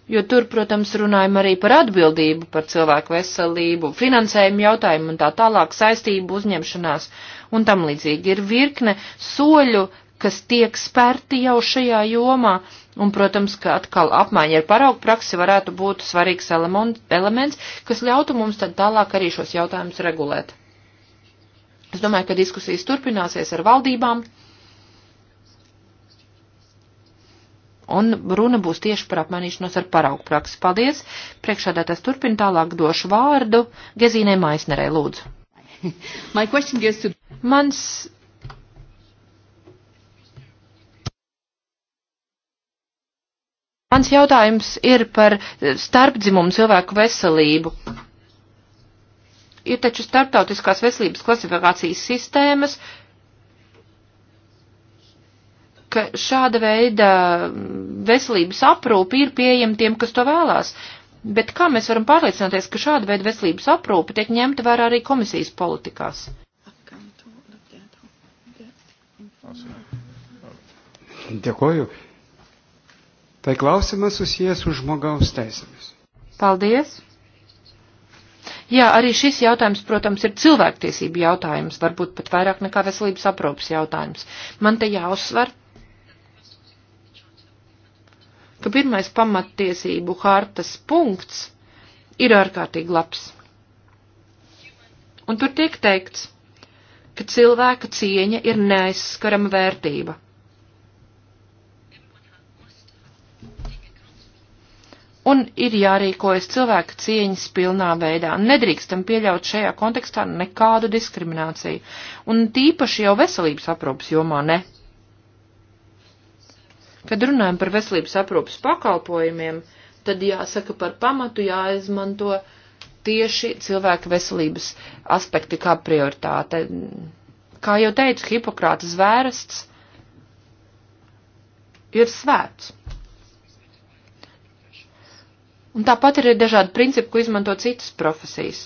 Jo tur, protams, runājam arī par atbildību, par cilvēku veselību, finansējumu jautājumu un tā tālāk saistību uzņemšanās un tam līdzīgi ir virkne soļu, kas tiek spērti jau šajā jomā, Un, protams, ka atkal apmaiņa ar paraugu praksi varētu būt svarīgs elements, kas ļautu mums tad tālāk arī šos jautājumus regulēt. Es domāju, ka diskusijas turpināsies ar valdībām, un runa būs tieši par apmainīšanos ar paraugu praksi. Paldies! Priekšādā tas turpina tālāk došu vārdu Gezīnē Maisnerē, lūdzu. Mans Mans jautājums ir par starpdzimumu cilvēku veselību. Ir taču starptautiskās veselības klasifikācijas sistēmas, ka šāda veida veselības aprūpe ir pieejama tiem, kas to vēlās. Bet kā mēs varam pārliecināties, ka šāda veida veselības aprūpe tiek ņemta vērā arī komisijas politikās? Dėkoju. Tai klausimas susijęs su žmogaus teisėmis. Paldies! Jā, arī šis jautājums, protams, ir cilvēktiesība jautājums, varbūt pat vairāk nekā veselības aprūpas jautājums. Man te jāuzsver, ka pirmais pamattiesību hartas punkts ir ārkārtīgi labs. Un tur tiek teikts, ka cilvēka cieņa ir neaizskarama vērtība un ir jārīkojas cilvēka cieņas pilnā veidā. Nedrīkstam pieļaut šajā kontekstā nekādu diskrimināciju, un tīpaši jau veselības aprūpas jomā ne. Kad runājam par veselības aprūpas pakalpojumiem, tad jāsaka par pamatu jāizmanto tieši cilvēka veselības aspekti kā prioritāte. Kā jau teicu, Hipokrātas vērsts ir svēts. Un tāpat ir dažādi principi, ko izmanto citas profesijas.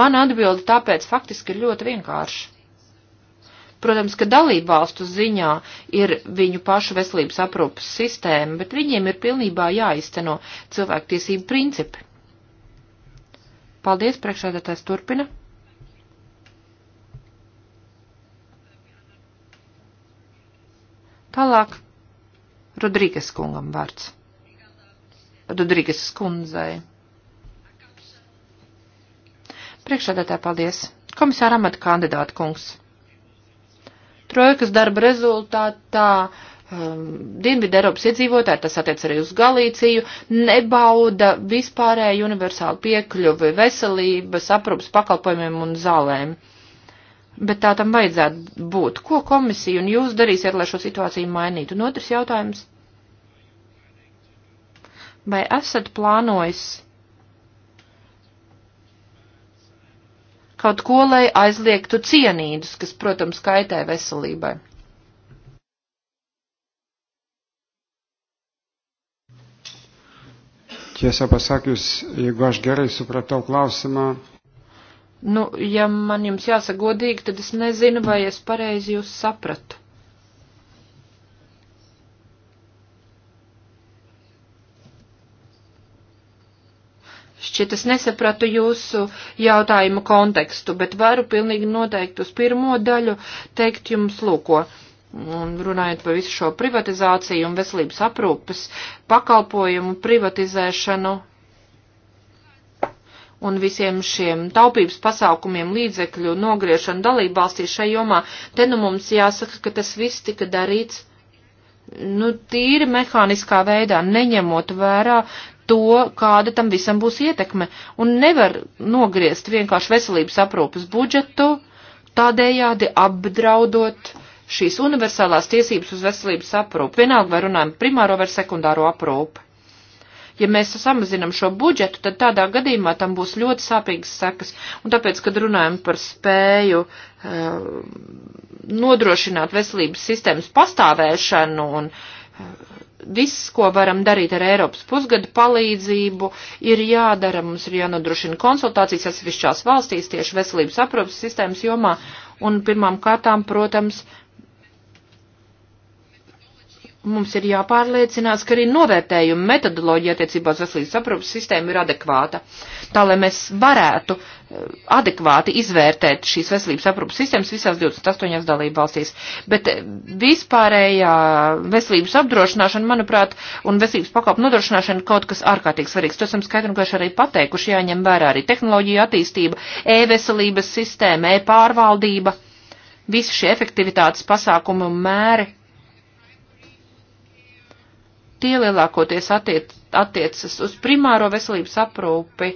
Mana atbilde tāpēc faktiski ir ļoti vienkārša. Protams, ka dalību valstu ziņā ir viņu pašu veselības aprūpas sistēma, bet viņiem ir pilnībā jāizteno cilvēktiesību principi. Paldies, priekšādātājs turpina. Tālāk Rodrīgas kungam vārds. Dudrigas skundzei. Priekšādātā paldies. Komisāra amata kandidāta kungs. Trojkas darba rezultātā um, Dienvidu Eiropas iedzīvotāji, tas attiec arī uz Galīciju, nebauda vispārēju universālu piekļuvi veselības, aprūpas pakalpojumiem un zālēm. Bet tā tam vajadzētu būt. Ko komisija un jūs darīsiet, lai šo situāciju mainītu? Un otrs jautājums. Vai esat plānojis kaut ko, lai aizliegtu cienīdus, kas, protams, kaitē veselībai? Tiesą pasakius, jeigu aš gerai supratau klausimą. Nu, ja man jums jāsagodīgi, tad es nezinu, vai es pareizi jūs sapratu. Šķiet, es nesapratu jūsu jautājumu kontekstu, bet varu pilnīgi noteikti uz pirmo daļu teikt jums lūko. Un mm, runājot par visu šo privatizāciju un veselības aprūpes pakalpojumu privatizēšanu un visiem šiem taupības pasākumiem līdzekļu nogriešanu dalībvalstī šai jomā, te nu mums jāsaka, ka tas viss tika darīts nu, tīri mehāniskā veidā, neņemot vērā to, kāda tam visam būs ietekme. Un nevar nogriezt vienkārši veselības aprūpas budžetu, tādējādi apdraudot šīs universālās tiesības uz veselības aprūpu. Vienalga, vai runājam primāro vai sekundāro aprūpu. Ja mēs samazinam šo budžetu, tad tādā gadījumā tam būs ļoti sāpīgas sekas. Un tāpēc, kad runājam par spēju uh, nodrošināt veselības sistēmas pastāvēšanu un uh, viss, ko varam darīt ar Eiropas pusgadu palīdzību, ir jādara. Mums ir jānodrošina konsultācijas atsevišķās valstīs tieši veselības aprūpas sistēmas jomā. Un pirmām kārtām, protams, mums ir jāpārliecinās, ka arī novērtējuma metodoloģija attiecībā uz veselības aprūpas sistēmu ir adekvāta, tā lai mēs varētu eh, adekvāti izvērtēt šīs veselības aprūpas sistēmas visās 28 dalību valstīs. Bet eh, vispārējā veselības apdrošināšana, manuprāt, un veselības pakalpu nodrošināšana ir kaut kas ārkārtīgi svarīgs. To esam skaidri un gaiši arī pateikuši, jāņem vērā arī tehnoloģija attīstība, e-veselības sistēma, e-pārvaldība, visi šie efektivitātes pasākumi un mēri tie lielākoties attiec, attiecas uz primāro veselības aprūpi,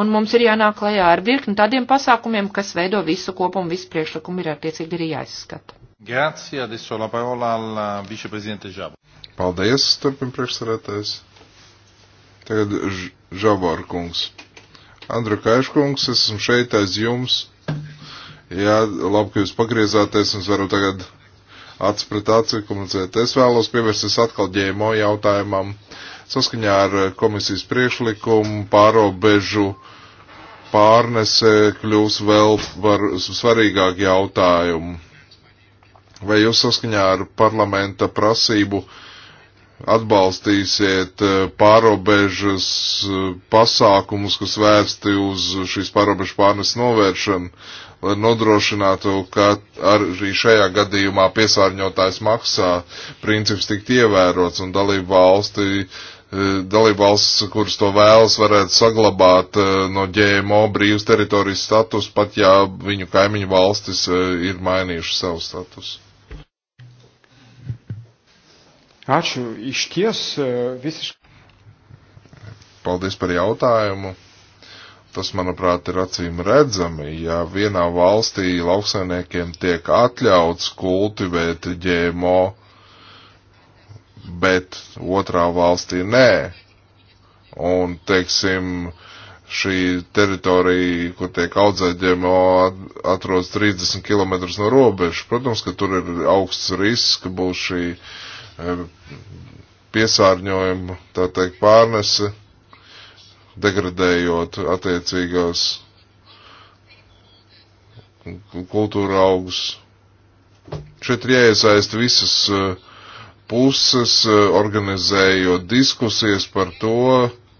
un mums ir jānāk klajā ar virkni tādiem pasākumiem, kas veido visu kopumu, visu priekšlikumu ir attiecīgi arī jāizskata. Grazie, adesso la parola al uh, viceprezidente Žabo. Paldies, turpin priekšsarētājs. Tagad Žabor kungs. Andru Kaiškungs, esmu šeit aiz jums. Jā, labi, ka jūs pagriezāties, un varu tagad acis pret aci komunicēt. Es vēlos pievērsties atkal ģēmo jautājumam saskaņā ar eh, komisijas priekšlikumu pārobežu pārnese kļūs vēl var, svarīgāk jautājumu. Vai jūs saskaņā ar parlamenta prasību atbalstīsiet eh, pārobežas eh, pasākumus, kas vērsti uz šīs pārobežu pārnes novēršanu, lai nodrošinātu, ka arī šajā gadījumā piesārņotājs maksā princips tikt ievērots un dalību valsti. Eh, Dalība valsts, kuras to vēlas, varētu saglabāt eh, no GMO brīvas teritorijas status, pat ja viņu kaimiņu valstis eh, ir mainījuši savu statusu. Ačiū, iš ties visiškai. Paldies par jautājumu. Tas, manuprāt, ir acīm redzami, ja vienā valstī lauksainiekiem tiek atļauts kultivēt ģēmo, bet otrā valstī nē. Un, teiksim, šī teritorija, kur tiek audzēt ģēmo, atrodas 30 km no robežas. Protams, ka tur ir augsts risks, ka būs šī eh, piesārņojuma, tā teikt, pārnese degradējot attiecīgās kultūra augus. Šeit ir jāiesaist visas eh, puses, eh, organizējot diskusijas par to,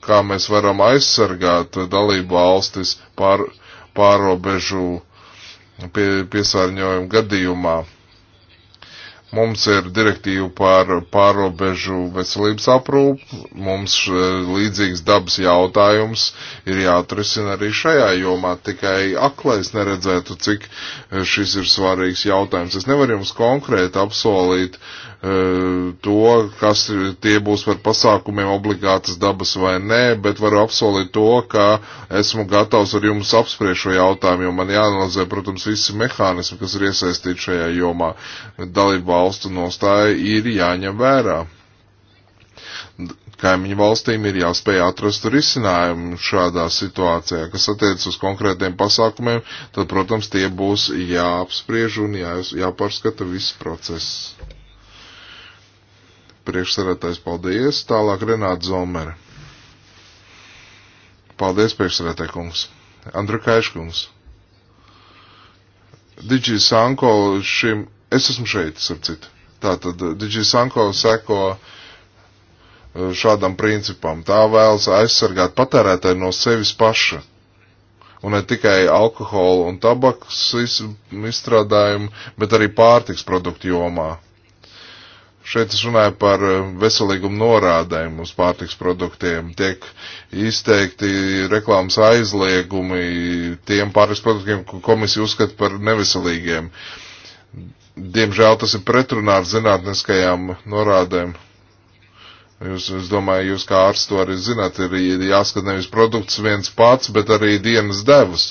kā mēs varam aizsargāt dalību valstis pār, pārobežu pie, piesārņojumu gadījumā. Mums ir direktīva par pārobežu veselības aprūpu, mums eh, līdzīgs dabas jautājums ir jāatrisina arī šajā jomā, tikai aklais neredzētu, cik eh, šis ir svarīgs jautājums. Es nevaru jums konkrēti apsolīt uh, to, kas tie būs par pasākumiem obligātas dabas vai nē, bet varu apsolīt to, ka esmu gatavs ar jums apspriest šo jautājumu, jo man jāanalizē, protams, visi mehānismi, kas ir iesaistīti šajā jomā. Dalībā valstu nostāja ir jāņem vērā. Kaimiņu valstīm ir jāspēj atrast risinājumu šādā situācijā, kas attiecas uz konkrētiem pasākumiem, tad, protams, tie būs jāapspriež un jā, jāpārskata viss process. Priekšsarētais paldies, tālāk Renāta Zomere. Paldies, priekšsarētāj kungs. Andru Kaiškungs. Digi Sanko šim Es esmu šeit, starp citu. Tātad eh, Digisanko seko eh, šādam principam. Tā vēlas aizsargāt patērētāju no sevis paša. Un ne tikai alkohola un tabakas izstrādājumu, bet arī pārtiks produktu jomā. Šeit es runāju par eh, veselīgumu norādēm uz pārtiks produktiem. Tiek izteikti reklāmas aizliegumi tiem pārtiks produktiem, ko komisija uzskata par neveselīgiem. Uh, Diemžēl tas ir pretrunā ar zinātniskajām norādēm. Jūs, es domāju, jūs kā ārsts to arī zināt, ir jāskat nevis produkts viens pats, bet arī dienas devas.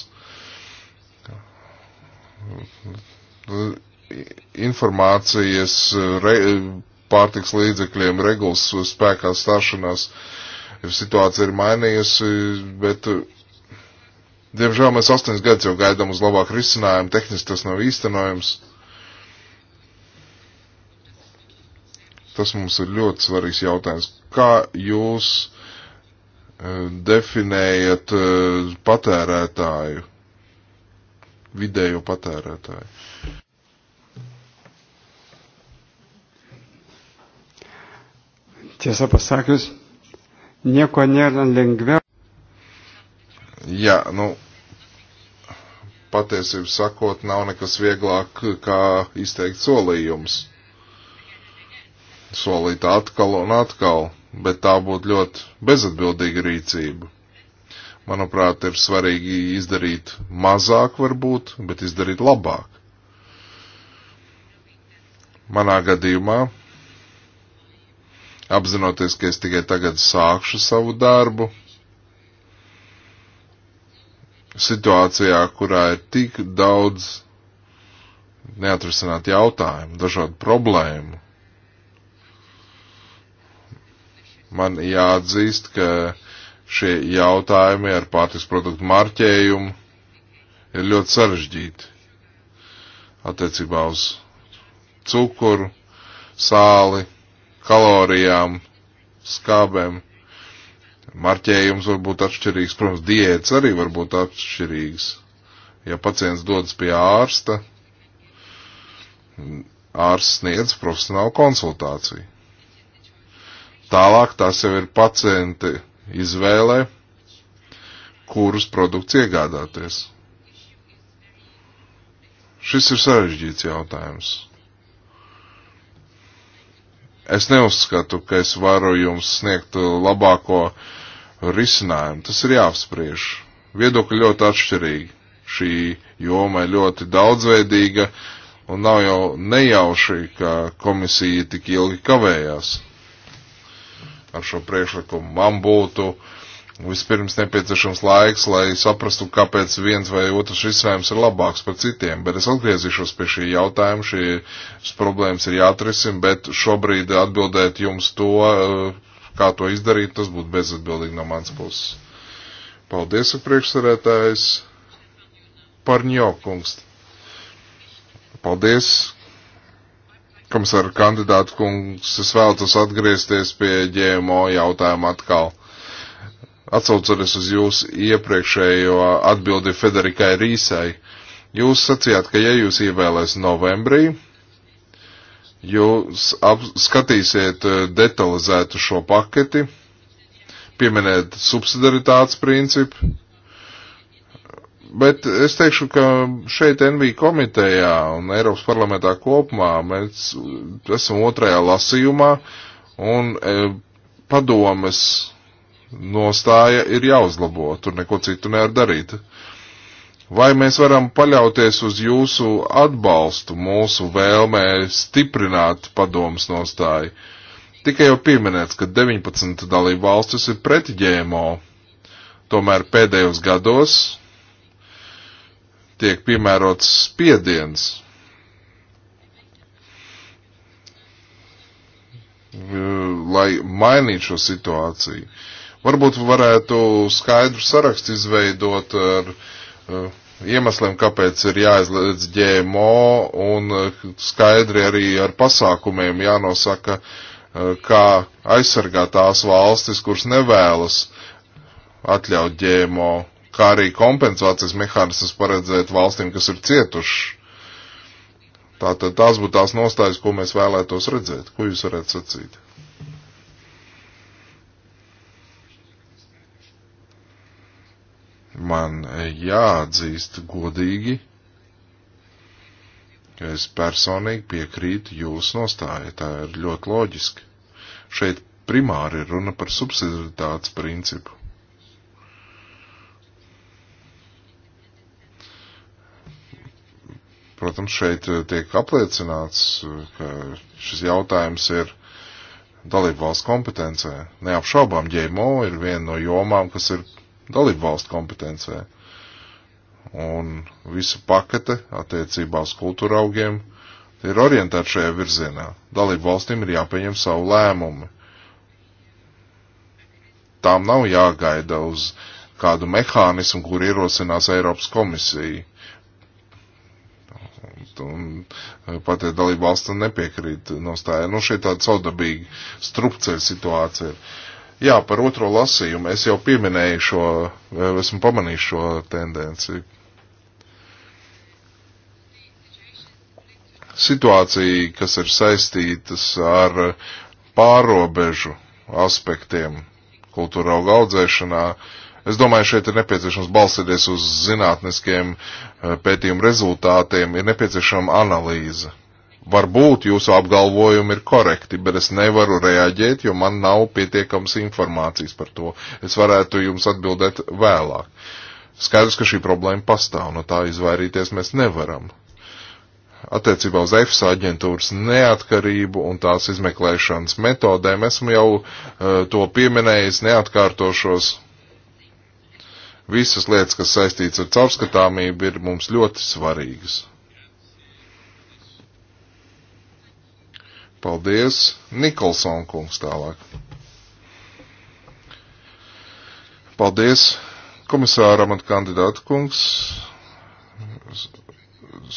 Informācijas re, pārtiks līdzekļiem regulas spēkā stāšanās situācija ir mainījusi, bet diemžēl mēs astoņas gadus jau gaidām uz labāku risinājumu, tehniski tas nav īstenojams. Tas mums ir ļoti svarīgs jautājums. Kā jūs eh, definējat eh, patērētāju, vidējo patērētāju? Tiesą pasakius, nieko nėra lengviau. Jā, nu, patiesību sakot, nav nekas vieglāk kā izteikt solījums solīta atkal un atkal, bet tā būtu ļoti bezatbildīga rīcība. Manuprāt, ir svarīgi izdarīt mazāk varbūt, bet izdarīt labāk. Manā gadījumā, apzinoties, ka es tikai tagad sākšu savu darbu, situācijā, kurā ir tik daudz neatrisināt jautājumu, dažādu problēmu, man jāatzīst, ka šie jautājumi ar pārtiks produktu marķējumu ir ļoti sarežģīti attiecībā uz cukuru, sāli, kalorijām, skābēm. Marķējums var būt atšķirīgs, protams, diēts arī var būt atšķirīgs. Ja pacients dodas pie ārsta, ārsts sniedz profesionālu konsultāciju. Tālāk tās jau ir pacienti izvēlē, kurus produkts iegādāties. Šis ir sarežģīts jautājums. Es neuzskatu, ka es varu jums sniegt labāko risinājumu. Tas ir jāapspriež. Viedokļi ļoti atšķirīgi. Šī joma ir ļoti daudzveidīga, un nav jau nejauši, ka komisija tik ilgi kavējās ar šo priekšlikumu. Man būtu vispirms nepieciešams laiks, lai saprastu, kāpēc viens vai otrs risinājums ir labāks par citiem, bet es atgriezīšos pie šī jautājuma, šīs problēmas ir jāatrisina, bet šobrīd atbildēt jums to, eh, kā to izdarīt, tas būtu bezatbildīgi no mans puses. Paldies, priekšsarētājs Parņokungs. Paldies, komisāra kandidāta kungs, es vēlos atgriezties pie ģēmo jautājuma atkal. Atsaucoties uz jūsu iepriekšējo atbildi Federikai Rīsai, jūs sacījāt, ka ja jūs ievēlēs novembrī, jūs skatīsiet eh, detalizētu šo paketi, pieminēt subsidaritātes principu, Bet es teikšu, ka šeit NV komitejā un Eiropas parlamentā kopumā mēs esam otrajā lasījumā un e, padomes nostāja ir jāuzlabo, tur neko citu nevar darīt. Vai mēs varam paļauties uz jūsu atbalstu, mūsu vēlmē stiprināt padomas nostāju? Tikai jau pieminēts, ka 19 dalību valstis ir pret ģēmo. Tomēr pēdējos gados tiek piemērots spiediens. lai mainītu šo situāciju. Varbūt varētu skaidru sarakstu izveidot ar uh, iemesliem, kāpēc ir jāizliedz GMO, un eh, skaidri arī ar pasākumiem jānosaka, eh, kā aizsargāt tās valstis, kuras nevēlas atļaut GMO kā arī kompensācijas mehānismus paredzēt valstīm, kas ir cietušas. Tātad tās būtu tās nostājas, ko mēs vēlētos redzēt. Ko jūs varētu sacīt? Man jāatzīst godīgi, ka es personīgi piekrītu jūsu nostāja. Tā ir ļoti loģiski. Šeit primāri ir runa par subsidiaritātes principu. Protams, šeit eh, tiek apliecināts, eh, ka šis jautājums ir dalību valsts kompetencē. Neapšaubām ģēmo ir viena no jomām, kas ir dalību valsts kompetencē. Un visa pakete attiecībā uz kultūra augiem ir orientēta šajā virzienā. Dalību valstīm ir jāpieņem savu lēmumu. Tām nav jāgaida uz kādu mehānismu, kur ierosinās Eiropas komisija un eh, pat ja dalība valsts nepiekrīt nostājai. Nu, šeit tāda saudabīga strupceļa situācija ir. Jā, par otro lasījumu es jau pieminēju šo, eh, esmu pamanījis šo tendenci. Situācija, kas ir saistītas ar pārobežu aspektiem kultūra auga audzēšanā, uh, Es domāju, šeit ir nepieciešams balstīties uz zinātniskiem eh, pētījumu rezultātiem, ir nepieciešama analīze. Varbūt jūsu apgalvojumi ir korekti, bet es nevaru reaģēt, jo man nav pietiekams informācijas par to. Es varētu jums atbildēt vēlāk. Skaidrs, ka šī problēma pastāv, no tā izvairīties mēs nevaram. Attiecībā uz EFSA aģentūras neatkarību un tās izmeklēšanas metodēm esmu jau uh, to pieminējis, neatkārtošos Visas lietas, kas saistīts ar caurskatāmību, ir mums ļoti svarīgas. Paldies, Nikolson kungs tālāk. Paldies, komisāram un kandidātu kungs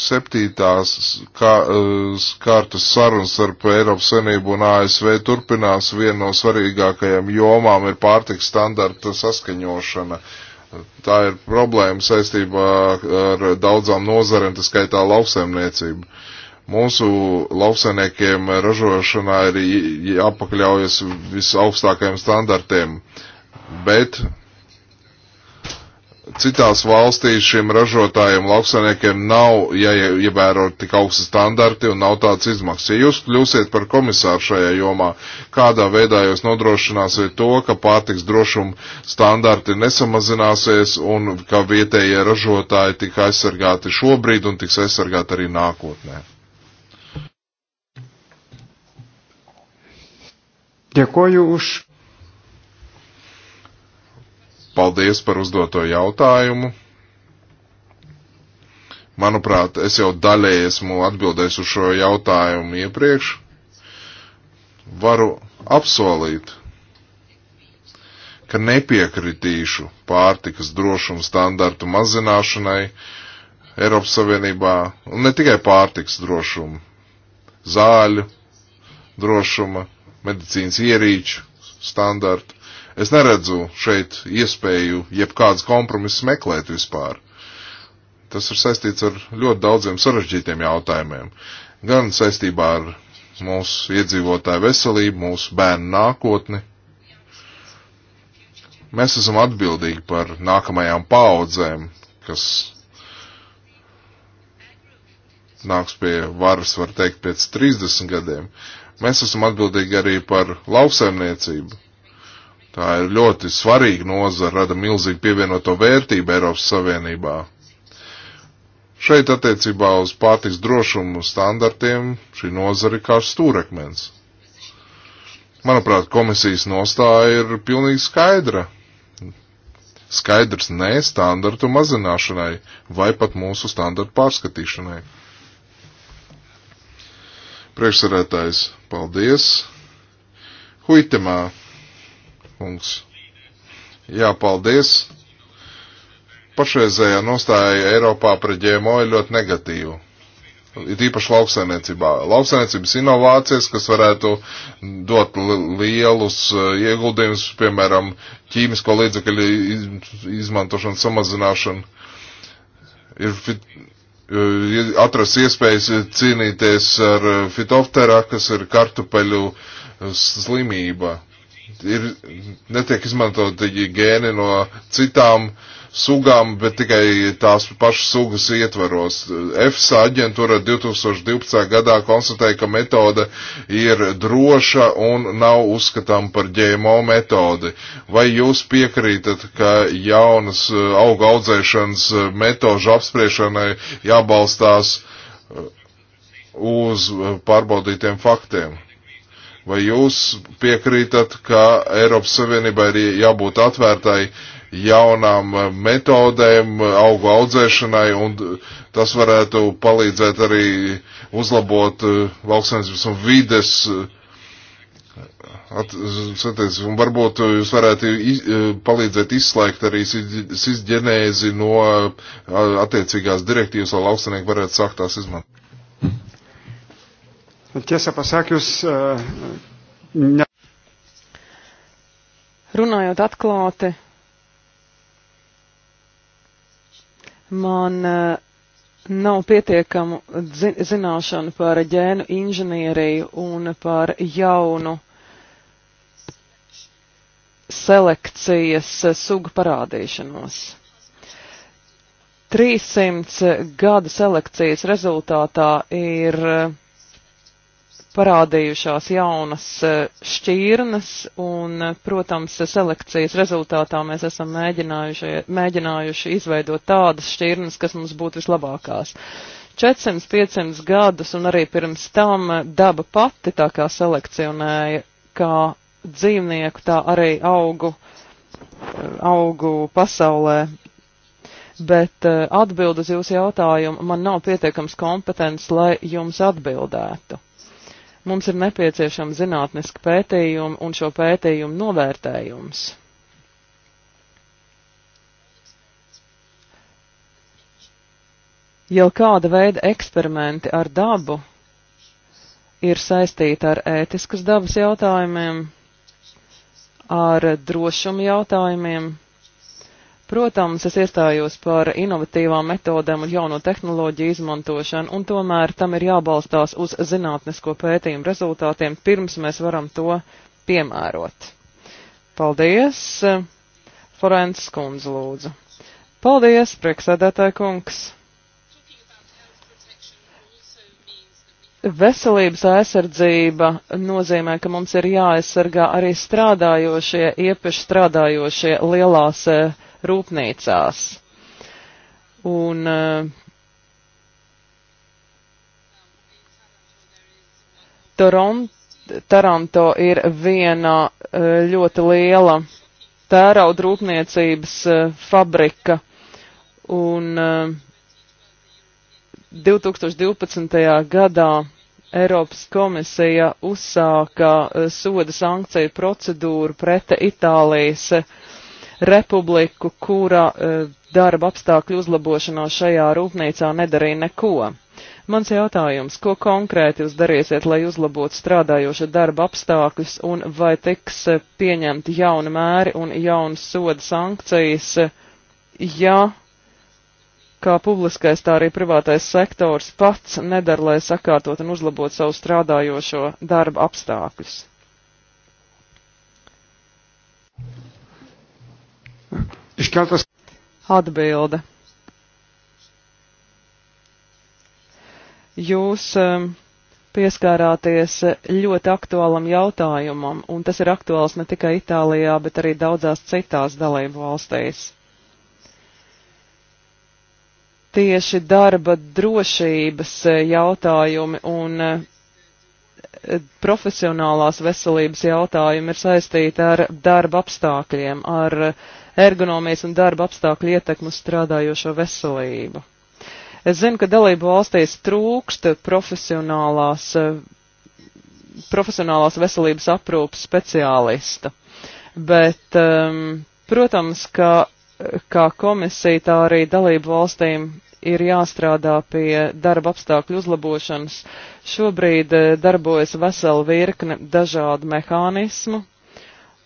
septītās kā, eh, kārtas sarunas ar Eiropas Savienību un ASV turpinās. Viena no svarīgākajām jomām ir pārtiks standarta saskaņošana. Uh, Tā ir problēma saistībā ar daudzām nozarēm, tā skaitā lauksaimniecību. Mūsu lauksaimniekiem ražošanā ir jāpakļaujas visaugstākajiem standartiem, bet citās valstīs šiem ražotājiem, lauksainiekiem nav jāievēro ja, ja tik augsti standarti un nav tāds izmaksas. Ja jūs kļūsiet par komisāru šajā jomā, kādā veidā jūs nodrošināsiet to, ka pārtiks drošuma standarti nesamazināsies un ka vietējie ražotāji tika aizsargāti šobrīd un tiks aizsargāti arī nākotnē? Dėkoju už Paldies par uzdoto jautājumu. Manuprāt, es jau daļēji esmu atbildējis uz šo jautājumu iepriekš. Varu apsolīt, ka nepiekritīšu pārtikas drošuma standartu mazināšanai Eiropas Savienībā, un ne tikai pārtikas drošuma, zāļu drošuma, medicīnas ierīču standartu. Es neredzu šeit iespēju jebkādas kompromisas meklēt vispār. Tas ir saistīts ar ļoti daudziem sarežģītiem jautājumiem. Gan saistībā ar mūsu iedzīvotāju veselību, mūsu bērnu nākotni. Mēs esam atbildīgi par nākamajām paudzēm, kas nāks pie varas, var teikt, pēc 30 gadiem. Mēs esam atbildīgi arī par lauksaimniecību, Tā ir ļoti svarīga nozara, rada milzīgu pievienoto vērtību Eiropas Savienībā. Šeit attiecībā uz pārtiks drošumu standartiem šī nozara ir kā stūrekmens. Manuprāt, komisijas nostāja ir pilnīgi skaidra. Skaidrs nē standartu mazināšanai vai pat mūsu standartu pārskatīšanai. Priekšsarētājs, paldies! Huitemā! kungs. Jā, paldies. Pašreizējā nostāja Eiropā pret ģēmo ir ļoti negatīva. Ir īpaši lauksainiecībā. Lauksainiecības inovācijas, kas varētu dot lielus uh, ieguldījumus, piemēram, ķīmisko līdzekļu izmantošanu, samazināšanu, ir fit, uh, atrast iespējas cīnīties ar uh, fitoftera, kas ir kartupeļu slimība ir, netiek izmantoti gēni no citām sugām, bet tikai tās pašas sugas ietvaros. EFSA aģentūra 2012. gadā konstatēja, ka metode ir droša un nav uzskatām par ģēmo metodi. Vai jūs piekrītat, ka jaunas uh, auga audzēšanas uh, metožu apspriešanai jābalstās uh, uz pārbaudītiem faktiem? Vai jūs piekrītat, ka Eiropas Savienībai ir jābūt atvērtai jaunām eh, metodēm, eh, augu audzēšanai, un tas varētu palīdzēt arī uzlabot eh, lauksainsības un vides Saties, un varbūt jūs varētu iz, palīdzēt izslēgt arī sisģenēzi no attiecīgās direktīvas, lai lauksanieki varētu sākt tās izmantot. Tiesą pasakius, e, ne. Runājot atklāti, man e, nav pietiekamu zināšanu par ģēnu inženieriju un par jaunu selekcijas sugu parādīšanos. 300 gadu selekcijas rezultātā ir parādījušās jaunas e, šķirnes, un, e, protams, e, selekcijas rezultātā mēs esam mēģinājuši, mēģinājuši izveidot tādas šķirnes, kas mums būtu vislabākās. 400-500 gadus un arī pirms tam daba pati tā kā selekcionēja kā dzīvnieku, tā arī augu, augu pasaulē bet uh, atbild uz jūsu jautājumu man nav pietiekams kompetents, lai jums atbildētu. Mums ir nepieciešama zinātniska pētījuma un šo pētījumu novērtējums. Jau kāda veida eksperimenti ar dabu ir saistīti ar ētiskas dabas jautājumiem, ar drošumu jautājumiem Protams, es iestājos par inovatīvām metodēm un jauno tehnoloģiju izmantošanu, un tomēr tam ir jābalstās uz zinātnisko pētījumu rezultātiem, pirms mēs varam to piemērot. Paldies! Forens Kundze lūdzu. Paldies, prieksēdētāji kungs! Veselības aizsardzība nozīmē, ka mums ir jāaizsargā arī strādājošie, iepeši strādājošie lielās eh, rūpnīcās. Un uh, eh, Toronto, Taranto ir viena eh, ļoti liela tērauda rūpniecības eh, fabrika. Un 2012. gadā Eiropas komisija uzsāka soda sankciju procedūru pret Itālijas republiku, kura e, darba apstākļu uzlabošanos šajā rūpnīcā nedarīja neko. Mans jautājums, ko konkrēti jūs darīsiet, lai uzlabotu strādājoša darba apstākļus un vai tiks e, pieņemti jauni mēri un jaunas soda sankcijas, e, ja kā publiskais, tā arī privātais sektors pats nedara, lai sakārtot un uzlabot savu strādājošo darba apstākļus? Iškeltas. Atbilde. Jūs um, pieskārāties ļoti aktuālam jautājumam, un tas ir aktuāls ne tikai Itālijā, bet arī daudzās citās dalību valstīs. Tieši darba drošības jautājumi un eh, profesionālās veselības jautājumi ir saistīti ar darba apstākļiem, ar ergonomijas un darba apstākļu ietekmu uz strādājošo veselību. Es zinu, ka dalību valstīs trūkst profesionālās, eh, profesionālās veselības aprūpas speciālista, bet, um, protams, ka kā komisija, tā arī dalību valstīm ir jāstrādā pie darba apstākļu uzlabošanas. Šobrīd eh, darbojas vesela virkne dažādu mehānismu,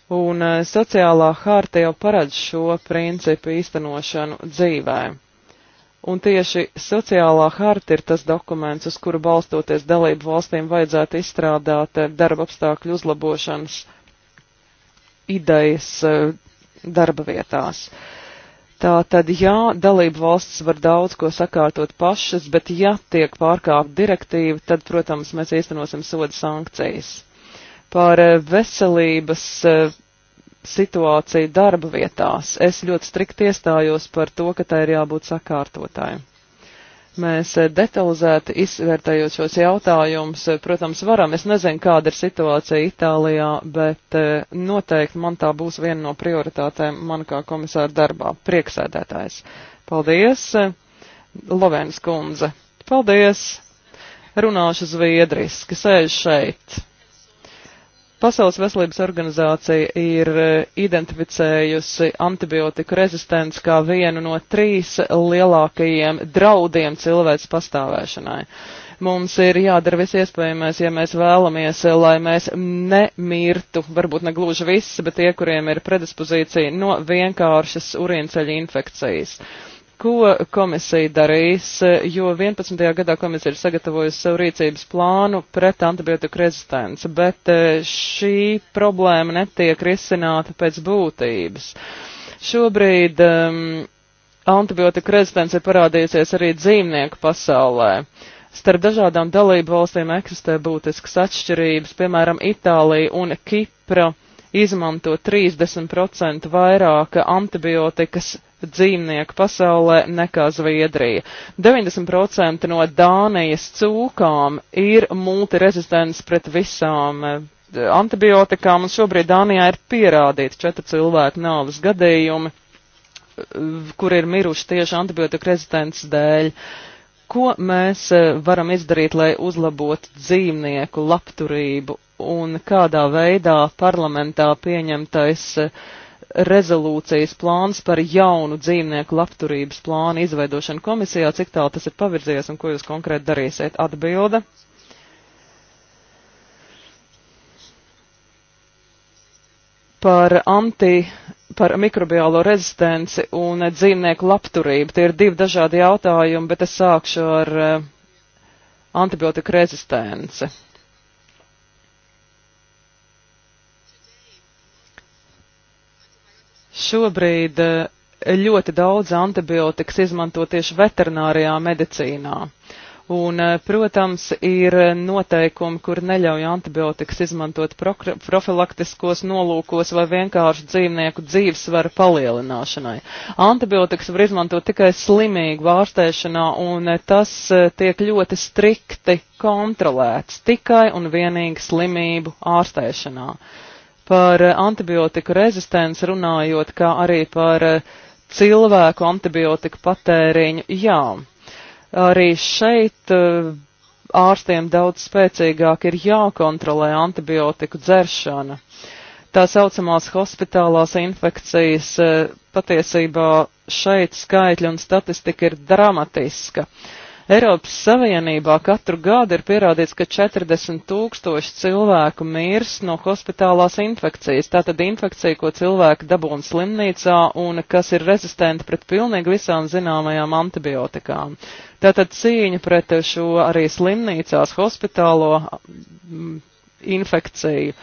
un eh, sociālā harta jau paredz šo principu īstenošanu dzīvē. Un tieši sociālā harta ir tas dokuments, uz kuru balstoties dalību valstīm vajadzētu izstrādāt eh, darba apstākļu uzlabošanas idejas eh, darba vietās. Tā tad, jā, dalību valsts var daudz ko sakārtot pašas, bet ja tiek pārkāpta direktīva, tad, protams, mēs īstenosim soda sankcijas par eh, veselības eh, situāciju darba vietās. Es ļoti strikt iestājos par to, ka tā ir jābūt sakārtotāji. Mēs eh, detalizēti izvērtējot šos jautājumus, protams, varam. Es nezinu, kāda ir situācija Itālijā, bet noteikti man tā būs viena no prioritātēm man kā komisāra darbā. Prieksēdētājs. Paldies, Lovēns kundze. Paldies. Runāšu zviedriski, sēž šeit. Pasaules veselības organizācija ir e, identificējusi antibiotiku rezistenci kā vienu no trīs lielākajiem draudiem cilvēks pastāvēšanai. Mums ir jādara viss iespējamais, ja mēs vēlamies, lai mēs nemirtu, varbūt ne gluži visi, bet tie, kuriem ir predispozīcija no vienkāršas urīnceļa infekcijas ko komisija darīs, jo 11. gadā komisija ir sagatavojusi savu rīcības plānu pret antibiotiku rezistenci, bet e, šī problēma netiek risināta pēc būtības. Šobrīd um, antibiotika rezistence ir parādījusies arī dzīvnieku pasaulē. Starp dažādām dalību valstīm eksistē būtiskas atšķirības, piemēram, Itālija un Kipra izmanto 30% vairāk antibiotikas dzīvnieku pasaulē nekā Zviedrija. 90% no Dānijas cūkām ir multiresistents pret visām eh, antibiotikām, un šobrīd Dānijā ir pierādīti četri cilvēku nāves gadījumi, eh, kur ir miruši tieši antibiotika rezistents dēļ. Ko mēs eh, varam izdarīt, lai uzlabotu dzīvnieku labturību un kādā veidā parlamentā pieņemtais uh, rezolūcijas plāns par jaunu dzīvnieku labturības plānu izveidošanu komisijā, cik tālu tas ir pavirzījies un ko jūs konkrēti darīsiet? Atbilde. Par anti, par mikrobiālo rezistenci un dzīvnieku labturību. Tie ir divi dažādi jautājumi, bet es sākšu ar eh, antibiotika rezistenci. Šobrīd eh, ļoti daudz antibiotikas izmanto tieši veterinārijā medicīnā. Un, eh, protams, ir noteikumi, kur neļauj antibiotikas izmantot profilaktiskos nolūkos vai vienkārši dzīvnieku dzīvesvara palielināšanai. Antibiotikas var izmantot tikai slimīgu vārstēšanā, un eh, tas tiek ļoti strikti kontrolēts tikai un vienīgi slimību ārstēšanā. Uh, par eh, antibiotiku rezistenci runājot, kā arī par eh, cilvēku antibiotiku patēriņu. Jā, arī šeit eh, ārstiem daudz spēcīgāk ir jākontrolē antibiotiku dzeršana. Tā saucamās hospitālās infekcijas patiesībā šeit skaitļi un statistika ir dramatiska. Uh, Eiropas Savienībā katru gadu ir pierādīts, ka 40 tūkstoši cilvēku mirs no hospitālās infekcijas. Tātad infekcija, ko cilvēki dabūna slimnīcā un kas ir rezistenta pret pilnīgi visām zināmajām antibiotikām. Tātad cīņa pret šo arī slimnīcās hospitālo mm, infekciju.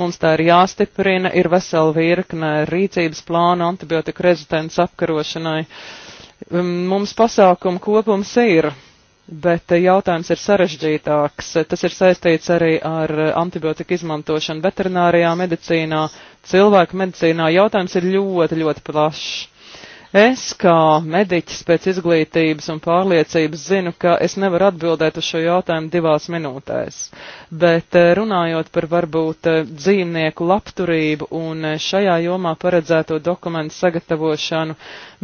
Mums tā ir jāstiprina, ir vesela virkne rīcības plāna antibiotika rezistents apkarošanai. Uh, Um, mums pasākumu kopums ir, bet uh, jautājums ir sarežģītāks. Uh, tas ir saistīts arī ar uh, antibiotika izmantošanu veterinārijā medicīnā, cilvēku medicīnā. Jautājums ir ļoti, ļoti plašs. Es kā mediķis pēc izglītības un pārliecības zinu, ka es nevaru atbildēt uz šo jautājumu divās minūtēs, bet eh, runājot par varbūt eh, dzīvnieku labturību un eh, šajā jomā paredzēto dokumentu sagatavošanu,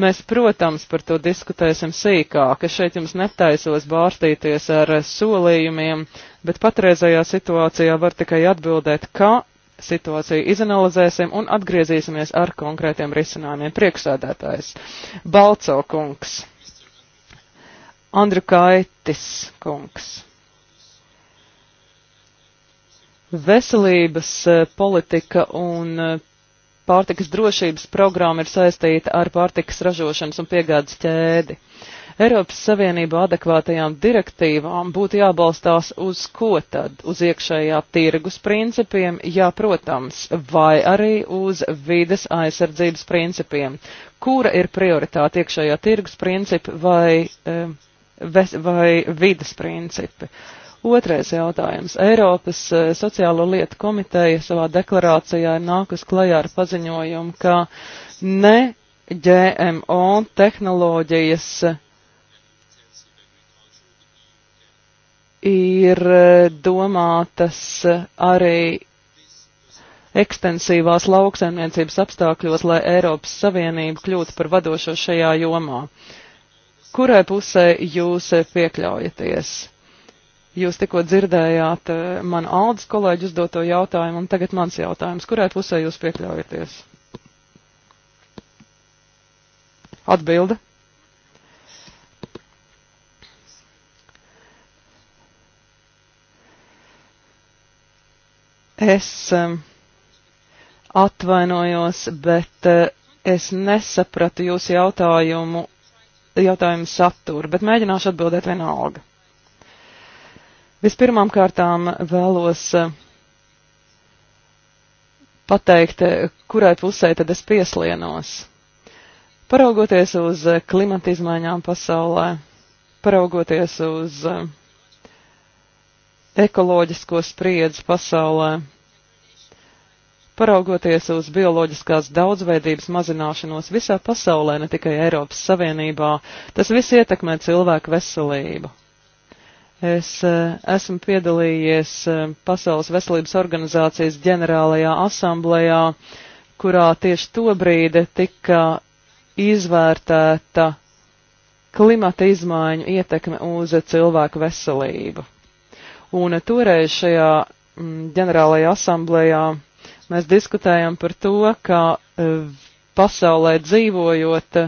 mēs, protams, par to diskutēsim sīkāk. Es šeit jums netaisos bārstīties ar solījumiem, bet patreizajā situācijā var tikai atbildēt, ka situāciju izanalizēsim un atgriezīsimies ar konkrētiem risinājumiem. Priekšsēdētājs Balco kungs, Andru Kaitis kungs. Veselības eh, politika un eh, pārtikas drošības programma ir saistīta ar pārtikas ražošanas un piegādes ķēdi. Uh, Eiropas Savienību adekvātajām direktīvām būtu jābalstās uz ko tad? Uz iekšējā tirgus principiem, jā, protams, vai arī uz vides aizsardzības principiem. Kura ir prioritāte iekšējā tirgus principi vai, eh, vai vides principi? Otrais jautājums. Eiropas eh, sociālo lietu komiteja savā deklarācijā ir nākus klajā ar paziņojumu, ka ne GMO tehnoloģijas ir eh, domātas eh, arī ekstensīvās lauksaimniecības apstākļos, lai Eiropas Savienība kļūtu par vadošo šajā jomā. Kurai pusē jūs eh, piekļaujaties? Jūs tikko dzirdējāt man Aldis kolēģi uzdoto jautājumu, un tagad mans jautājums. Kurai pusē jūs piekļaujaties? Atbilde. Es um, atvainojos, bet uh, es nesapratu jūsu jautājumu, jautājumu saturu, bet mēģināšu atbildēt vienalga. Vispirmām kārtām vēlos uh, pateikt, uh, kurai pusē tad es pieslienos. Paraugoties uz klimatizmaiņām pasaulē, paraugoties uz uh, ekoloģisko spriedzi pasaulē. Paraugoties uz bioloģiskās daudzveidības mazināšanos visā pasaulē, ne tikai Eiropas Savienībā, tas viss ietekmē cilvēku veselību. Es eh, esmu piedalījies eh, Pasaules veselības organizācijas ģenerālajā asamblējā, kurā tieši to brīdi tika izvērtēta klimata izmaiņu ietekme uz cilvēku veselību. Un toreiz šajā mm, ģenerālajā asamblējā mēs diskutējam par to, ka e, pasaulē dzīvojot e,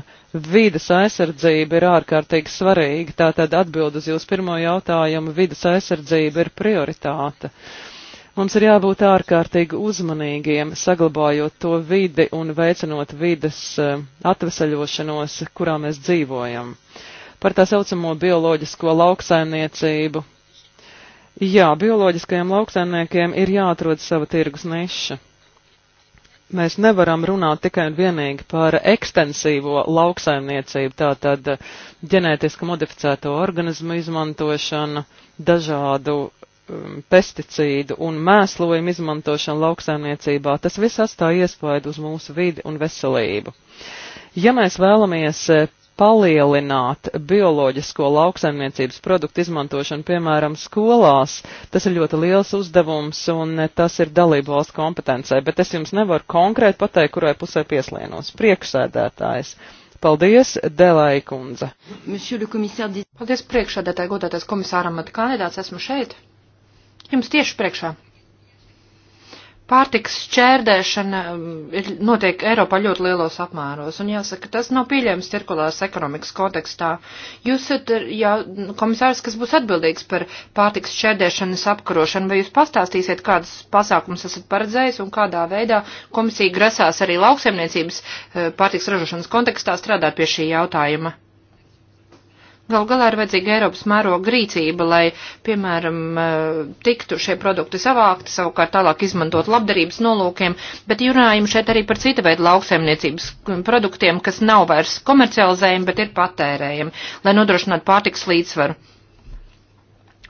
vidas aizsardzība ir ārkārtīgi svarīga. Tātad atbild uz jūsu pirmo jautājumu, vidas aizsardzība ir prioritāte. Mums ir jābūt ārkārtīgi uzmanīgiem, saglabājot to vidi un veicinot vides e, atvesaļošanos, kurā mēs dzīvojam. Par tā saucamo bioloģisko lauksaimniecību Jā, bioloģiskajiem lauksaimniekiem ir jāatrod sava tirgus niša. Mēs nevaram runāt tikai un vienīgi par ekstensīvo lauksaimniecību, tātad eh, ģenētiski modificēto organismu izmantošanu, dažādu um, pesticīdu un mēslojumu izmantošanu lauksaimniecībā. Tas viss atstāja iespaidu uz mūsu vidi un veselību. Ja mēs vēlamies eh, palielināt bioloģisko lauksaimniecības produktu izmantošanu, piemēram, skolās. Tas ir ļoti liels uzdevums un tas ir dalību valsts kompetencē, bet es jums nevaru konkrēti pateikt, kurai pusē pieslienos. Priekšsēdētājs. Paldies, Delai kundze. Paldies priekšsēdētāji, godātais komisāram, kandidāts esmu šeit. Jums tieši priekšā. Pārtiks šķērdēšana um, notiek Eiropā ļoti lielos apmēros, un jāsaka, tas nav pieļams cirkulās ekonomikas kontekstā. Jūs esat eh, jā, komisārs, kas būs atbildīgs par pārtiks šķērdēšanas apkarošanu, vai jūs pastāstīsiet, kādas pasākums esat paredzējis un kādā veidā komisija grasās arī lauksaimniecības eh, pārtiks ražošanas kontekstā strādāt pie šī jautājuma? Gal galā ir vajadzīga Eiropas mēroga rīcība, lai, piemēram, eh, tiktu šie produkti savākti, savukārt tālāk izmantot labdarības nolūkiem, bet runājam šeit arī par cita veida lauksaimniecības produktiem, kas nav vairs komercializējami, bet ir patērējami, lai nodrošinātu pārtiks līdzsvaru.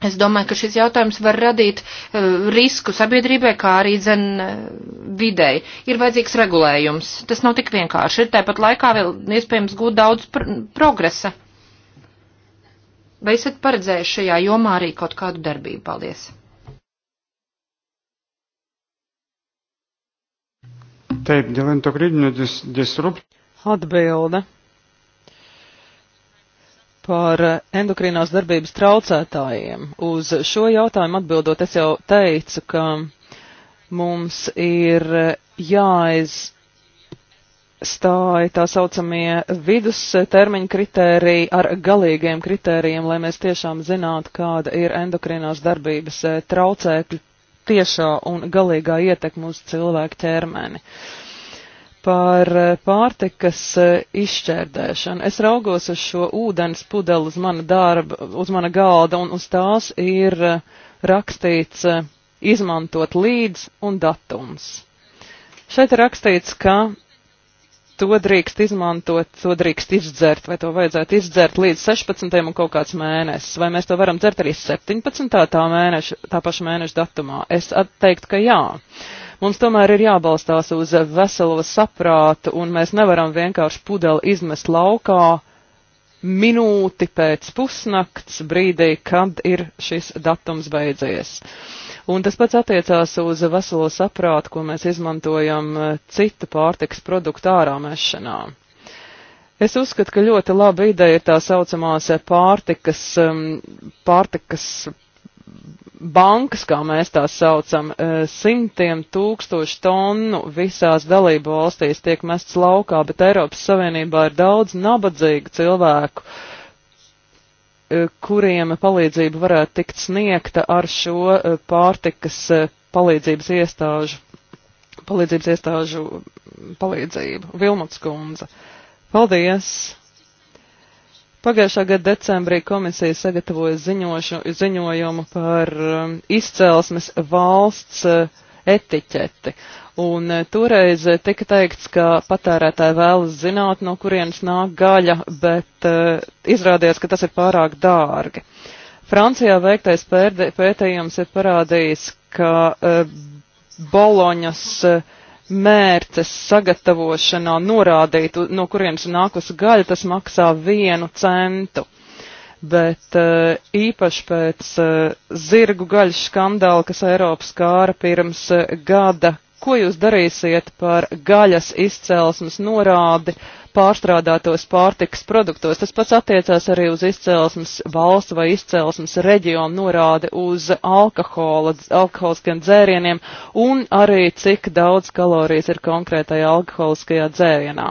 Es domāju, ka šis jautājums var radīt uh, risku sabiedrībai, kā arī dzen uh, eh, videi. Ir vajadzīgs regulējums. Tas nav tik vienkārši. Ir tāpat laikā vēl iespējams gūt daudz pr progresa. Vai esat paredzējuši šajā jomā arī kaut kādu darbību? Paldies! Taip, dėl endokrininių disrupcijų. Atbilde par endokrinās darbības traucētājiem. Uz šo jautājumu atbildot, es jau teicu, ka mums ir jāiz, stāja tā saucamie vidustermiņa kritēriji ar galīgiem kritērijiem, lai mēs tiešām zinātu, kāda ir endokrinās darbības eh, traucēkļu tiešā un galīgā ietekme uz cilvēku ķermeni. Par eh, pārtikas eh, izšķērdēšanu. Es raugos uz šo ūdens pudeli uz mana darba, uz mana galda, un uz tās ir rakstīts izmantot līdz un datums. Šeit ir rakstīts, ka to drīkst izmantot, to drīkst izdzert, vai to vajadzētu izdzert līdz 16. un kaut kāds mēnesis, vai mēs to varam dzert arī 17. tā mēneša, tā paša mēneša datumā. Es atteiktu, ka jā. Mums tomēr ir jābalstās uz veselo saprātu, un mēs nevaram vienkārši pudeli izmest laukā minūti pēc pusnakts brīdī, kad ir šis datums beidzies. Uh, Un tas pats attiecās uz veselo saprātu, ko mēs izmantojam eh, citu pārtiks produktu ārāmēšanā. Es uzskatu, ka ļoti laba ideja ir tā saucamās pārtikas, um, pārtikas bankas, kā mēs tās saucam, eh, simtiem tūkstošu tonnu visās dalību valstīs tiek mests laukā, bet Eiropas Savienībā ir daudz nabadzīgu cilvēku, uh, Eh, kuriem palīdzība varētu tikt sniegta ar šo eh, pārtikas eh, palīdzības iestāžu, palīdzības iestāžu mm, palīdzību. Vilmots Kunze. Paldies! Pagājušā gada decembrī komisija sagatavoja ziņošu, ziņojumu par izcelsmes valsts etiķeti. Un eh, toreiz eh, tika teikts, ka patērētāji vēlas zināt, no kurienes nāk gaļa, bet uh, izrādījās, ka tas ir pārāk dārgi. Francijā veiktais pētījums ir parādījis, ka uh, Boloņas uh, mērces sagatavošanā norādīt, no kurienes nākusi gaļa, tas maksā vienu centu. Bet īpaši pēc zirgu gaļas skandāla, kas Eiropas kāra pirms gada, Ko jūs darīsiet par gaļas izcelsmes norādi pārstrādātos pārtikas produktos? Tas pats attiecās arī uz izcelsmes valsts vai izcelsmes reģionu norādi uz alkohola, alkoholiskiem dzērieniem un arī cik daudz kalorijas ir konkrētajā alkoholiskajā dzērienā.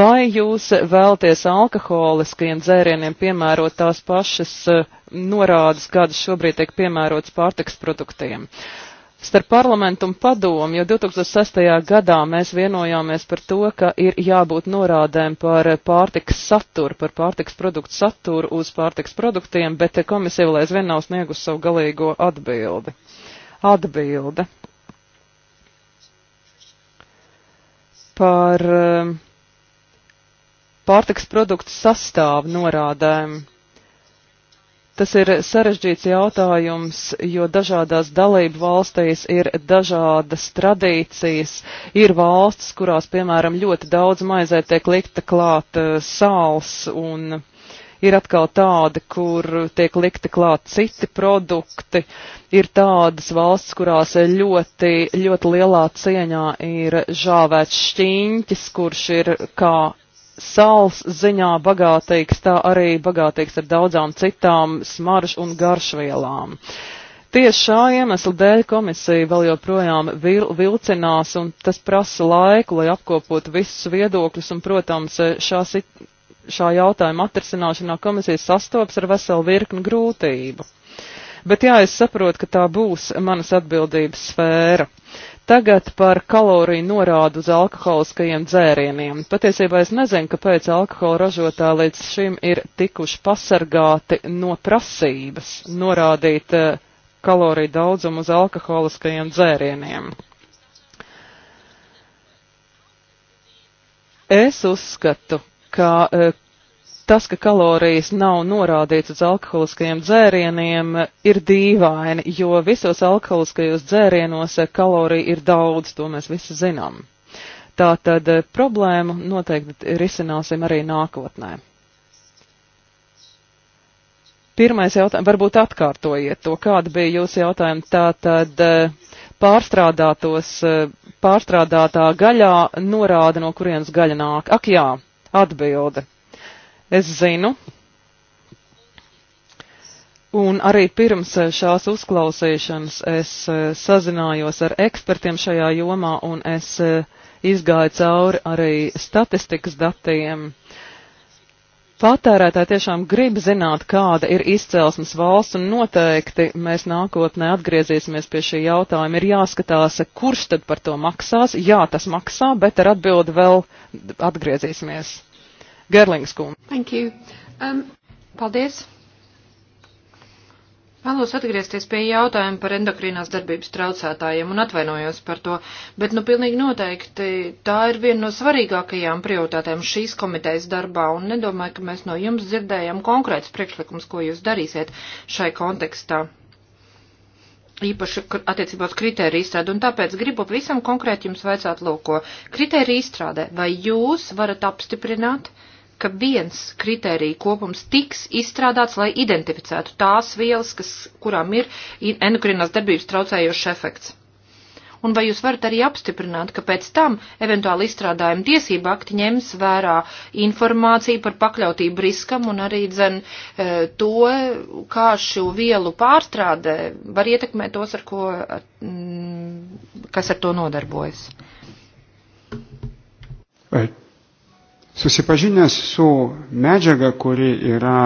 Vai jūs vēlties alkoholiskajiem dzērieniem piemērot tās pašas eh, norādes, kādas šobrīd tiek piemērotas pārtiks produktiem? Uh, starp parlamentu un padomu, jo 2006. gadā mēs vienojāmies par to, ka ir jābūt norādēm par pārtiks saturu, par pārtiks produktu saturu uz pārtiks produktiem, bet komisija vēl aizvien nav sniegusi savu galīgo atbildi. Atbilde par eh, pārtiks produktu sastāvu norādēm Tas ir sarežģīts jautājums, jo dažādās dalību valstīs ir dažādas tradīcijas. Ir valsts, kurās, piemēram, ļoti daudz maizē tiek likta klāt eh, sāls, un ir atkal tāda, kur tiek likta klāt citi produkti. Ir tādas valsts, kurās ļoti, ļoti lielā cieņā ir žāvēts šķīņķis, kurš ir kā sāls ziņā bagātīgs, tā arī bagātīgs ar daudzām citām smaržu un garšvielām. Tieši šā iemesla dēļ komisija vēl joprojām vil, vilcinās, un tas prasa laiku, lai apkopotu visus viedokļus, un, protams, šā, sit, šā jautājuma atrisināšanā komisija sastops ar veselu virkni grūtību. Bet jā, es saprotu, ka tā būs manas atbildības sfēra. Tagad par kaloriju norādu uz alkoholiskajiem dzērieniem. Patiesībā es nezinu, kāpēc alkohola ražotā līdz šim ir tikuši pasargāti no prasības norādīt eh, kaloriju daudzumu uz alkoholiskajiem dzērieniem. Es uzskatu, ka eh, tas, ka kalorijas nav norādīts uz alkoholiskajiem dzērieniem, ir dīvaini, jo visos alkoholiskajos dzērienos kaloriju ir daudz, to mēs visi zinām. Tātad eh, problēmu noteikti risināsim arī nākotnē. Pirmais jautājums, varbūt atkārtojiet to, kāda bija jūsu jautājuma. Tātad eh, pārstrādātos, eh, pārstrādātā gaļā norāda, no kurienes gaļa nāk. Ak jā, atbilde Es zinu. Un arī pirms eh, šās uzklausīšanas es eh, sazinājos ar ekspertiem šajā jomā un es eh, izgāju cauri arī statistikas datiem. Patērētāji tiešām grib zināt, kāda ir izcelsmes valsts, un noteikti mēs nākotnē atgriezīsimies pie šī jautājuma. Ir jāskatās, kurš tad par to maksās. Jā, tas maksā, bet ar atbildi vēl atgriezīsimies. Gerlings kundze. Thank you. Um, paldies. Vēlos atgriezties pie jautājuma par endokrīnās darbības traucētājiem un atvainojos par to, bet nu pilnīgi noteikti tā ir viena no svarīgākajām prioritātēm šīs komitejas darbā un nedomāju, ka mēs no jums dzirdējam konkrēts priekšlikums, ko jūs darīsiet šai kontekstā. Īpaši attiecībā uz kritēriju izstrādi, un tāpēc gribu visam konkrēti jums vaicāt lūko. Kritēriju izstrādē, vai jūs varat apstiprināt? Uh, ka viens kritērija kopums tiks izstrādāts, lai identificētu tās vielas, kas, kurām ir endokrinās darbības traucējošs efekts. Un vai jūs varat arī apstiprināt, ka pēc tam eventuāli izstrādājuma tiesība akti ņems vērā informāciju par pakļautību riskam un arī dzen e, to, kā šo vielu pārstrāde var ietekmēt tos, ar ko, mm, kas ar to nodarbojas? Right. Susipažinęs su medžiaga, kuri yra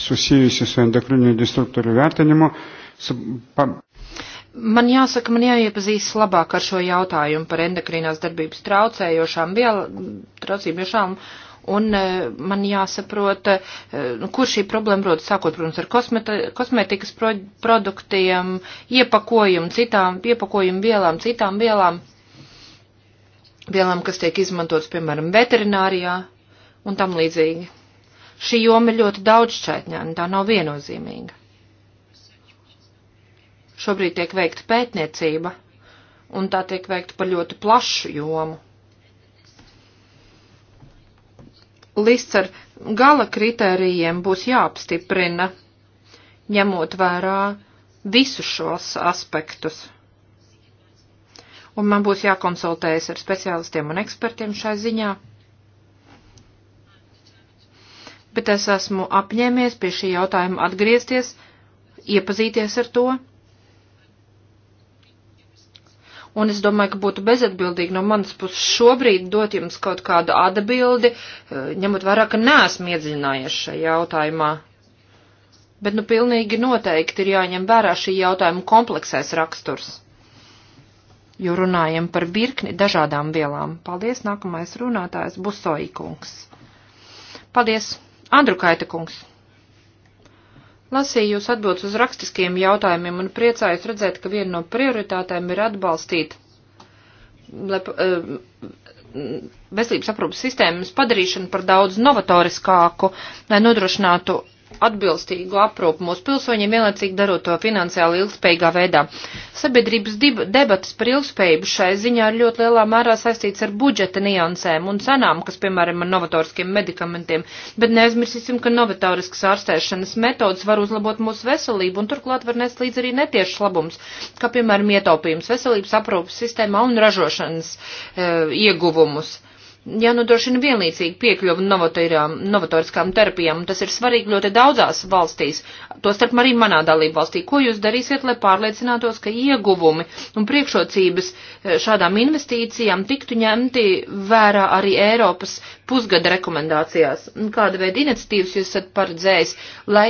susijusi su endokrinių destruktorių vertinimu, su, pa... Man jāsaka, man jāiepazīst labāk ar šo jautājumu par endokrinās darbības traucējošām vielu, traucījušām, un e, man jāsaprot, e, nu, kur šī problēma rodas, sākot, protams, ar kosmeta, kosmetikas pro, produktiem, iepakojumu, citām, iepakojumu vielām, citām vielām, vielām, kas tiek izmantotas, piemēram, veterinārijā, un tam līdzīgi. Šī joma ir ļoti daudzšķaitņā, un tā nav viennozīmīga. Šobrīd tiek veikta pētniecība, un tā tiek veikta par ļoti plašu jomu. Lists ar gala kritērijiem būs jāapstiprina, ņemot vērā visus šos aspektus. Un man būs jākonsultējas ar speciālistiem un ekspertiem šai ziņā. bet es esmu apņēmies pie šī jautājuma atgriezties, iepazīties ar to. Un es domāju, ka būtu bezatbildīgi no manas puses šobrīd dot jums kaut kādu atbildi, eh, ņemot vērā, ka neesmu iedziļinājies šajā jautājumā. Bet nu pilnīgi noteikti ir jāņem vērā šī jautājuma kompleksais raksturs, jo runājam par virkni dažādām vielām. Paldies, nākamais runātājs Busoikungs. Paldies! Andru Kaita kungs. Lasīju jūs atbildes uz rakstiskiem jautājumiem un priecājos redzēt, ka viena no prioritātēm ir atbalstīt lep, eh, veselības aprūpas sistēmas padarīšanu par daudz novatoriskāku, lai nodrošinātu atbilstīgu aprūpu mūsu pilsoņiem, vienlaicīgi darot to finansiāli ilgspējīgā veidā. Sabiedrības debatas par ilgspējību šai ziņā ir ļoti lielā mērā saistīts ar budžeta niansēm un cenām, kas, piemēram, ar novatoriskiem medikamentiem, bet neaizmirsīsim, ka novatoriskas ārstēšanas metodas var uzlabot mūsu veselību un turklāt var nest līdz arī netiešas labums, kā, piemēram, ietaupījums veselības aprūpas sistēmā un ražošanas e, ieguvumus jānodrošina vienlīdzīgi piekļuvu novatoriskām terapijām, un tas ir svarīgi ļoti daudzās valstīs, tostarp arī manā dalību valstī. Ko jūs darīsiet, lai pārliecinātos, ka ieguvumi un priekšrocības eh, šādām investīcijām tiktu ņemti vērā arī Eiropas pusgada rekomendācijās? Kāda veida iniciatīvas jūs esat paredzējis, lai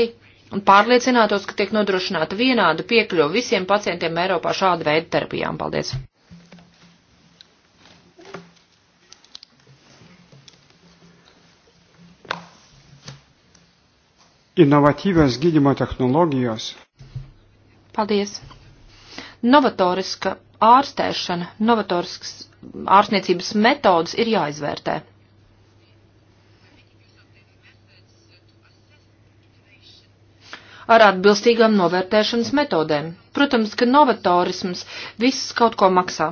pārliecinātos, ka tiek nodrošināta vienāda piekļuva visiem pacientiem Eiropā šāda veida terapijām? Paldies! Inovatīvas gydymo tehnologijos. Paldies. Novatoriska ārstēšana, novatorisks ārstniecības metodas ir jāizvērtē. ar atbilstīgām novērtēšanas metodēm. Protams, ka novatorisms viss kaut ko maksā.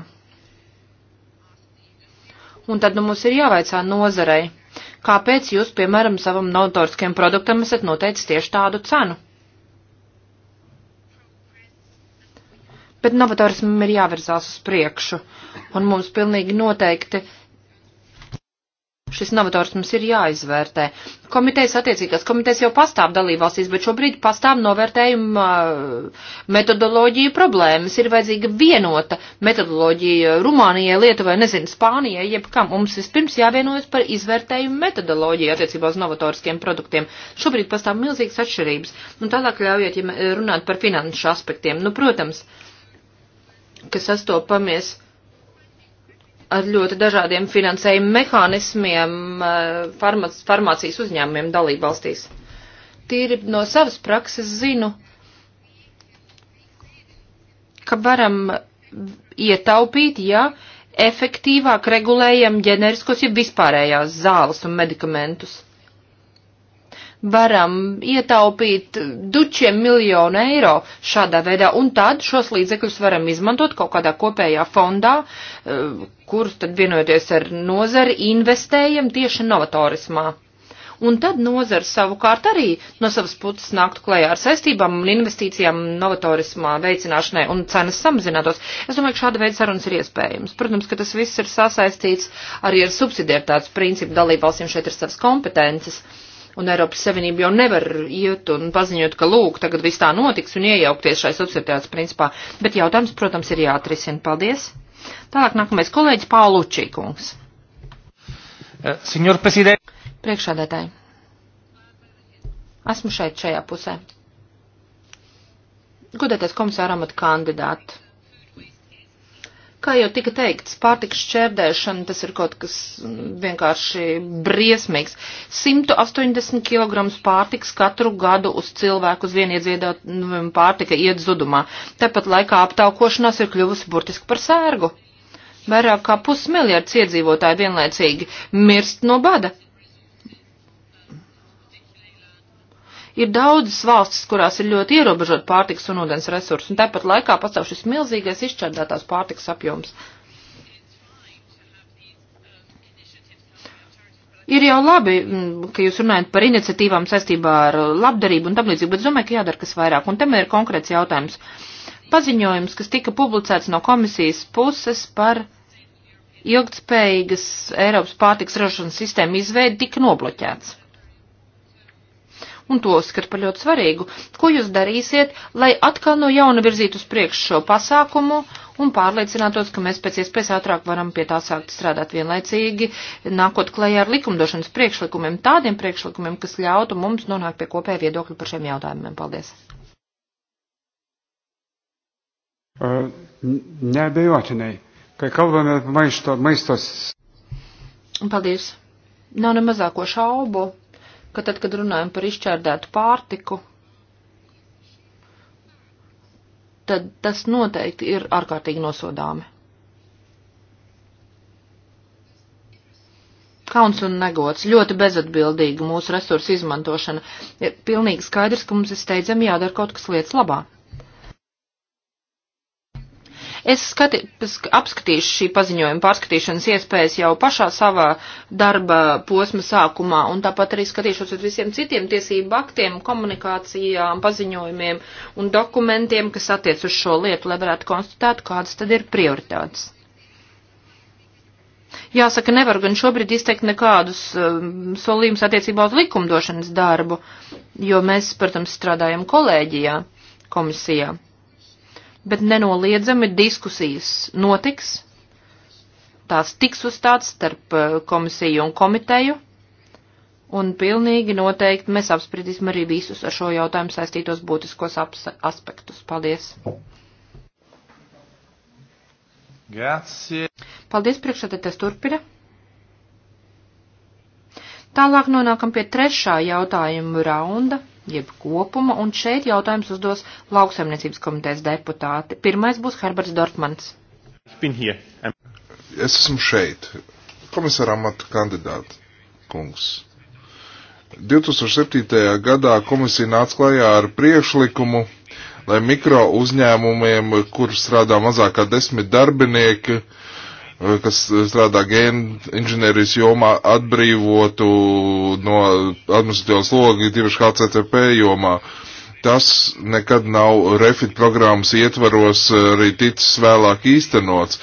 Un tad nu, mums ir jāvaicā nozarei, kāpēc jūs, piemēram, savam notoriskiem produktam esat noteicis tieši tādu cenu? Bet novatorismam ir jāvirzās uz priekšu, un mums pilnīgi noteikti Šis novatorisms ir jāizvērtē. Komitejas attiecīgās komitejas jau pastāv dalībvalstīs, bet šobrīd pastāv novērtējuma uh, metodoloģija problēmas. Ir vajadzīga vienota metodoloģija Rumānijai, Lietuvai, nezinu, Spānijai, jebkam. Mums vispirms jāvienojas par izvērtējumu metodoloģiju attiecībā uz novatoriskiem produktiem. Šobrīd pastāv milzīgas atšķirības. Nu, tālāk ļaujiet, ja runāt par finanšu aspektiem. Nu, protams, ka sastopamies ar ļoti dažādiem finansējuma mehānismiem eh, farmāc, farmācijas uzņēmumiem dalībvalstīs. Tīri no savas prakses zinu, ka varam ietaupīt, ja efektīvāk regulējam ģeneriskos, ja vispārējās zāles un medikamentus varam ietaupīt dučiem miljonu eiro šādā veidā, un tad šos līdzekļus varam izmantot kaut kādā kopējā fondā, eh, kurus tad vienoties ar nozari investējam tieši novatorismā. Un tad nozara savukārt arī no savas puses nāktu klējā ar saistībām un investīcijām novatorismā veicināšanai un cenas samazinātos. Es domāju, ka šāda veida sarunas ir iespējams. Protams, ka tas viss ir sasaistīts arī ar subsidiertāts principu dalībvalstīm šeit ir savas kompetences. Uh, un Eiropas Savienība jau nevar iet un paziņot, ka lūk, tagad viss tā notiks un iejaukties šai subsidiāts principā. Bet jautājums, protams, ir jāatrisina. Paldies. Tālāk nākamais kolēģis Pālučī kungs. Eh, signor Presidente. Priekšādētāji. Esmu šeit šajā pusē. Gudētais komisāra amata kandidāti. Kā jau tika teikts, pārtiks šķērdēšana tas ir kaut kas mm, vienkārši briesmīgs. 180 kg pārtiks katru gadu uz cilvēku uz vienu iedziedāt pārtika iet zudumā. Tāpat laikā aptaukošanās ir kļuvusi burtiski par sērgu. Vairāk kā pusmiljards iedzīvotāji vienlaicīgi mirst no bada. Ir daudzas valstis, kurās ir ļoti ierobežot pārtiks un ūdens resursi, un tāpat laikā pastāv šis milzīgais izšķērdētās pārtiks apjoms. Ir jau labi, mm, ka jūs runājat par iniciatīvām saistībā ar labdarību un tam līdzīgi, bet domāju, ka jādara kas vairāk. Un tam ir konkrēts jautājums. Paziņojums, kas tika publicēts no komisijas puses par ilgtspējīgas Eiropas pārtiks ražošanas sistēmu izveidi, tika nobloķēts un to uzskat par ļoti svarīgu. Ko jūs darīsiet, lai atkal no jauna virzītu uz priekšu šo pasākumu un pārliecinātos, ka mēs pēc iespējas ātrāk varam pie tā sākt strādāt vienlaicīgi, nākot klajā ar likumdošanas priekšlikumiem, tādiem priekšlikumiem, kas ļautu mums nonākt pie kopēja viedokļa par šiem jautājumiem. Paldies! Uh, neabejotinai, kai kalbame maisto, maistos. Paldies. Nav ne mazāko šaubu, ka tad, kad runājam par izšķērdētu pārtiku, tad tas noteikti ir ārkārtīgi nosodāmi. Kauns un negods, ļoti bezatbildīga mūsu resursu izmantošana. Ir pilnīgi skaidrs, ka mums ir steidzami jādara kaut kas lietas labā. Es skati, apskatīšu šī paziņojuma pārskatīšanas iespējas jau pašā savā darba posma sākumā, un tāpat arī skatīšos uz visiem citiem tiesību aktiem, komunikācijām, paziņojumiem un dokumentiem, kas attiec uz šo lietu, lai varētu konstatēt, kādas tad ir prioritātes. Jāsaka, nevar gan šobrīd izteikt nekādus um, solījumus attiecībā uz likumdošanas darbu, jo mēs, protams, strādājam kolēģijā, komisijā bet nenoliedzami diskusijas notiks. Tās tiks uzstāts starp eh, komisiju un komiteju. Un pilnīgi noteikti mēs apspriedīsim arī visus ar šo jautājumu saistītos būtiskos aspektus. Paldies! Grazie. Paldies, priekšsēdētājs turpina. Tālāk nonākam pie trešā jautājuma raunda jeb kopuma, un šeit jautājums uzdos lauksaimniecības komitejas deputāti. Pirmais būs Herberts Dortmans. Es esmu šeit. Komisāra amata kandidāta kungs. 2007. gadā komisija nāca klajā ar priekšlikumu, lai mikro uzņēmumiem, kur strādā mazākā desmit darbinieki, uh, Eh, kas strādā gēnu inženierijas jomā, atbrīvotu no administratīvas logi tieši HCCP jomā. Tas nekad nav refit programmas ietvaros arī ticis vēlāk īstenots.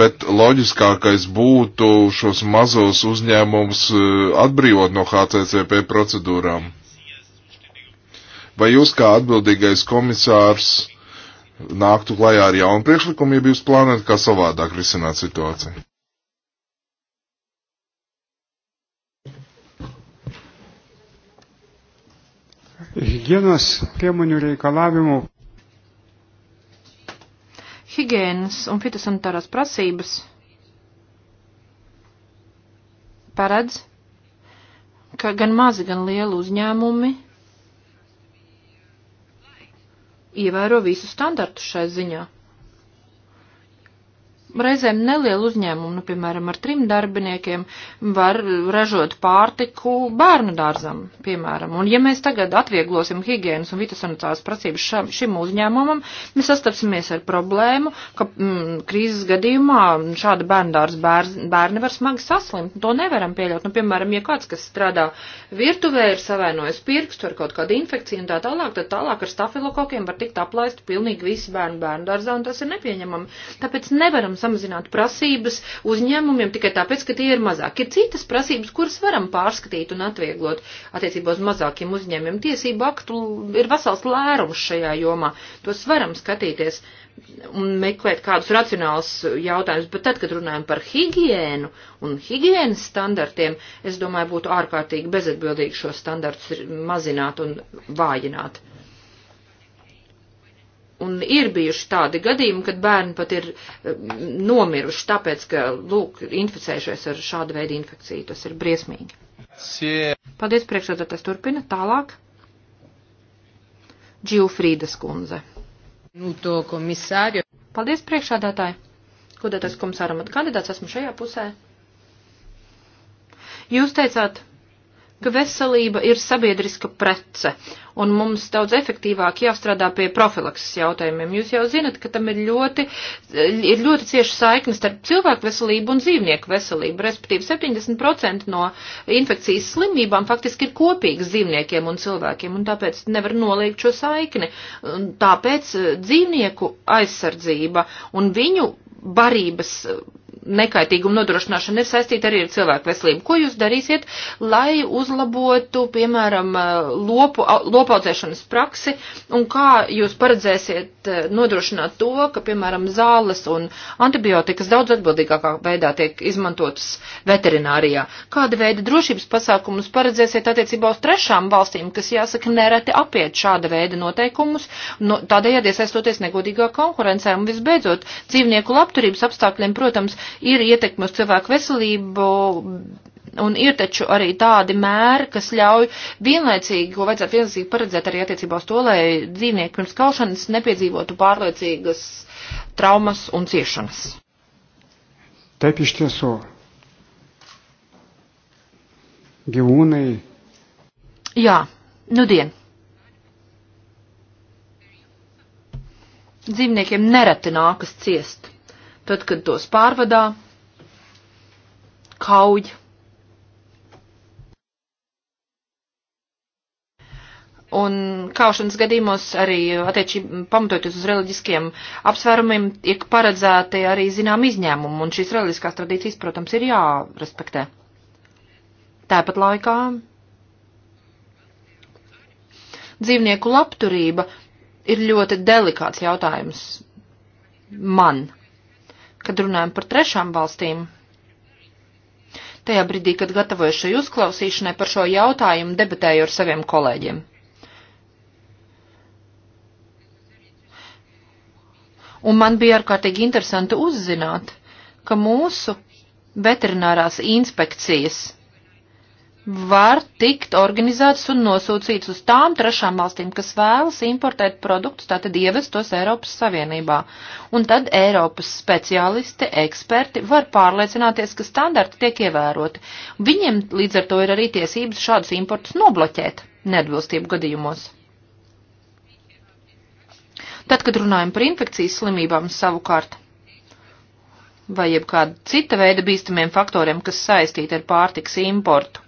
Bet loģiskākais būtu šos mazos uzņēmumus eh, atbrīvot no HCCP procedūrām. Vai jūs kā atbildīgais komisārs nāktu klajā ar jaunu priekšlikumu, ja jūs plānojat kā savādāk risināt situāciju? Higienas priemonių reikalavimų. Higienas un fitosanitāras prasības paredz, ka gan mazi, gan lieli uzņēmumi ievēro visu standartu šai ziņā reizēm neliela uzņēmuma, nu, piemēram, ar trim darbiniekiem, var ražot pārtiku bērnu dārzam, piemēram. Un ja mēs tagad atvieglosim higienas un vitasanitāras prasības šam, šim uzņēmumam, mēs sastapsimies ar problēmu, ka mm, krīzes gadījumā šāda bērnu dārza bēr, bērni var smagi saslimt. To nevaram pieļaut. Nu, piemēram, ja kāds, kas strādā virtuvē, ir savainojis pirkstu ar kaut kādu infekciju un tā tālāk, tad tālāk ar stafilokokiem var tikt aplaisti pilnīgi visi bērni bērnu dārzā, un tas ir nepieņemami. Tāpēc nevaram samazināt prasības uzņēmumiem tikai tāpēc, ka tie ir mazāk. Ir citas prasības, kuras varam pārskatīt un atvieglot attiecībā uz mazākiem uzņēmumiem. Tiesību aktu ir vesels lērums šajā jomā. Tos varam skatīties un meklēt kādus racionālus jautājumus, bet tad, kad runājam par higiēnu un higiēnas standartiem, es domāju, būtu ārkārtīgi bezatbildīgi šo standartus mazināt un vājināt. Un ir bijuši tādi gadījumi, kad bērni pat ir eh, nomiruši, tāpēc, ka, lūk, inficējušies ar šādu veidu infekciju. Tas ir briesmīgi. Sie. Paldies, priekšsēdētājs turpina. Tālāk. Džilfrīdas kundze. Nu, to komisāri. Paldies, priekšsēdētāji. Kodētais komisāram atkandidāts esmu šajā pusē. Jūs teicāt, ka veselība ir sabiedriska prece, un mums daudz efektīvāk jāstrādā pie profilakses jautājumiem. Jūs jau zinat, ka tam ir ļoti, ir ļoti cieši saiknes starp cilvēku veselību un dzīvnieku veselību, respektīvi 70% no infekcijas slimībām faktiski ir kopīgas dzīvniekiem un cilvēkiem, un tāpēc nevar noliegt šo saikni. Tāpēc dzīvnieku aizsardzība un viņu barības nekaitīguma nodrošināšana ir saistīta arī ar cilvēku veselību. Ko jūs darīsiet, lai uzlabotu, piemēram, lopu, lopaudzēšanas praksi un kā jūs paredzēsiet eh, nodrošināt to, ka, piemēram, zāles un antibiotikas daudz atbildīgākā veidā tiek izmantotas veterinārijā? Kāda veida drošības pasākumus paredzēsiet attiecībā uz trešām valstīm, kas, jāsaka, nereti apiet šāda veida noteikumus, no, tādējādi iesaistoties negodīgā konkurencē un visbeidzot dzīvnieku labturības apstākļiem, protams, ir ietekme uz cilvēku veselību, Un ir taču arī tādi mēri, kas ļauj vienlaicīgi, ko vajadzētu vienlaicīgi paredzēt arī attiecībā uz to, lai dzīvnieki pirms kaušanas nepiedzīvotu pārliecīgas traumas un ciešanas. Taip iš tiesų. Gyvūnai. Jā, nudien. Dzīvniekiem nereti nākas ciest tad, kad tos pārvadā, kauj. Un kaušanas gadījumos arī, attiecīgi, pamatojoties uz reliģiskiem apsvērumiem, tiek paredzēti arī zinām izņēmumi, un šīs reliģiskās tradīcijas, protams, ir jārespektē. Tāpat laikā dzīvnieku labturība ir ļoti delikāts jautājums man kad runājam par trešām valstīm. Tajā brīdī, kad gatavoju šai uzklausīšanai par šo jautājumu, debatēju ar saviem kolēģiem. Un man bija ārkārtīgi interesanti uzzināt, ka mūsu veterinārās inspekcijas var tikt organizētas un nosūcītas uz tām trešām valstīm, kas vēlas importēt produktus, tātad ievest tos Eiropas Savienībā. Un tad Eiropas speciālisti, eksperti var pārliecināties, ka standarti tiek ievēroti. Viņiem līdz ar to ir arī tiesības šādus importus nobloķēt neatbilstību gadījumos. Tad, kad runājam par infekcijas slimībām savukārt, vai jebkāda cita veida bīstamiem faktoriem, kas saistīti ar pārtiks importu,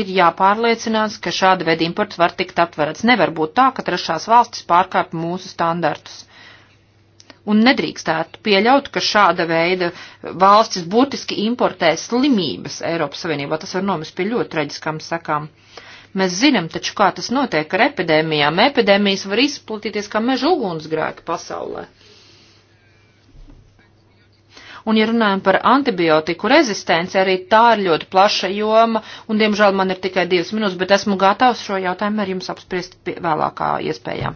ir jāpārliecinās, ka šāda veida imports var tikt aptverts. Nevar būt tā, ka trešās valstis pārkāpj mūsu standartus. Un nedrīkstētu pieļaut, ka šāda veida valstis būtiski importē slimības Eiropas Savienībā. Tas var nomest pie ļoti traģiskām sakām. Mēs zinām taču, kā tas notiek ar epidēmijām. Epidēmijas var izplatīties kā meža ugunsgrēki pasaulē. Un, ja runājam par antibiotiku rezistenci, arī tā ir ļoti plaša joma, un, diemžēl, man ir tikai divas minūtes, bet esmu gatavs šo jautājumu ar jums apspriest vēlākā iespējā.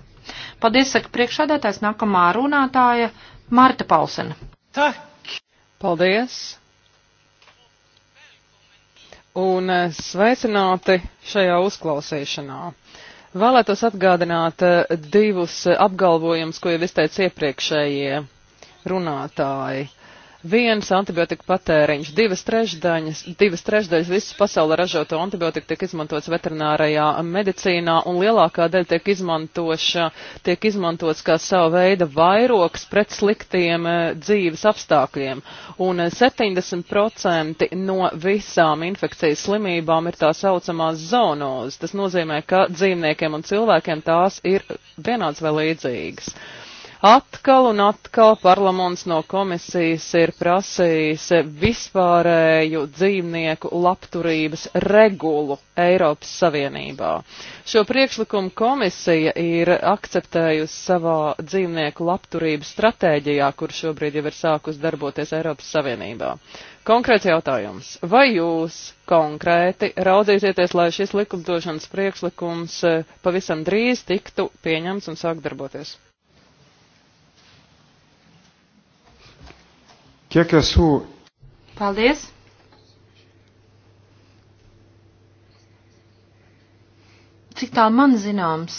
Paldies, saka priekšādātājs, nākamā runātāja Marta Paulsena. Tā. Paldies! Un eh, sveicināti šajā uzklausīšanā. Vēlētos atgādināt eh, divus eh, apgalvojumus, ko jau izteica iepriekšējie runātāji viens antibiotika patēriņš, divas trešdaļas, divas trešdaļas visas pasaulē ražoto antibiotika tiek izmantots veterinārajā medicīnā un lielākā daļa tiek, izmantoša, tiek izmantots kā sava veida vairoks pret sliktiem eh, dzīves apstākļiem. Un 70% eh, no visām infekcijas slimībām ir tā saucamās zonozes. Tas nozīmē, ka dzīvniekiem un cilvēkiem tās ir vienāds vai līdzīgas. Atkal un atkal parlaments no komisijas ir prasījis vispārēju dzīvnieku labturības regulu Eiropas Savienībā. Šo priekšlikumu komisija ir akceptējusi savā dzīvnieku labturības stratēģijā, kur šobrīd jau ir sākus darboties Eiropas Savienībā. Konkrēts jautājums. Vai jūs konkrēti raudzīsieties, lai šis likumdošanas priekšlikums pavisam drīz tiktu pieņemts un sāk darboties? Kiek esu. Paldies! Cik tā man zināms?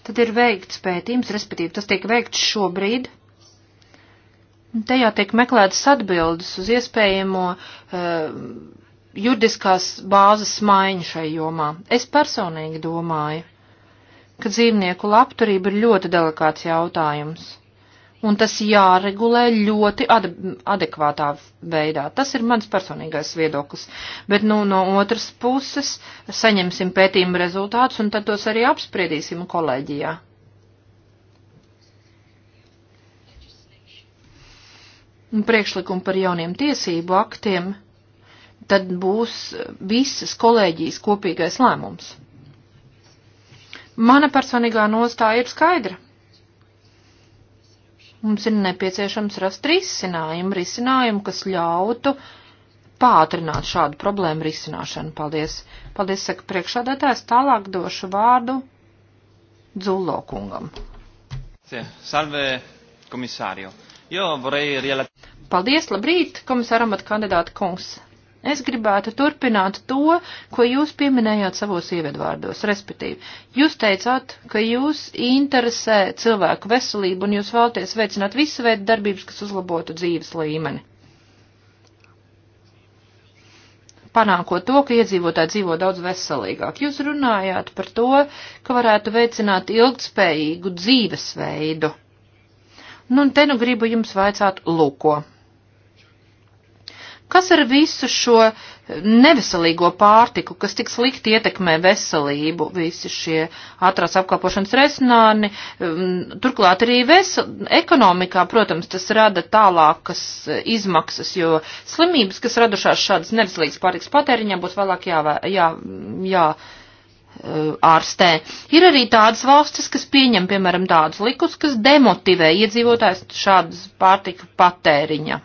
Tad ir veikts pētījums, respektīvi tas tiek veikts šobrīd. Un tajā tiek meklētas atbildes uz iespējamo e, juridiskās bāzes maiņu šai jomā. Es personīgi domāju, ka dzīvnieku labturība ir ļoti delikāts jautājums. Un tas jāregulē ļoti ad adekvātā veidā. Tas ir mans personīgais viedoklis. Bet, nu, no otras puses, saņemsim pētījumu rezultātus un tad tos arī apspriedīsim kolēģijā. Un priekšlikumu par jauniem tiesību aktiem tad būs visas kolēģijas kopīgais lēmums. Mana personīgā nostāja ir skaidra. Mums ir nepieciešams rast risinājumu, risinājumu, kas ļautu pātrināt šādu problēmu risināšanu. Paldies. Paldies, saka priekšādātājs. Tālāk došu vārdu Dzullo kungam. Salve, komisārio. Jo, varēja rielēt. Paldies, labrīt, komisāram at kandidāta kungs. Es gribētu turpināt to, ko jūs pieminējāt savos ievedvārdos, respektīvi. Jūs teicāt, ka jūs interesē cilvēku veselību un jūs vēlties veicināt visu veidu darbības, kas uzlabotu dzīves līmeni. Panākot to, ka iedzīvotāji dzīvo daudz veselīgāk. Jūs runājāt par to, ka varētu veicināt ilgtspējīgu dzīvesveidu. Nu, un te nu gribu jums vaicāt lūko. Kas ar visu šo neveselīgo pārtiku, kas tik slikti ietekmē veselību, visi šie ātrās apkalpošanas resināni, um, turklāt arī vesel, ekonomikā, protams, tas rada tālākas eh, izmaksas, jo slimības, kas radušās šādas neveselīgas pārtikas patēriņā, būs vēlāk jā, jā, jā eh, ārstē. Ir arī tādas valstis, kas pieņem, piemēram, tādus likus, kas demotivē iedzīvotājs šādas pārtika patēriņa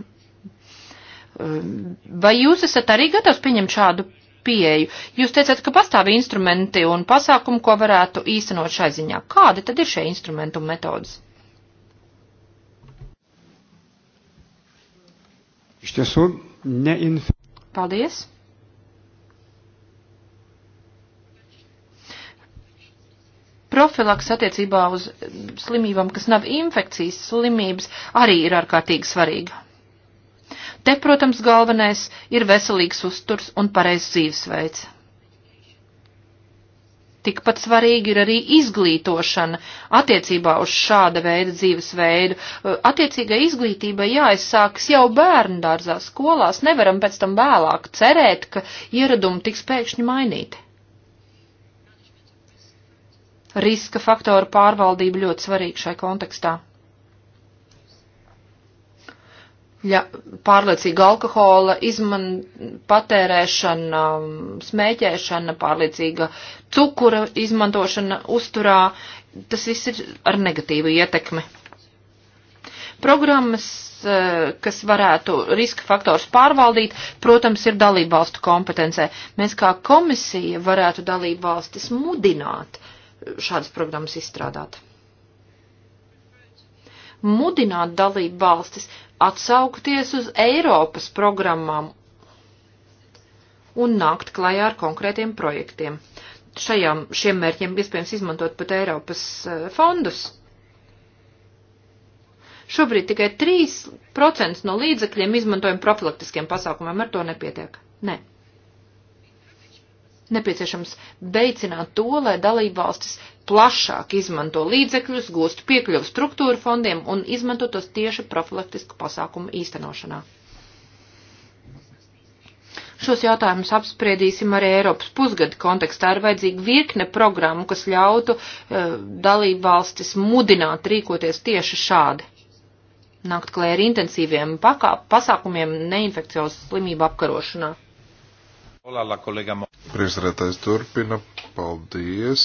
Um, vai jūs esat arī gatavs pieņemt šādu pieeju? Jūs teicat, ka pastāv instrumenti un pasākumi, ko varētu īstenot šai ziņā. Kādi tad ir šie instrumenti un metodas? Iš tiesų, neinf... Paldies. profilaks attiecībā uz slimībām, kas nav infekcijas slimības, arī ir ārkārtīgi svarīga. Te, protams, galvenais ir veselīgs uzturs un pareizs dzīvesveids. Tikpat svarīgi ir arī izglītošana attiecībā uz šāda veida dzīvesveidu. Attiecīgai izglītībai jāizsākas jau bērndārzā skolās, nevaram pēc tam vēlāk cerēt, ka ieradumi tiks pēkšņi mainīti. Riska faktoru pārvaldība ļoti svarīga šai kontekstā. ja, pārliecīga alkohola izman, patērēšana, smēķēšana, pārliecīga cukura izmantošana uzturā, tas viss ir ar negatīvu ietekmi. Programmas, eh, kas varētu riska faktors pārvaldīt, protams, ir dalībvalstu kompetencē. Mēs kā komisija varētu dalībvalstis mudināt šādas programmas izstrādāt mudināt dalību valstis atsaukties uz Eiropas programmām un nākt klajā ar konkrētiem projektiem. Šajām, šiem mērķiem iespējams izmantot pat Eiropas eh, fondus. Šobrīd tikai 3% no līdzekļiem izmantojam profilaktiskiem pasākumiem, ar to nepietiek. Nē. Ne nepieciešams veicināt to, lai dalībvalstis plašāk izmanto līdzekļus, gūst piekļuvu struktūru fondiem un izmanto tos tieši profilaktisku pasākumu īstenošanā. Šos jautājumus apspriedīsim arī Eiropas pusgada kontekstā. Ir vajadzīga virkne programmu, kas ļautu e, dalībvalstis mudināt rīkoties tieši šādi. Nākt klē ar intensīviem pakā, pasākumiem neinfekcijos slimību apkarošanā. Hola, la kolega Priekšsarētājs turpina. Paldies.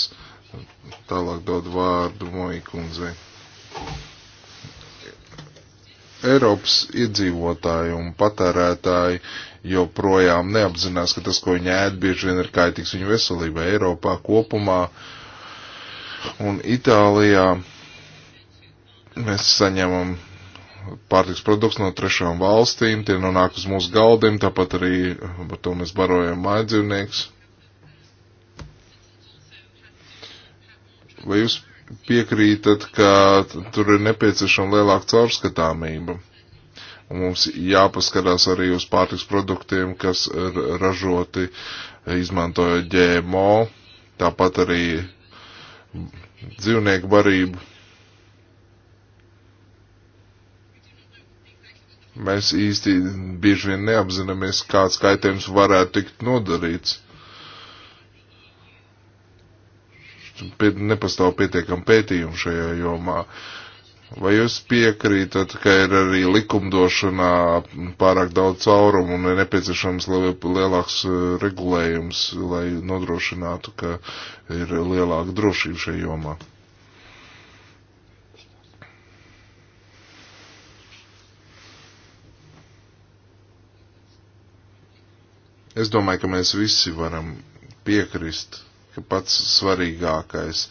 Tālāk dod vārdu Moikundzei. Eiropas iedzīvotāji un patērētāji joprojām neapzinās, ka tas, ko viņi ēd, bieži vien ir kaitīgs viņu veselībai Eiropā kopumā un Itālijā. Mēs saņemam pārtiks produkts no trešām valstīm, tie nonāk uz mūsu galdiem, tāpat arī par to mēs barojam mājdzīvnieks. Vai jūs piekrītat, ka tur ir nepieciešama lielāka caurskatāmība? Un mums jāpaskatās arī uz pārtiks produktiem, kas ir ražoti izmantojot ģēmo, tāpat arī dzīvnieku barību. Mēs īsti bieži vien neapzināmies, kāds kaitējums varētu tikt nodarīts nepastāv pietiekam pētījumu šajā jomā. Vai jūs piekrītat, ka ir arī likumdošanā pārāk daudz caurumu un ir nepieciešams lielāks eh, regulējums, lai nodrošinātu, ka ir lielāka drošība šajā jomā? Es domāju, ka mēs visi varam piekrist ka pats svarīgākais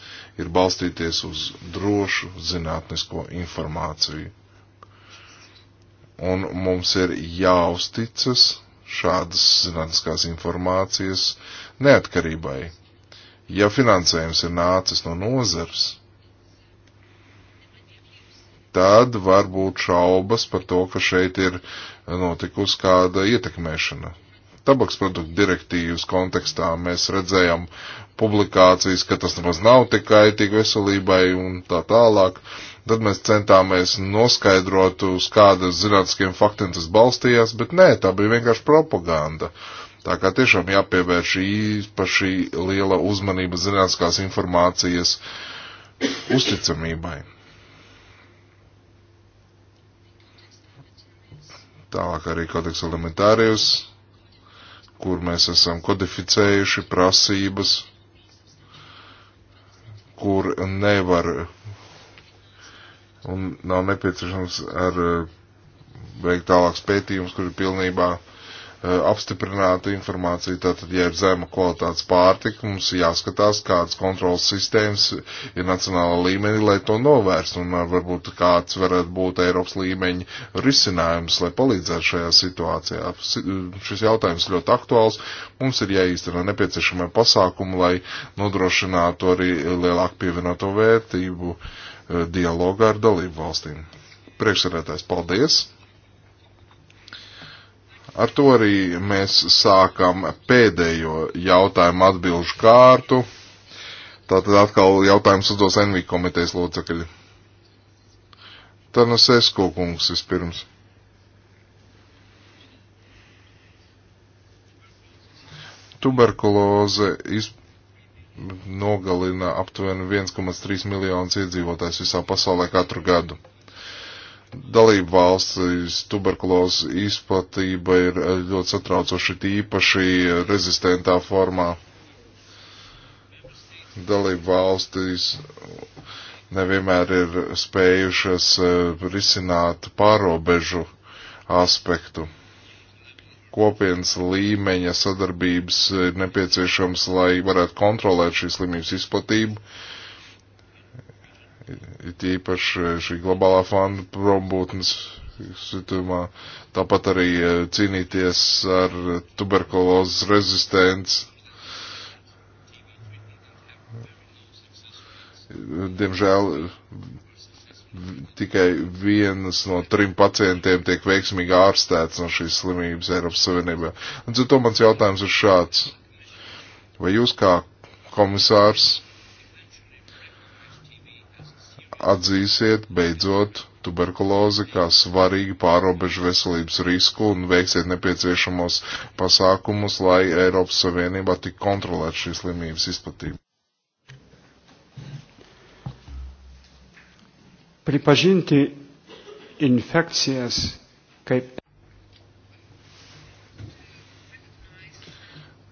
ir balstīties uz drošu zinātnisko informāciju. Un mums ir jāuzticas šādas zinātniskās informācijas neatkarībai. Ja finansējums ir nācis no nozars, tad var būt šaubas par to, ka šeit ir notikusi kāda ietekmēšana tabaks produktu direktīvas kontekstā mēs redzējām publikācijas, ka tas nemaz nav tik kaitīgi veselībai un tā tālāk. Tad mēs centāmies noskaidrot, uz kādas zinātniskiem faktiem tas balstījās, bet nē, tā bija vienkārši propaganda. Tā kā tiešām jāpievērš īpaši liela uzmanība zinātniskās informācijas uzticamībai. Tālāk arī kodeks elementārijus kur mēs esam kodificējuši prasības, kur nevar un nav nepieciešams ar eh, veikt tālāks pētījums, kur ir pilnībā Eh, apstiprinātu informāciju. Tātad, ja ir zema kvalitātes pārtika, mums jāskatās, kādas kontrolas sistēmas ir nacionāla līmenī, lai to novērstu, un eh, varbūt kāds varētu būt Eiropas līmeņa risinājums, lai palīdzētu šajā situācijā. Eh, šis jautājums ļoti aktuāls. Mums ir jāīsteno nepieciešamie pasākumi, lai nodrošinātu arī lielāku pievienoto vērtību dialogā ar dalību valstīm. Priekšsēdētājs, paldies! Ar to arī mēs sākam pēdējo jautājumu atbilžu kārtu. Tātad atkal jautājums uzdos NV komitejas locekļi. Tarnas Esko kungs vispirms. Tuberkuloze iz... nogalina aptuveni 1,3 miljonus iedzīvotājs visā pasaulē katru gadu dalību valstīs tuberkulozes izplatība ir eh, ļoti satraucoši īpaši rezistentā formā. Dalību valstīs nevienmēr ir spējušas eh, risināt pārobežu aspektu. Kopienas līmeņa sadarbības ir nepieciešams, lai varētu kontrolēt šīs slimības izplatību it īpaši eh, šī globālā fonda prombūtnes situmā, tāpat arī eh, cīnīties ar tuberkulozes rezistents. Diemžēl tikai vienas no trim pacientiem tiek veiksmīgi ārstēts no šīs slimības Eiropas Savienībā. Un to mans jautājums ir šāds. Vai jūs kā komisārs atzīsiet beidzot tuberkulozi kā svarīgu pārobežu veselības risku un veiksiet nepieciešamos pasākumus, lai Eiropas Savienībā tik kontrolētu šīs slimības izplatību. Pripažinti infekcijas kaip.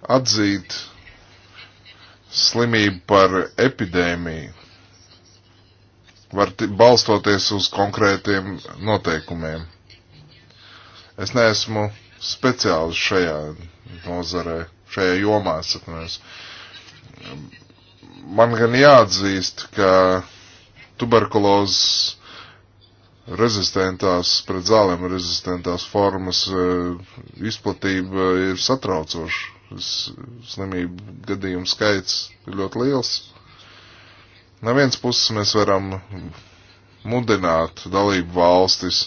Atzīt slimību par epidēmiju var balstoties uz konkrētiem noteikumiem. Es neesmu speciāls šajā nozarē, šajā jomā, sapnēs. Man gan jāatzīst, ka tuberkulozes rezistentās, pret zālēm rezistentās formas e, izplatība ir satraucoša. Slimību gadījumu skaits ir ļoti liels No vienas puses mēs varam mudināt dalību valstis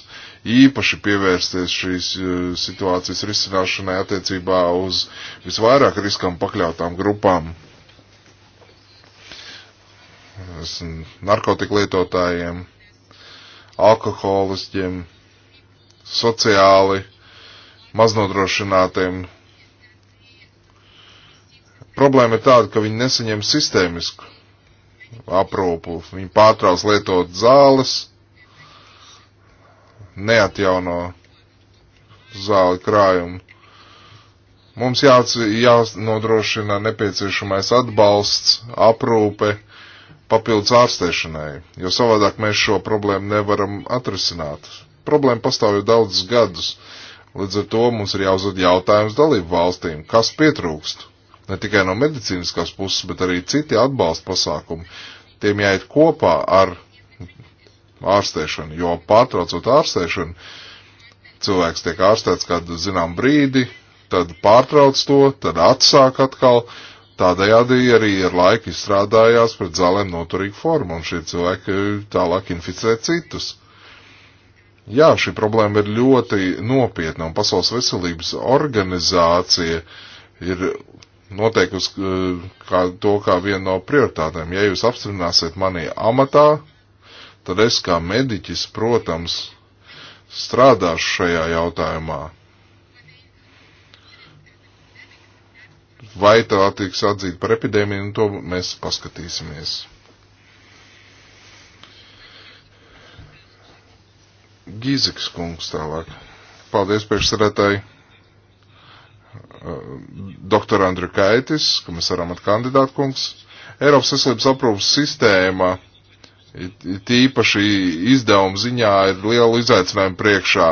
īpaši pievērsties šīs eh, situācijas risināšanai attiecībā uz visvairāk riskam pakļautām grupām. Narkotiku lietotājiem, alkoholistiem, sociāli maznodrošinātiem. Problēma ir tāda, ka viņi nesaņem sistēmisku aprūpu. Viņi pārtrauc lietot zāles, neatjauno zāļu krājumu. Mums jāc, jānodrošina nepieciešamais atbalsts, aprūpe, papildus ārstēšanai, jo savādāk mēs šo problēmu nevaram atrisināt. Problēma pastāv jau daudzus gadus, līdz ar to mums ir jāuzdod jautājums dalību valstīm, kas pietrūkst, ne tikai no medicīniskās puses, bet arī citi atbalsta pasākumi, tiem jāiet kopā ar ārstēšanu, jo pārtraucot ārstēšanu, cilvēks tiek ārstēts kādu zinām brīdi, tad pārtrauc to, tad atsāk atkal, tādējādi arī ar laiku izstrādājās pret zālēm noturīgu formu, un šie cilvēki tālāk inficē citus. Jā, šī problēma ir ļoti nopietna, un Pasaules veselības organizācija ir noteikusi eh, kā to kā vienu no prioritātēm. Ja jūs apstiprināsiet mani amatā, tad es kā mediķis, protams, strādāšu šajā jautājumā. Vai tā tiks atzīta par epidēmiju, un to mēs paskatīsimies. Gīzeks kungs tālāk. Paldies priekšsarētāji. Eh, doktora Andriu Kaitis, komisaram at kandidātu kungs. Eiropas veselības aprūpas sistēma tīpaši izdevuma ziņā ir liela izaicinājuma priekšā.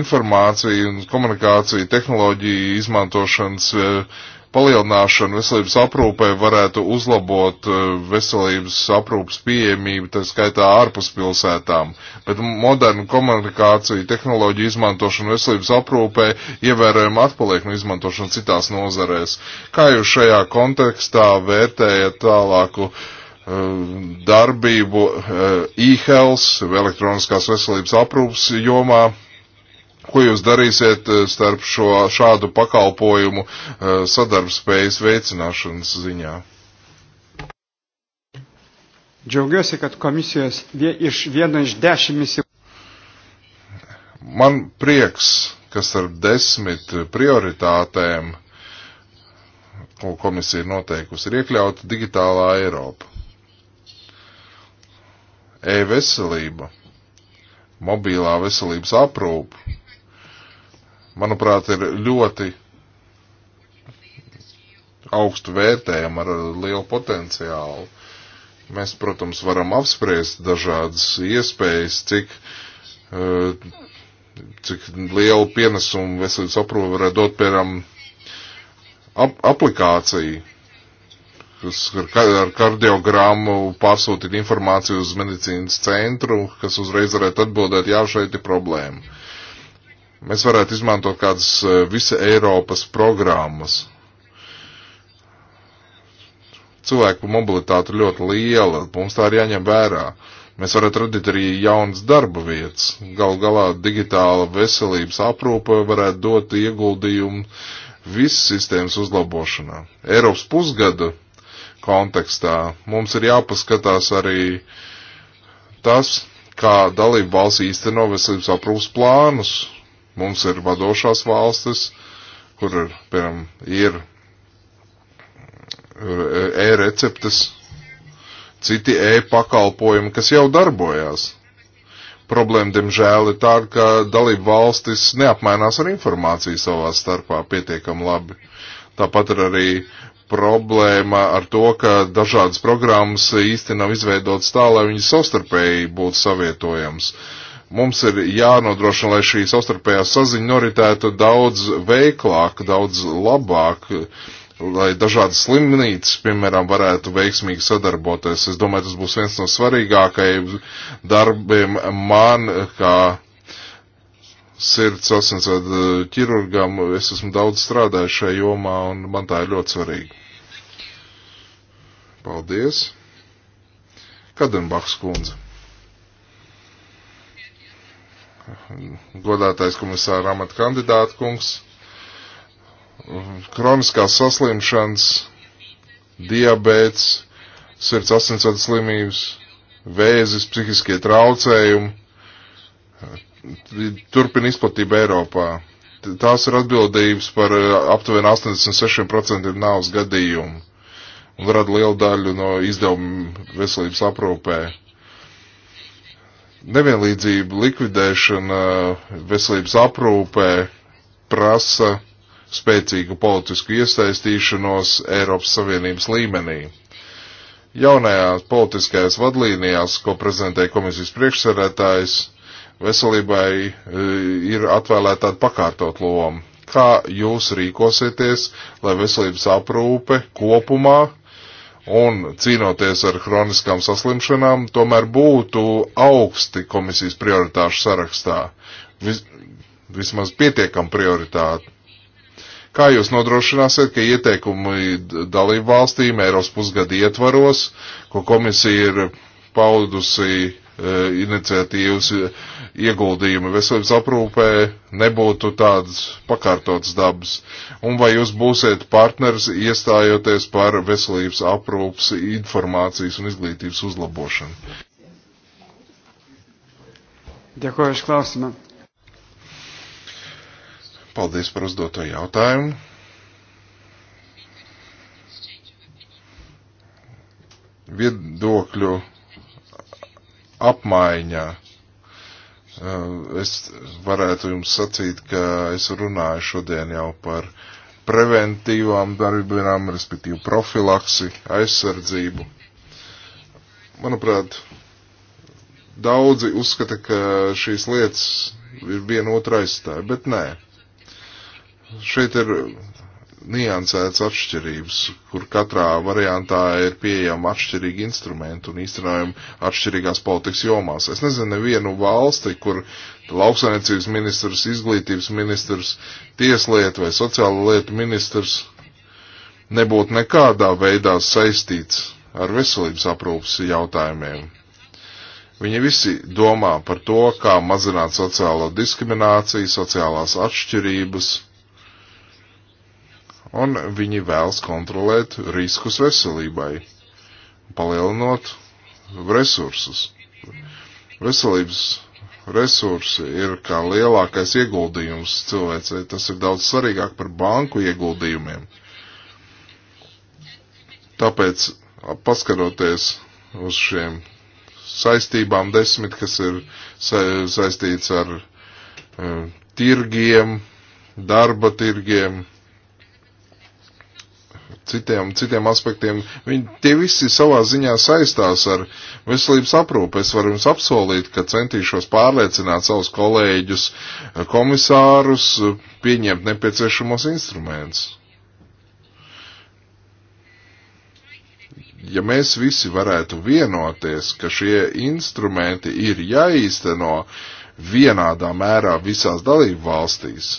Informācija un komunikācija tehnoloģija izmantošanas uh, palielināšana veselības aprūpē varētu uzlabot eh, veselības aprūpas pieejamību, tā skaitā ārpus pilsētām. Bet modernu komunikāciju tehnoloģiju izmantošana veselības aprūpē ievērojami atpaliek no izmantošana citās nozarēs. Kā jūs šajā kontekstā vērtējat tālāku uh, darbību uh, e-health, elektroniskās veselības aprūpas jomā? Ko jūs darīsiet eh, starp šo šādu pakalpojumu eh, sadarbspējas veicināšanas ziņā? Džiaugiuosi, kad komisijos vie, iš vieno iš dešimt misijų. Man prieks, kas ar desmit prioritātēm, ko komisija ir noteikusi, ir iekļauta digitālā Eiropa. E-veselība, mobilā veselības aprūpa, manuprāt, ir ļoti augstu vērtējama ar lielu potenciālu. Mēs, protams, varam apspriest dažādas iespējas, cik, eh, cik lielu pienesumu veselības aprūpe varētu dot, piemēram, ap aplikāciju, kas ar kardiogramu pārsūtīt informāciju uz medicīnas centru, kas uzreiz varētu atbildēt, jā, šeit ir problēma. Mēs varētu izmantot kādas e, visa Eiropas programmas. Cilvēku mobilitāte ļoti liela, mums tā ir jāņem vērā. Mēs varētu radīt arī jaunas darba vietas. Gal galā digitāla veselības aprūpe varētu dot ieguldījumu visas sistēmas uzlabošanā. Eiropas pusgada kontekstā mums ir jāpaskatās arī tas, kā dalību valsts īsteno veselības aprūpas plānus, Mums ir vadošās valstis, kur, ir, piemēram, ir e, e-receptes, citi e-pakalpojumi, kas jau darbojās. Problēma, diemžēl, ir tāda, ka dalību valstis neapmainās ar informāciju savā starpā pietiekam labi. Tāpat ir arī problēma ar to, ka dažādas programmas īsti nav izveidotas tā, lai viņas savstarpēji būtu savietojams. Uh, Mums ir jānodrošina, lai šī sastarpējā saziņa noritētu daudz veiklāk, daudz labāk, lai dažādas slimnīcas, piemēram, varētu veiksmīgi sadarboties. Es domāju, tas būs viens no svarīgākajiem darbiem man, kā sirds asinsvadu eh, ķirurgam. Es esmu daudz strādājis šajā jomā, un man tā ir ļoti svarīga. Paldies! Kadenbachs kundze godātais komisāra amata kandidāta kungs, kroniskās saslimšanas, diabēts, sirds asinsvadu slimības, vēzis, psihiskie traucējumi, turpina izplatība Eiropā. Tās ir atbildības par e, aptuveni 86% nāvas gadījumu un rada lielu daļu no izdevumu veselības aprūpē nevienlīdzību likvidēšana veselības aprūpē prasa spēcīgu politisku iesaistīšanos Eiropas Savienības līmenī. Jaunajās politiskajās vadlīnijās, ko prezentē komisijas priekšsēdētājs, veselībai e, ir atvēlēta tāda pakārtot loma. Kā jūs rīkosieties, lai veselības aprūpe kopumā un cīnoties ar hroniskām saslimšanām, tomēr būtu augsti komisijas prioritāšu sarakstā. Vis, vismaz pietiekam prioritāti. Kā jūs nodrošināsiet, ka ieteikumi dalību valstīm Eiropas pusgada ietvaros, ko komisija ir paudusi Eh, iniciatīvas eh, ieguldījumi veselības aprūpē nebūtu tādas pakārtotas dabas? Un vai jūs būsiet partners iestājoties par veselības aprūpas informācijas un izglītības uzlabošanu? Ďakujem uz klausimā. Paldies par uzdoto jautājumu. Viedokļu apmaiņā. Eh, es varētu jums sacīt, ka es runāju šodien jau par preventīvām darbībām, respektīvi profilaksi, aizsardzību. Manuprāt, daudzi uzskata, ka šīs lietas ir viena otra aizstāja, bet nē. Šeit ir niansēts atšķirības, kur katrā variantā ir pieejama atšķirīga instrumenta un īstenojama atšķirīgās politikas jomās. Es nezinu nevienu valsti, kur lauksainiecības ministrs, izglītības ministrs, tieslietu vai sociālo lietu ministrs nebūtu nekādā veidā saistīts ar veselības aprūpas jautājumiem. Viņi visi domā par to, kā mazināt sociālo diskrimināciju, sociālās atšķirības un viņi vēlas kontrolēt riskus veselībai, palielinot resursus. Veselības resursi ir kā lielākais ieguldījums cilvēcei, tas ir daudz svarīgāk par banku ieguldījumiem. Tāpēc, paskaroties uz šiem saistībām desmit, kas ir sa saistīts ar uh, tirgiem, darba tirgiem, citiem, citiem aspektiem, viņi tie visi savā ziņā saistās ar veselības aprūpu. Es varu jums apsolīt, ka centīšos pārliecināt savus kolēģus, komisārus, pieņemt nepieciešamos instrumentus. Ja mēs visi varētu vienoties, ka šie instrumenti ir jāīsteno vienādā mērā visās dalību valstīs,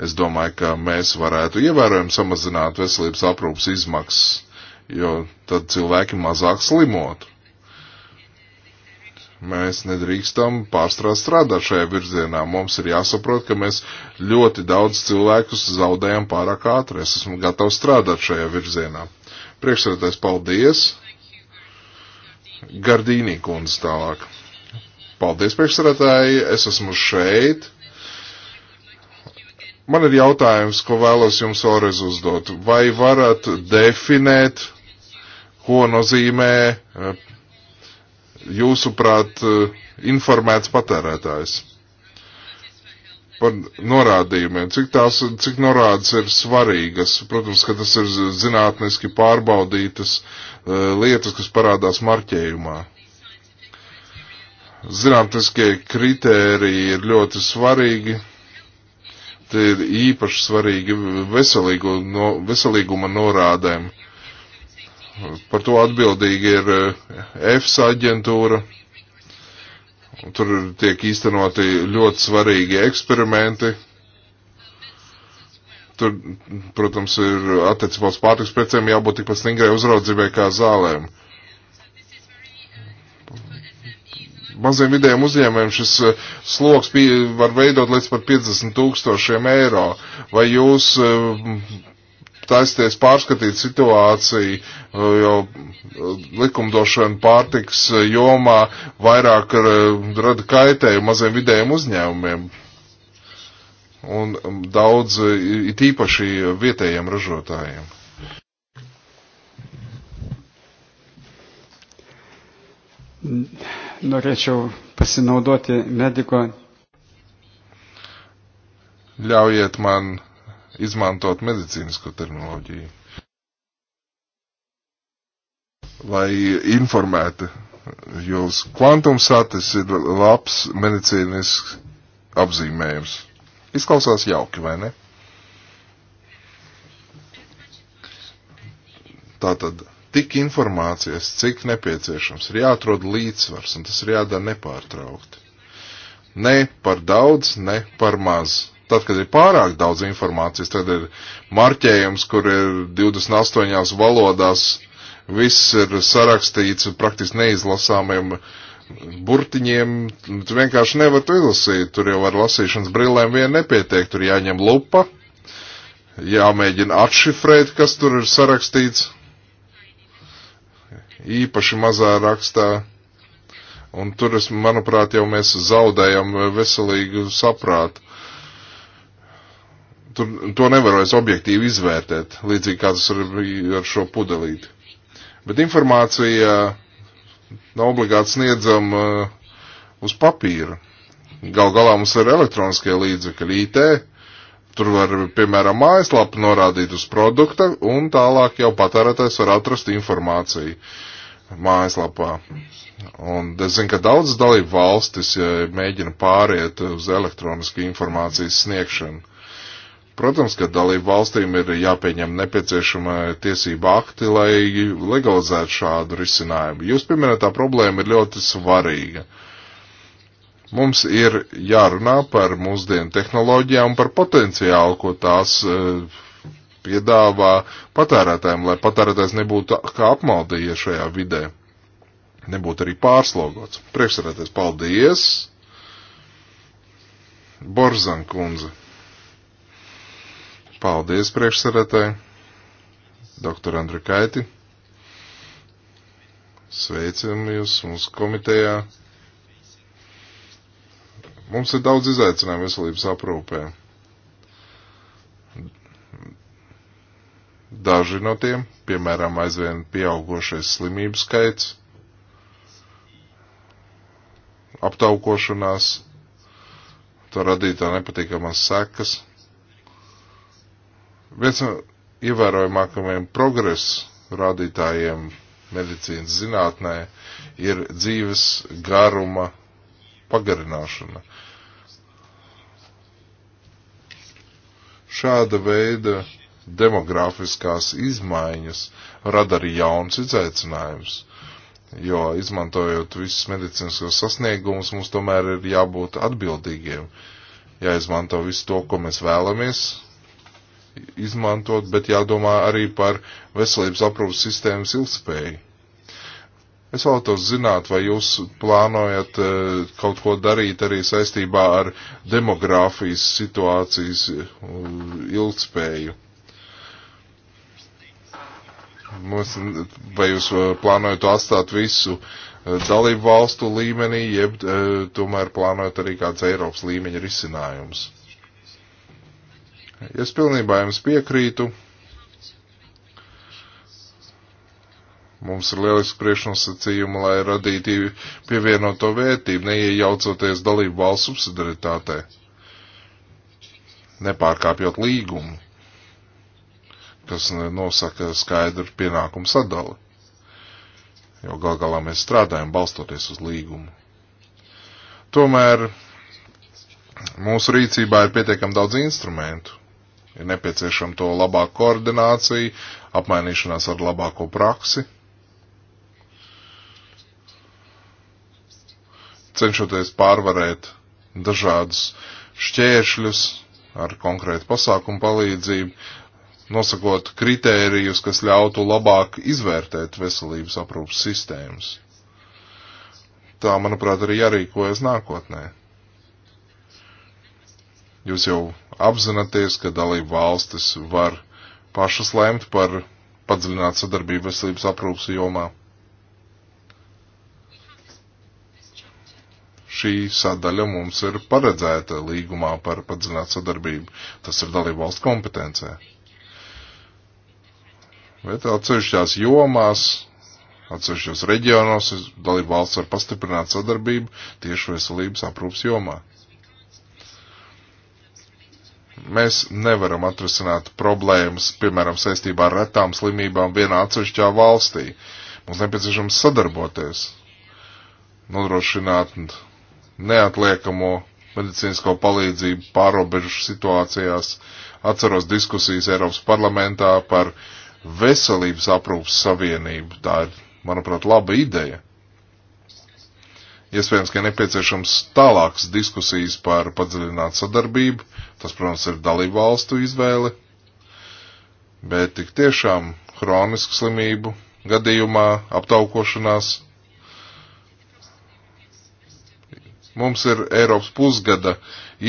Es domāju, ka mēs varētu ievērojami samazināt veselības aprūpas izmaksas, jo tad cilvēki mazāk slimotu. Mēs nedrīkstam pārstrādāt strādāt šajā virzienā. Mums ir jāsaprot, ka mēs ļoti daudz cilvēkus zaudējam pārāk ātri. Es esmu gatavs strādāt šajā virzienā. Priekšsēdētājs, paldies! Gardīnī kundze tālāk. Paldies, priekšsarētāji, es esmu šeit. Man ir jautājums, ko vēlos jums vēlreiz uzdot. Vai varat definēt, ko nozīmē eh, jūsuprāt eh, informēts patērētājs? Par norādījumiem, cik tās, cik norādes ir svarīgas. Protams, ka tas ir zinātniski pārbaudītas eh, lietas, kas parādās marķējumā zinātniskie kritēriji ir ļoti svarīgi, te ir īpaši svarīgi veselīgu, no, veselīguma norādēm. Par to atbildīgi ir eh, EFSA aģentūra. Tur tiek īstenoti ļoti svarīgi eksperimenti. Tur, protams, ir attiecībā uz pārtiks precēm jābūt tikpat stingrai uzraudzībai kā zālēm. Maziem vidējiem uzņēmējiem šis eh, sloks var veidot līdz pat 50 tūkstošiem eiro. Vai jūs eh, taisties pārskatīt situāciju, eh, jo likumdošana pārtiks jomā vairāk rada kaitēju maziem vidējiem uzņēmumiem un um, daudz it īpaši vietējiem ražotājiem. Mm norėčiau pasinaudoti mediko. Ļaujiet man izmantot medicīnisko terminoloģiju, lai informētu jūs. Kvantumsatis ir labs medicīnisks apzīmējums. Izklausās jauki, vai ne? Tātad tik informācijas, cik nepieciešams. Ir jāatrod līdzsvars, un tas ir jādara nepārtraukti. Ne par daudz, ne par maz. Tad, kad ir pārāk daudz informācijas, tad ir marķējums, kur ir 28 valodās, viss ir sarakstīts praktiski neizlasāmiem burtiņiem. Tu vienkārši nevar to izlasīt, tur jau ar lasīšanas brillēm vien nepietiek, tur jāņem lupa, jāmēģina atšifrēt, kas tur ir sarakstīts īpaši mazā rakstā, un tur, es, manuprāt, jau mēs zaudējam veselīgu saprātu. Tur, to nevaru es objektīvi izvērtēt, līdzīgi kā tas ar, ar šo pudelīti. Bet informācija nav obligāti sniedzama uh, uz papīra. Gal galā mums ir elektroniskie līdzekļi, IT, Tur var, piemēram, mājaslapu norādīt uz produkta, un tālāk jau patērētājs var atrast informāciju mājaslapā. Un es zinu, ka daudzas dalību valstis mēģina pāriet uz elektronisku informācijas sniegšanu. Protams, ka dalību valstīm ir jāpieņem nepieciešama tiesība akti, lai legalizētu šādu risinājumu. Jūs pieminētā problēma ir ļoti svarīga. Mums ir jārunā par mūsdienu tehnoloģijām un par potenciālu, ko tās uh, piedāvā patērētājiem, lai patērētājs nebūtu kā apmaldījies šajā vidē, nebūtu arī pārslogots. Priekšsarētais, paldies! Borzan kundze. Paldies priekšsarētāji, doktor Andri Kaiti. Sveicam jūs mūsu komitejā. Mums ir daudz izaicinājumu veselības aprūpē. Daži no tiem, piemēram, aizvien pieaugošais slimību skaits, aptaukošanās, to radītā nepatīkamās sekas. Viens no ievērojamākajiem progresu rādītājiem medicīnas zinātnē ir dzīves garuma pagarināšana. Šāda veida demografiskās izmaiņas rada arī jauns izaicinājumus. Jo izmantojot visus medicīniskos sasniegumus, mums tomēr ir jābūt atbildīgiem, jāizmanto visu to, ko mēs vēlamies izmantot, bet jādomā arī par veselības aprūpas sistēmas ilgspēju. Es vēlētos zināt, vai jūs plānojat e, kaut ko darīt arī saistībā ar demogrāfijas situācijas e, ilgspēju. Mums, vai jūs uh, plānojat atstāt visu uh, dalību valstu līmenī, jeb uh, tomēr plānojat arī kāds Eiropas līmeņa risinājums? Es pilnībā jums piekrītu. Mums ir lieliski priekšnosacījumi, lai radītu pievienoto vērtību, neiejaucoties dalību valsts subsidaritātē, nepārkāpjot līgumu kas nosaka skaidru pienākumu sadali. Jo gal galā mēs strādājam balstoties uz līgumu. Tomēr mūsu rīcībā ir pietiekami daudz instrumentu. Ir nepieciešama to labāka koordinācija, apmainīšanās ar labāko praksi. Cenšoties pārvarēt dažādus šķēršļus ar konkrētu pasākumu palīdzību, nosakot kritērijus, kas ļautu labāk izvērtēt veselības aprūpas sistēmas. Tā, manuprāt, arī jārīkojas nākotnē. Jūs jau apzināties, ka dalību valstis var pašas lēmt par padziļināt sadarbību veselības aprūpas jomā. Šī sadaļa mums ir paredzēta līgumā par padziļināt sadarbību. Tas ir dalību valsts kompetencē. Bet atsevišķās jomās, atsevišķos reģionos dalību valsts var pastiprināt sadarbību tieši veselības aprūpas jomā. Mēs nevaram atrisināt problēmas, piemēram, saistībā ar retām slimībām vienā atsevišķā valstī. Mums nepieciešams sadarboties, nodrošināt neatliekamo medicīnisko palīdzību pārobežu situācijās. Atceros diskusijas Eiropas parlamentā par uh, veselības aprūpas savienību. Tā ir, manuprāt, laba ideja. Iespējams, ka ir nepieciešams tālākas diskusijas par padziļinātu sadarbību. Tas, protams, ir dalību valstu izvēle. Bet tik tiešām hronisku slimību gadījumā aptaukošanās mums ir Eiropas pusgada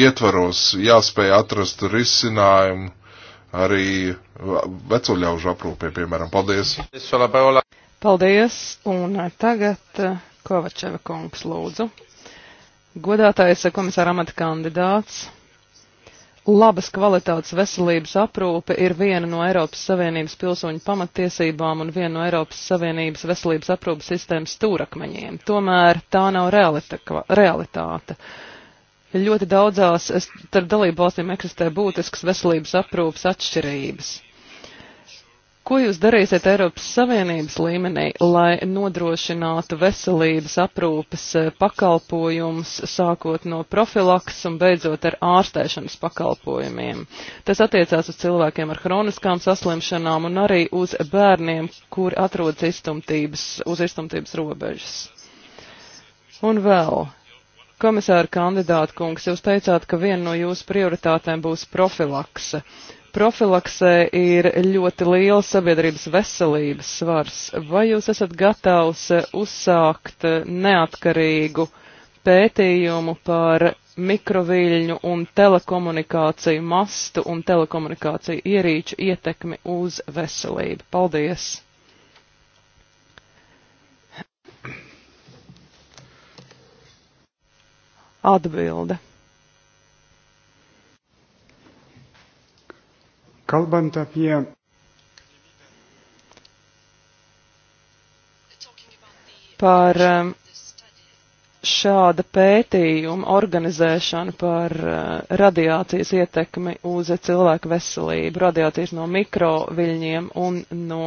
ietvaros jāspēj atrast risinājumu arī veco ļaužu aprūpē, piemēram. Paldies! Paldies! Un tagad eh, Kovačeva kungs lūdzu. Godātais eh, komisāra amata kandidāts. Labas kvalitātes veselības aprūpe ir viena no Eiropas Savienības pilsoņu pamattiesībām un viena no Eiropas Savienības veselības aprūpas sistēmas stūrakmeņiem. Tomēr tā nav realita, realitāte jo ļoti daudzās starp dalību valstīm eksistē būtiskas veselības aprūpas atšķirības. Ko jūs darīsiet Eiropas Savienības līmenī, lai nodrošinātu veselības aprūpas eh, pakalpojumus, sākot no profilaks un beidzot ar ārstēšanas pakalpojumiem? Tas attiecās uz cilvēkiem ar hroniskām saslimšanām un arī uz bērniem, kuri atrodas iztumtības, uz iztumtības robežas. Un vēl, Komisāra kandidāta kungs, jūs teicāt, ka viena no jūsu prioritātēm būs profilakse. Profilaksē ir ļoti liels sabiedrības veselības svars. Vai jūs esat gatavs uzsākt neatkarīgu pētījumu par mikroviļņu un telekomunikāciju mastu un telekomunikāciju ierīču ietekmi uz veselību? Paldies! Atbilde. Kalbant apie par um, šāda pētījuma organizēšanu par uh, radiācijas ietekmi uz cilvēku veselību, radiācijas no mikroviļņiem un no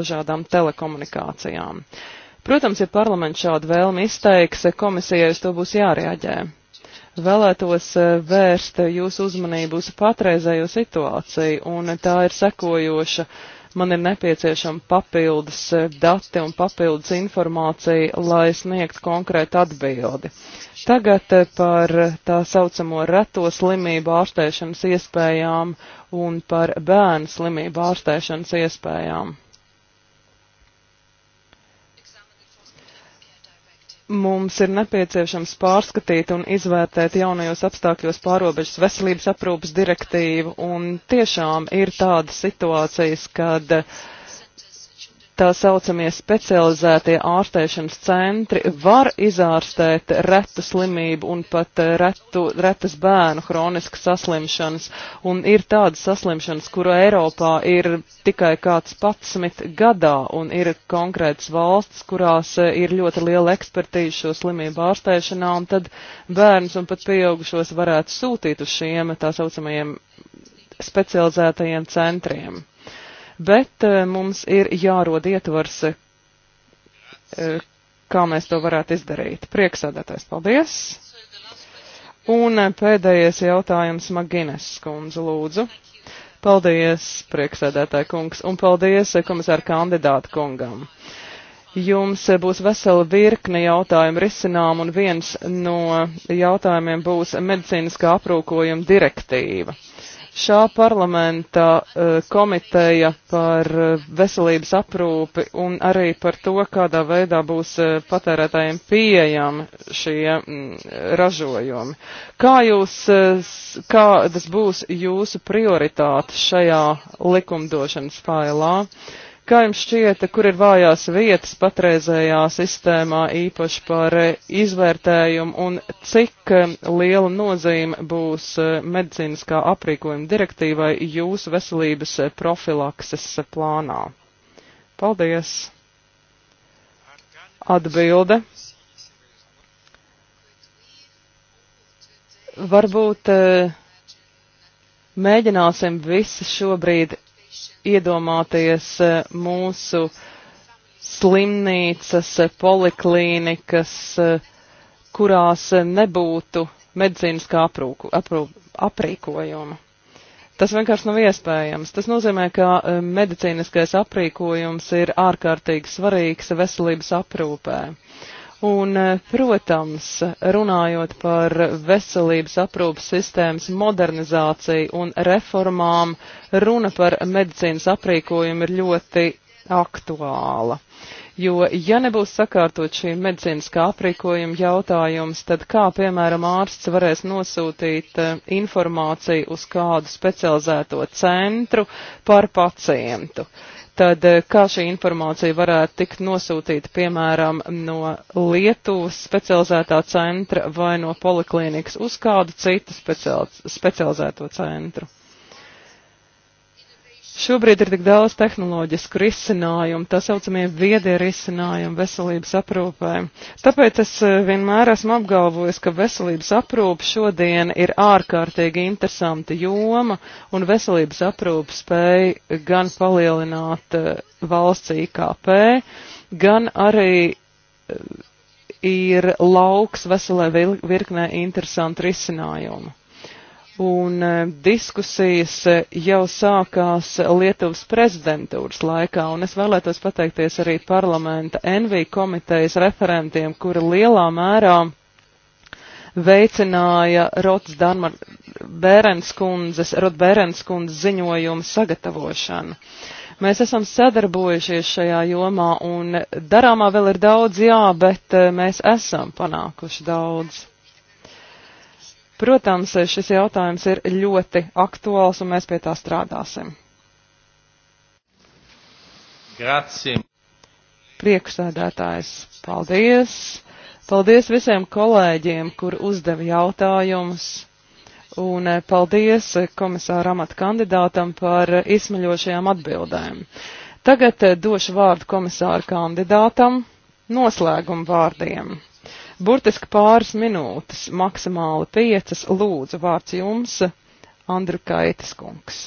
dažādām telekomunikācijām. Uh, Protams, ja parlaments šādu vēlmi izteiks, komisijai uz to būs jārēģē. Vēlētos eh, vērst jūsu uzmanību uz patreizējo situāciju, un tā ir sekojoša. Man ir nepieciešama papildus eh, dati un papildus informācija, lai sniegtu konkrētu atbildi. Tagad eh, par tā saucamo reto slimību ārstēšanas iespējām un par bērnu slimību ārstēšanas iespējām. mums ir nepieciešams pārskatīt un izvērtēt jaunajos apstākļos pārobežas veselības aprūpas direktīvu, un tiešām ir tādas situācijas, kad uh, tā saucamie specializētie ārstēšanas centri var izārstēt retu slimību un pat retu, retas bērnu hroniskas saslimšanas. Un ir tādas saslimšanas, kura Eiropā ir tikai kāds patsmit gadā, un ir konkrētas valsts, kurās ir ļoti liela ekspertīze šo slimību ārstēšanā, un tad bērns un pat pieaugušos varētu sūtīt uz šiem tā saucamajiem specializētajiem centriem bet eh, mums ir jārod ietvars, eh, kā mēs to varētu izdarīt. Prieksādātais, paldies! Un eh, pēdējais jautājums Magines skundze lūdzu. Paldies, prieksēdētāja kungs, un paldies komisāra kandidāta kungam. Jums būs vesela virkne jautājumu risinām, un viens no jautājumiem būs medicīniskā aprūkojuma direktīva šā parlamenta eh, komiteja par eh, veselības aprūpi un arī par to, kādā veidā būs eh, patērētājiem pieejami šie mm, ražojumi. Kā jūs, kādas būs jūsu prioritātes šajā likumdošanas failā? Kā jums šķieta, kur ir vājās vietas patreizējā sistēmā, īpaši par eh, izvērtējumu, un cik eh, liela nozīme būs eh, medicīniskā aprīkojuma direktīvai jūsu veselības profilakses plānā? Paldies! Atbilde. Varbūt mēģināsim visi šobrīd iedomāties eh, mūsu slimnīcas, eh, poliklīnikas, eh, kurās nebūtu medicīniskā aprūku, aprū, aprīkojuma. Tas vienkārši nav iespējams. Tas nozīmē, ka medicīniskais aprīkojums ir ārkārtīgi svarīgs veselības aprūpē. Uh, Un, eh, protams, runājot par veselības aprūpas sistēmas modernizāciju un reformām, runa par medicīnas aprīkojumu ir ļoti aktuāla. Jo, ja nebūs sakārtot šī medicīniskā aprīkojuma jautājums, tad kā, piemēram, ārsts varēs nosūtīt eh, informāciju uz kādu specializēto centru par pacientu? Uh, tad eh, kā šī informācija varētu tikt nosūtīta, piemēram, no Lietuvas specializētā centra vai no poliklīnikas uz kādu citu specializ specializēto centru? Šobrīd ir tik daudz tehnoloģisku risinājumu, tā saucamie viedie risinājumi veselības aprūpē. Tāpēc es eh, vienmēr esmu apgalvojis, ka veselības aprūpe šodien ir ārkārtīgi interesanta joma, un veselības aprūpe spēja gan palielināt eh, valsts IKP, gan arī eh, ir lauks veselē virknē interesantu risinājumu un e, diskusijas e, jau sākās Lietuvas prezidentūras laikā, un es vēlētos pateikties arī parlamenta NV komitejas referentiem, kuri lielā mērā veicināja Rots Danmar Bērenskundzes, Rot Bērenskundzes ziņojumu sagatavošanu. Mēs esam sadarbojušies šajā jomā, un darāmā vēl ir daudz jā, bet e, mēs esam panākuši daudz. Protams, šis jautājums ir ļoti aktuāls un mēs pie tā strādāsim. Grazie. Priekšsēdētājs, paldies! Paldies visiem kolēģiem, kur uzdeva jautājumus, un eh, paldies komisāra amata kandidātam par izsmaļošajām atbildēm. Tagad eh, došu vārdu komisāra kandidātam noslēguma vārdiem. Burtiski pāris minūtes, maksimāli piecas, lūdzu vārds jums, Andru Kaitis kungs.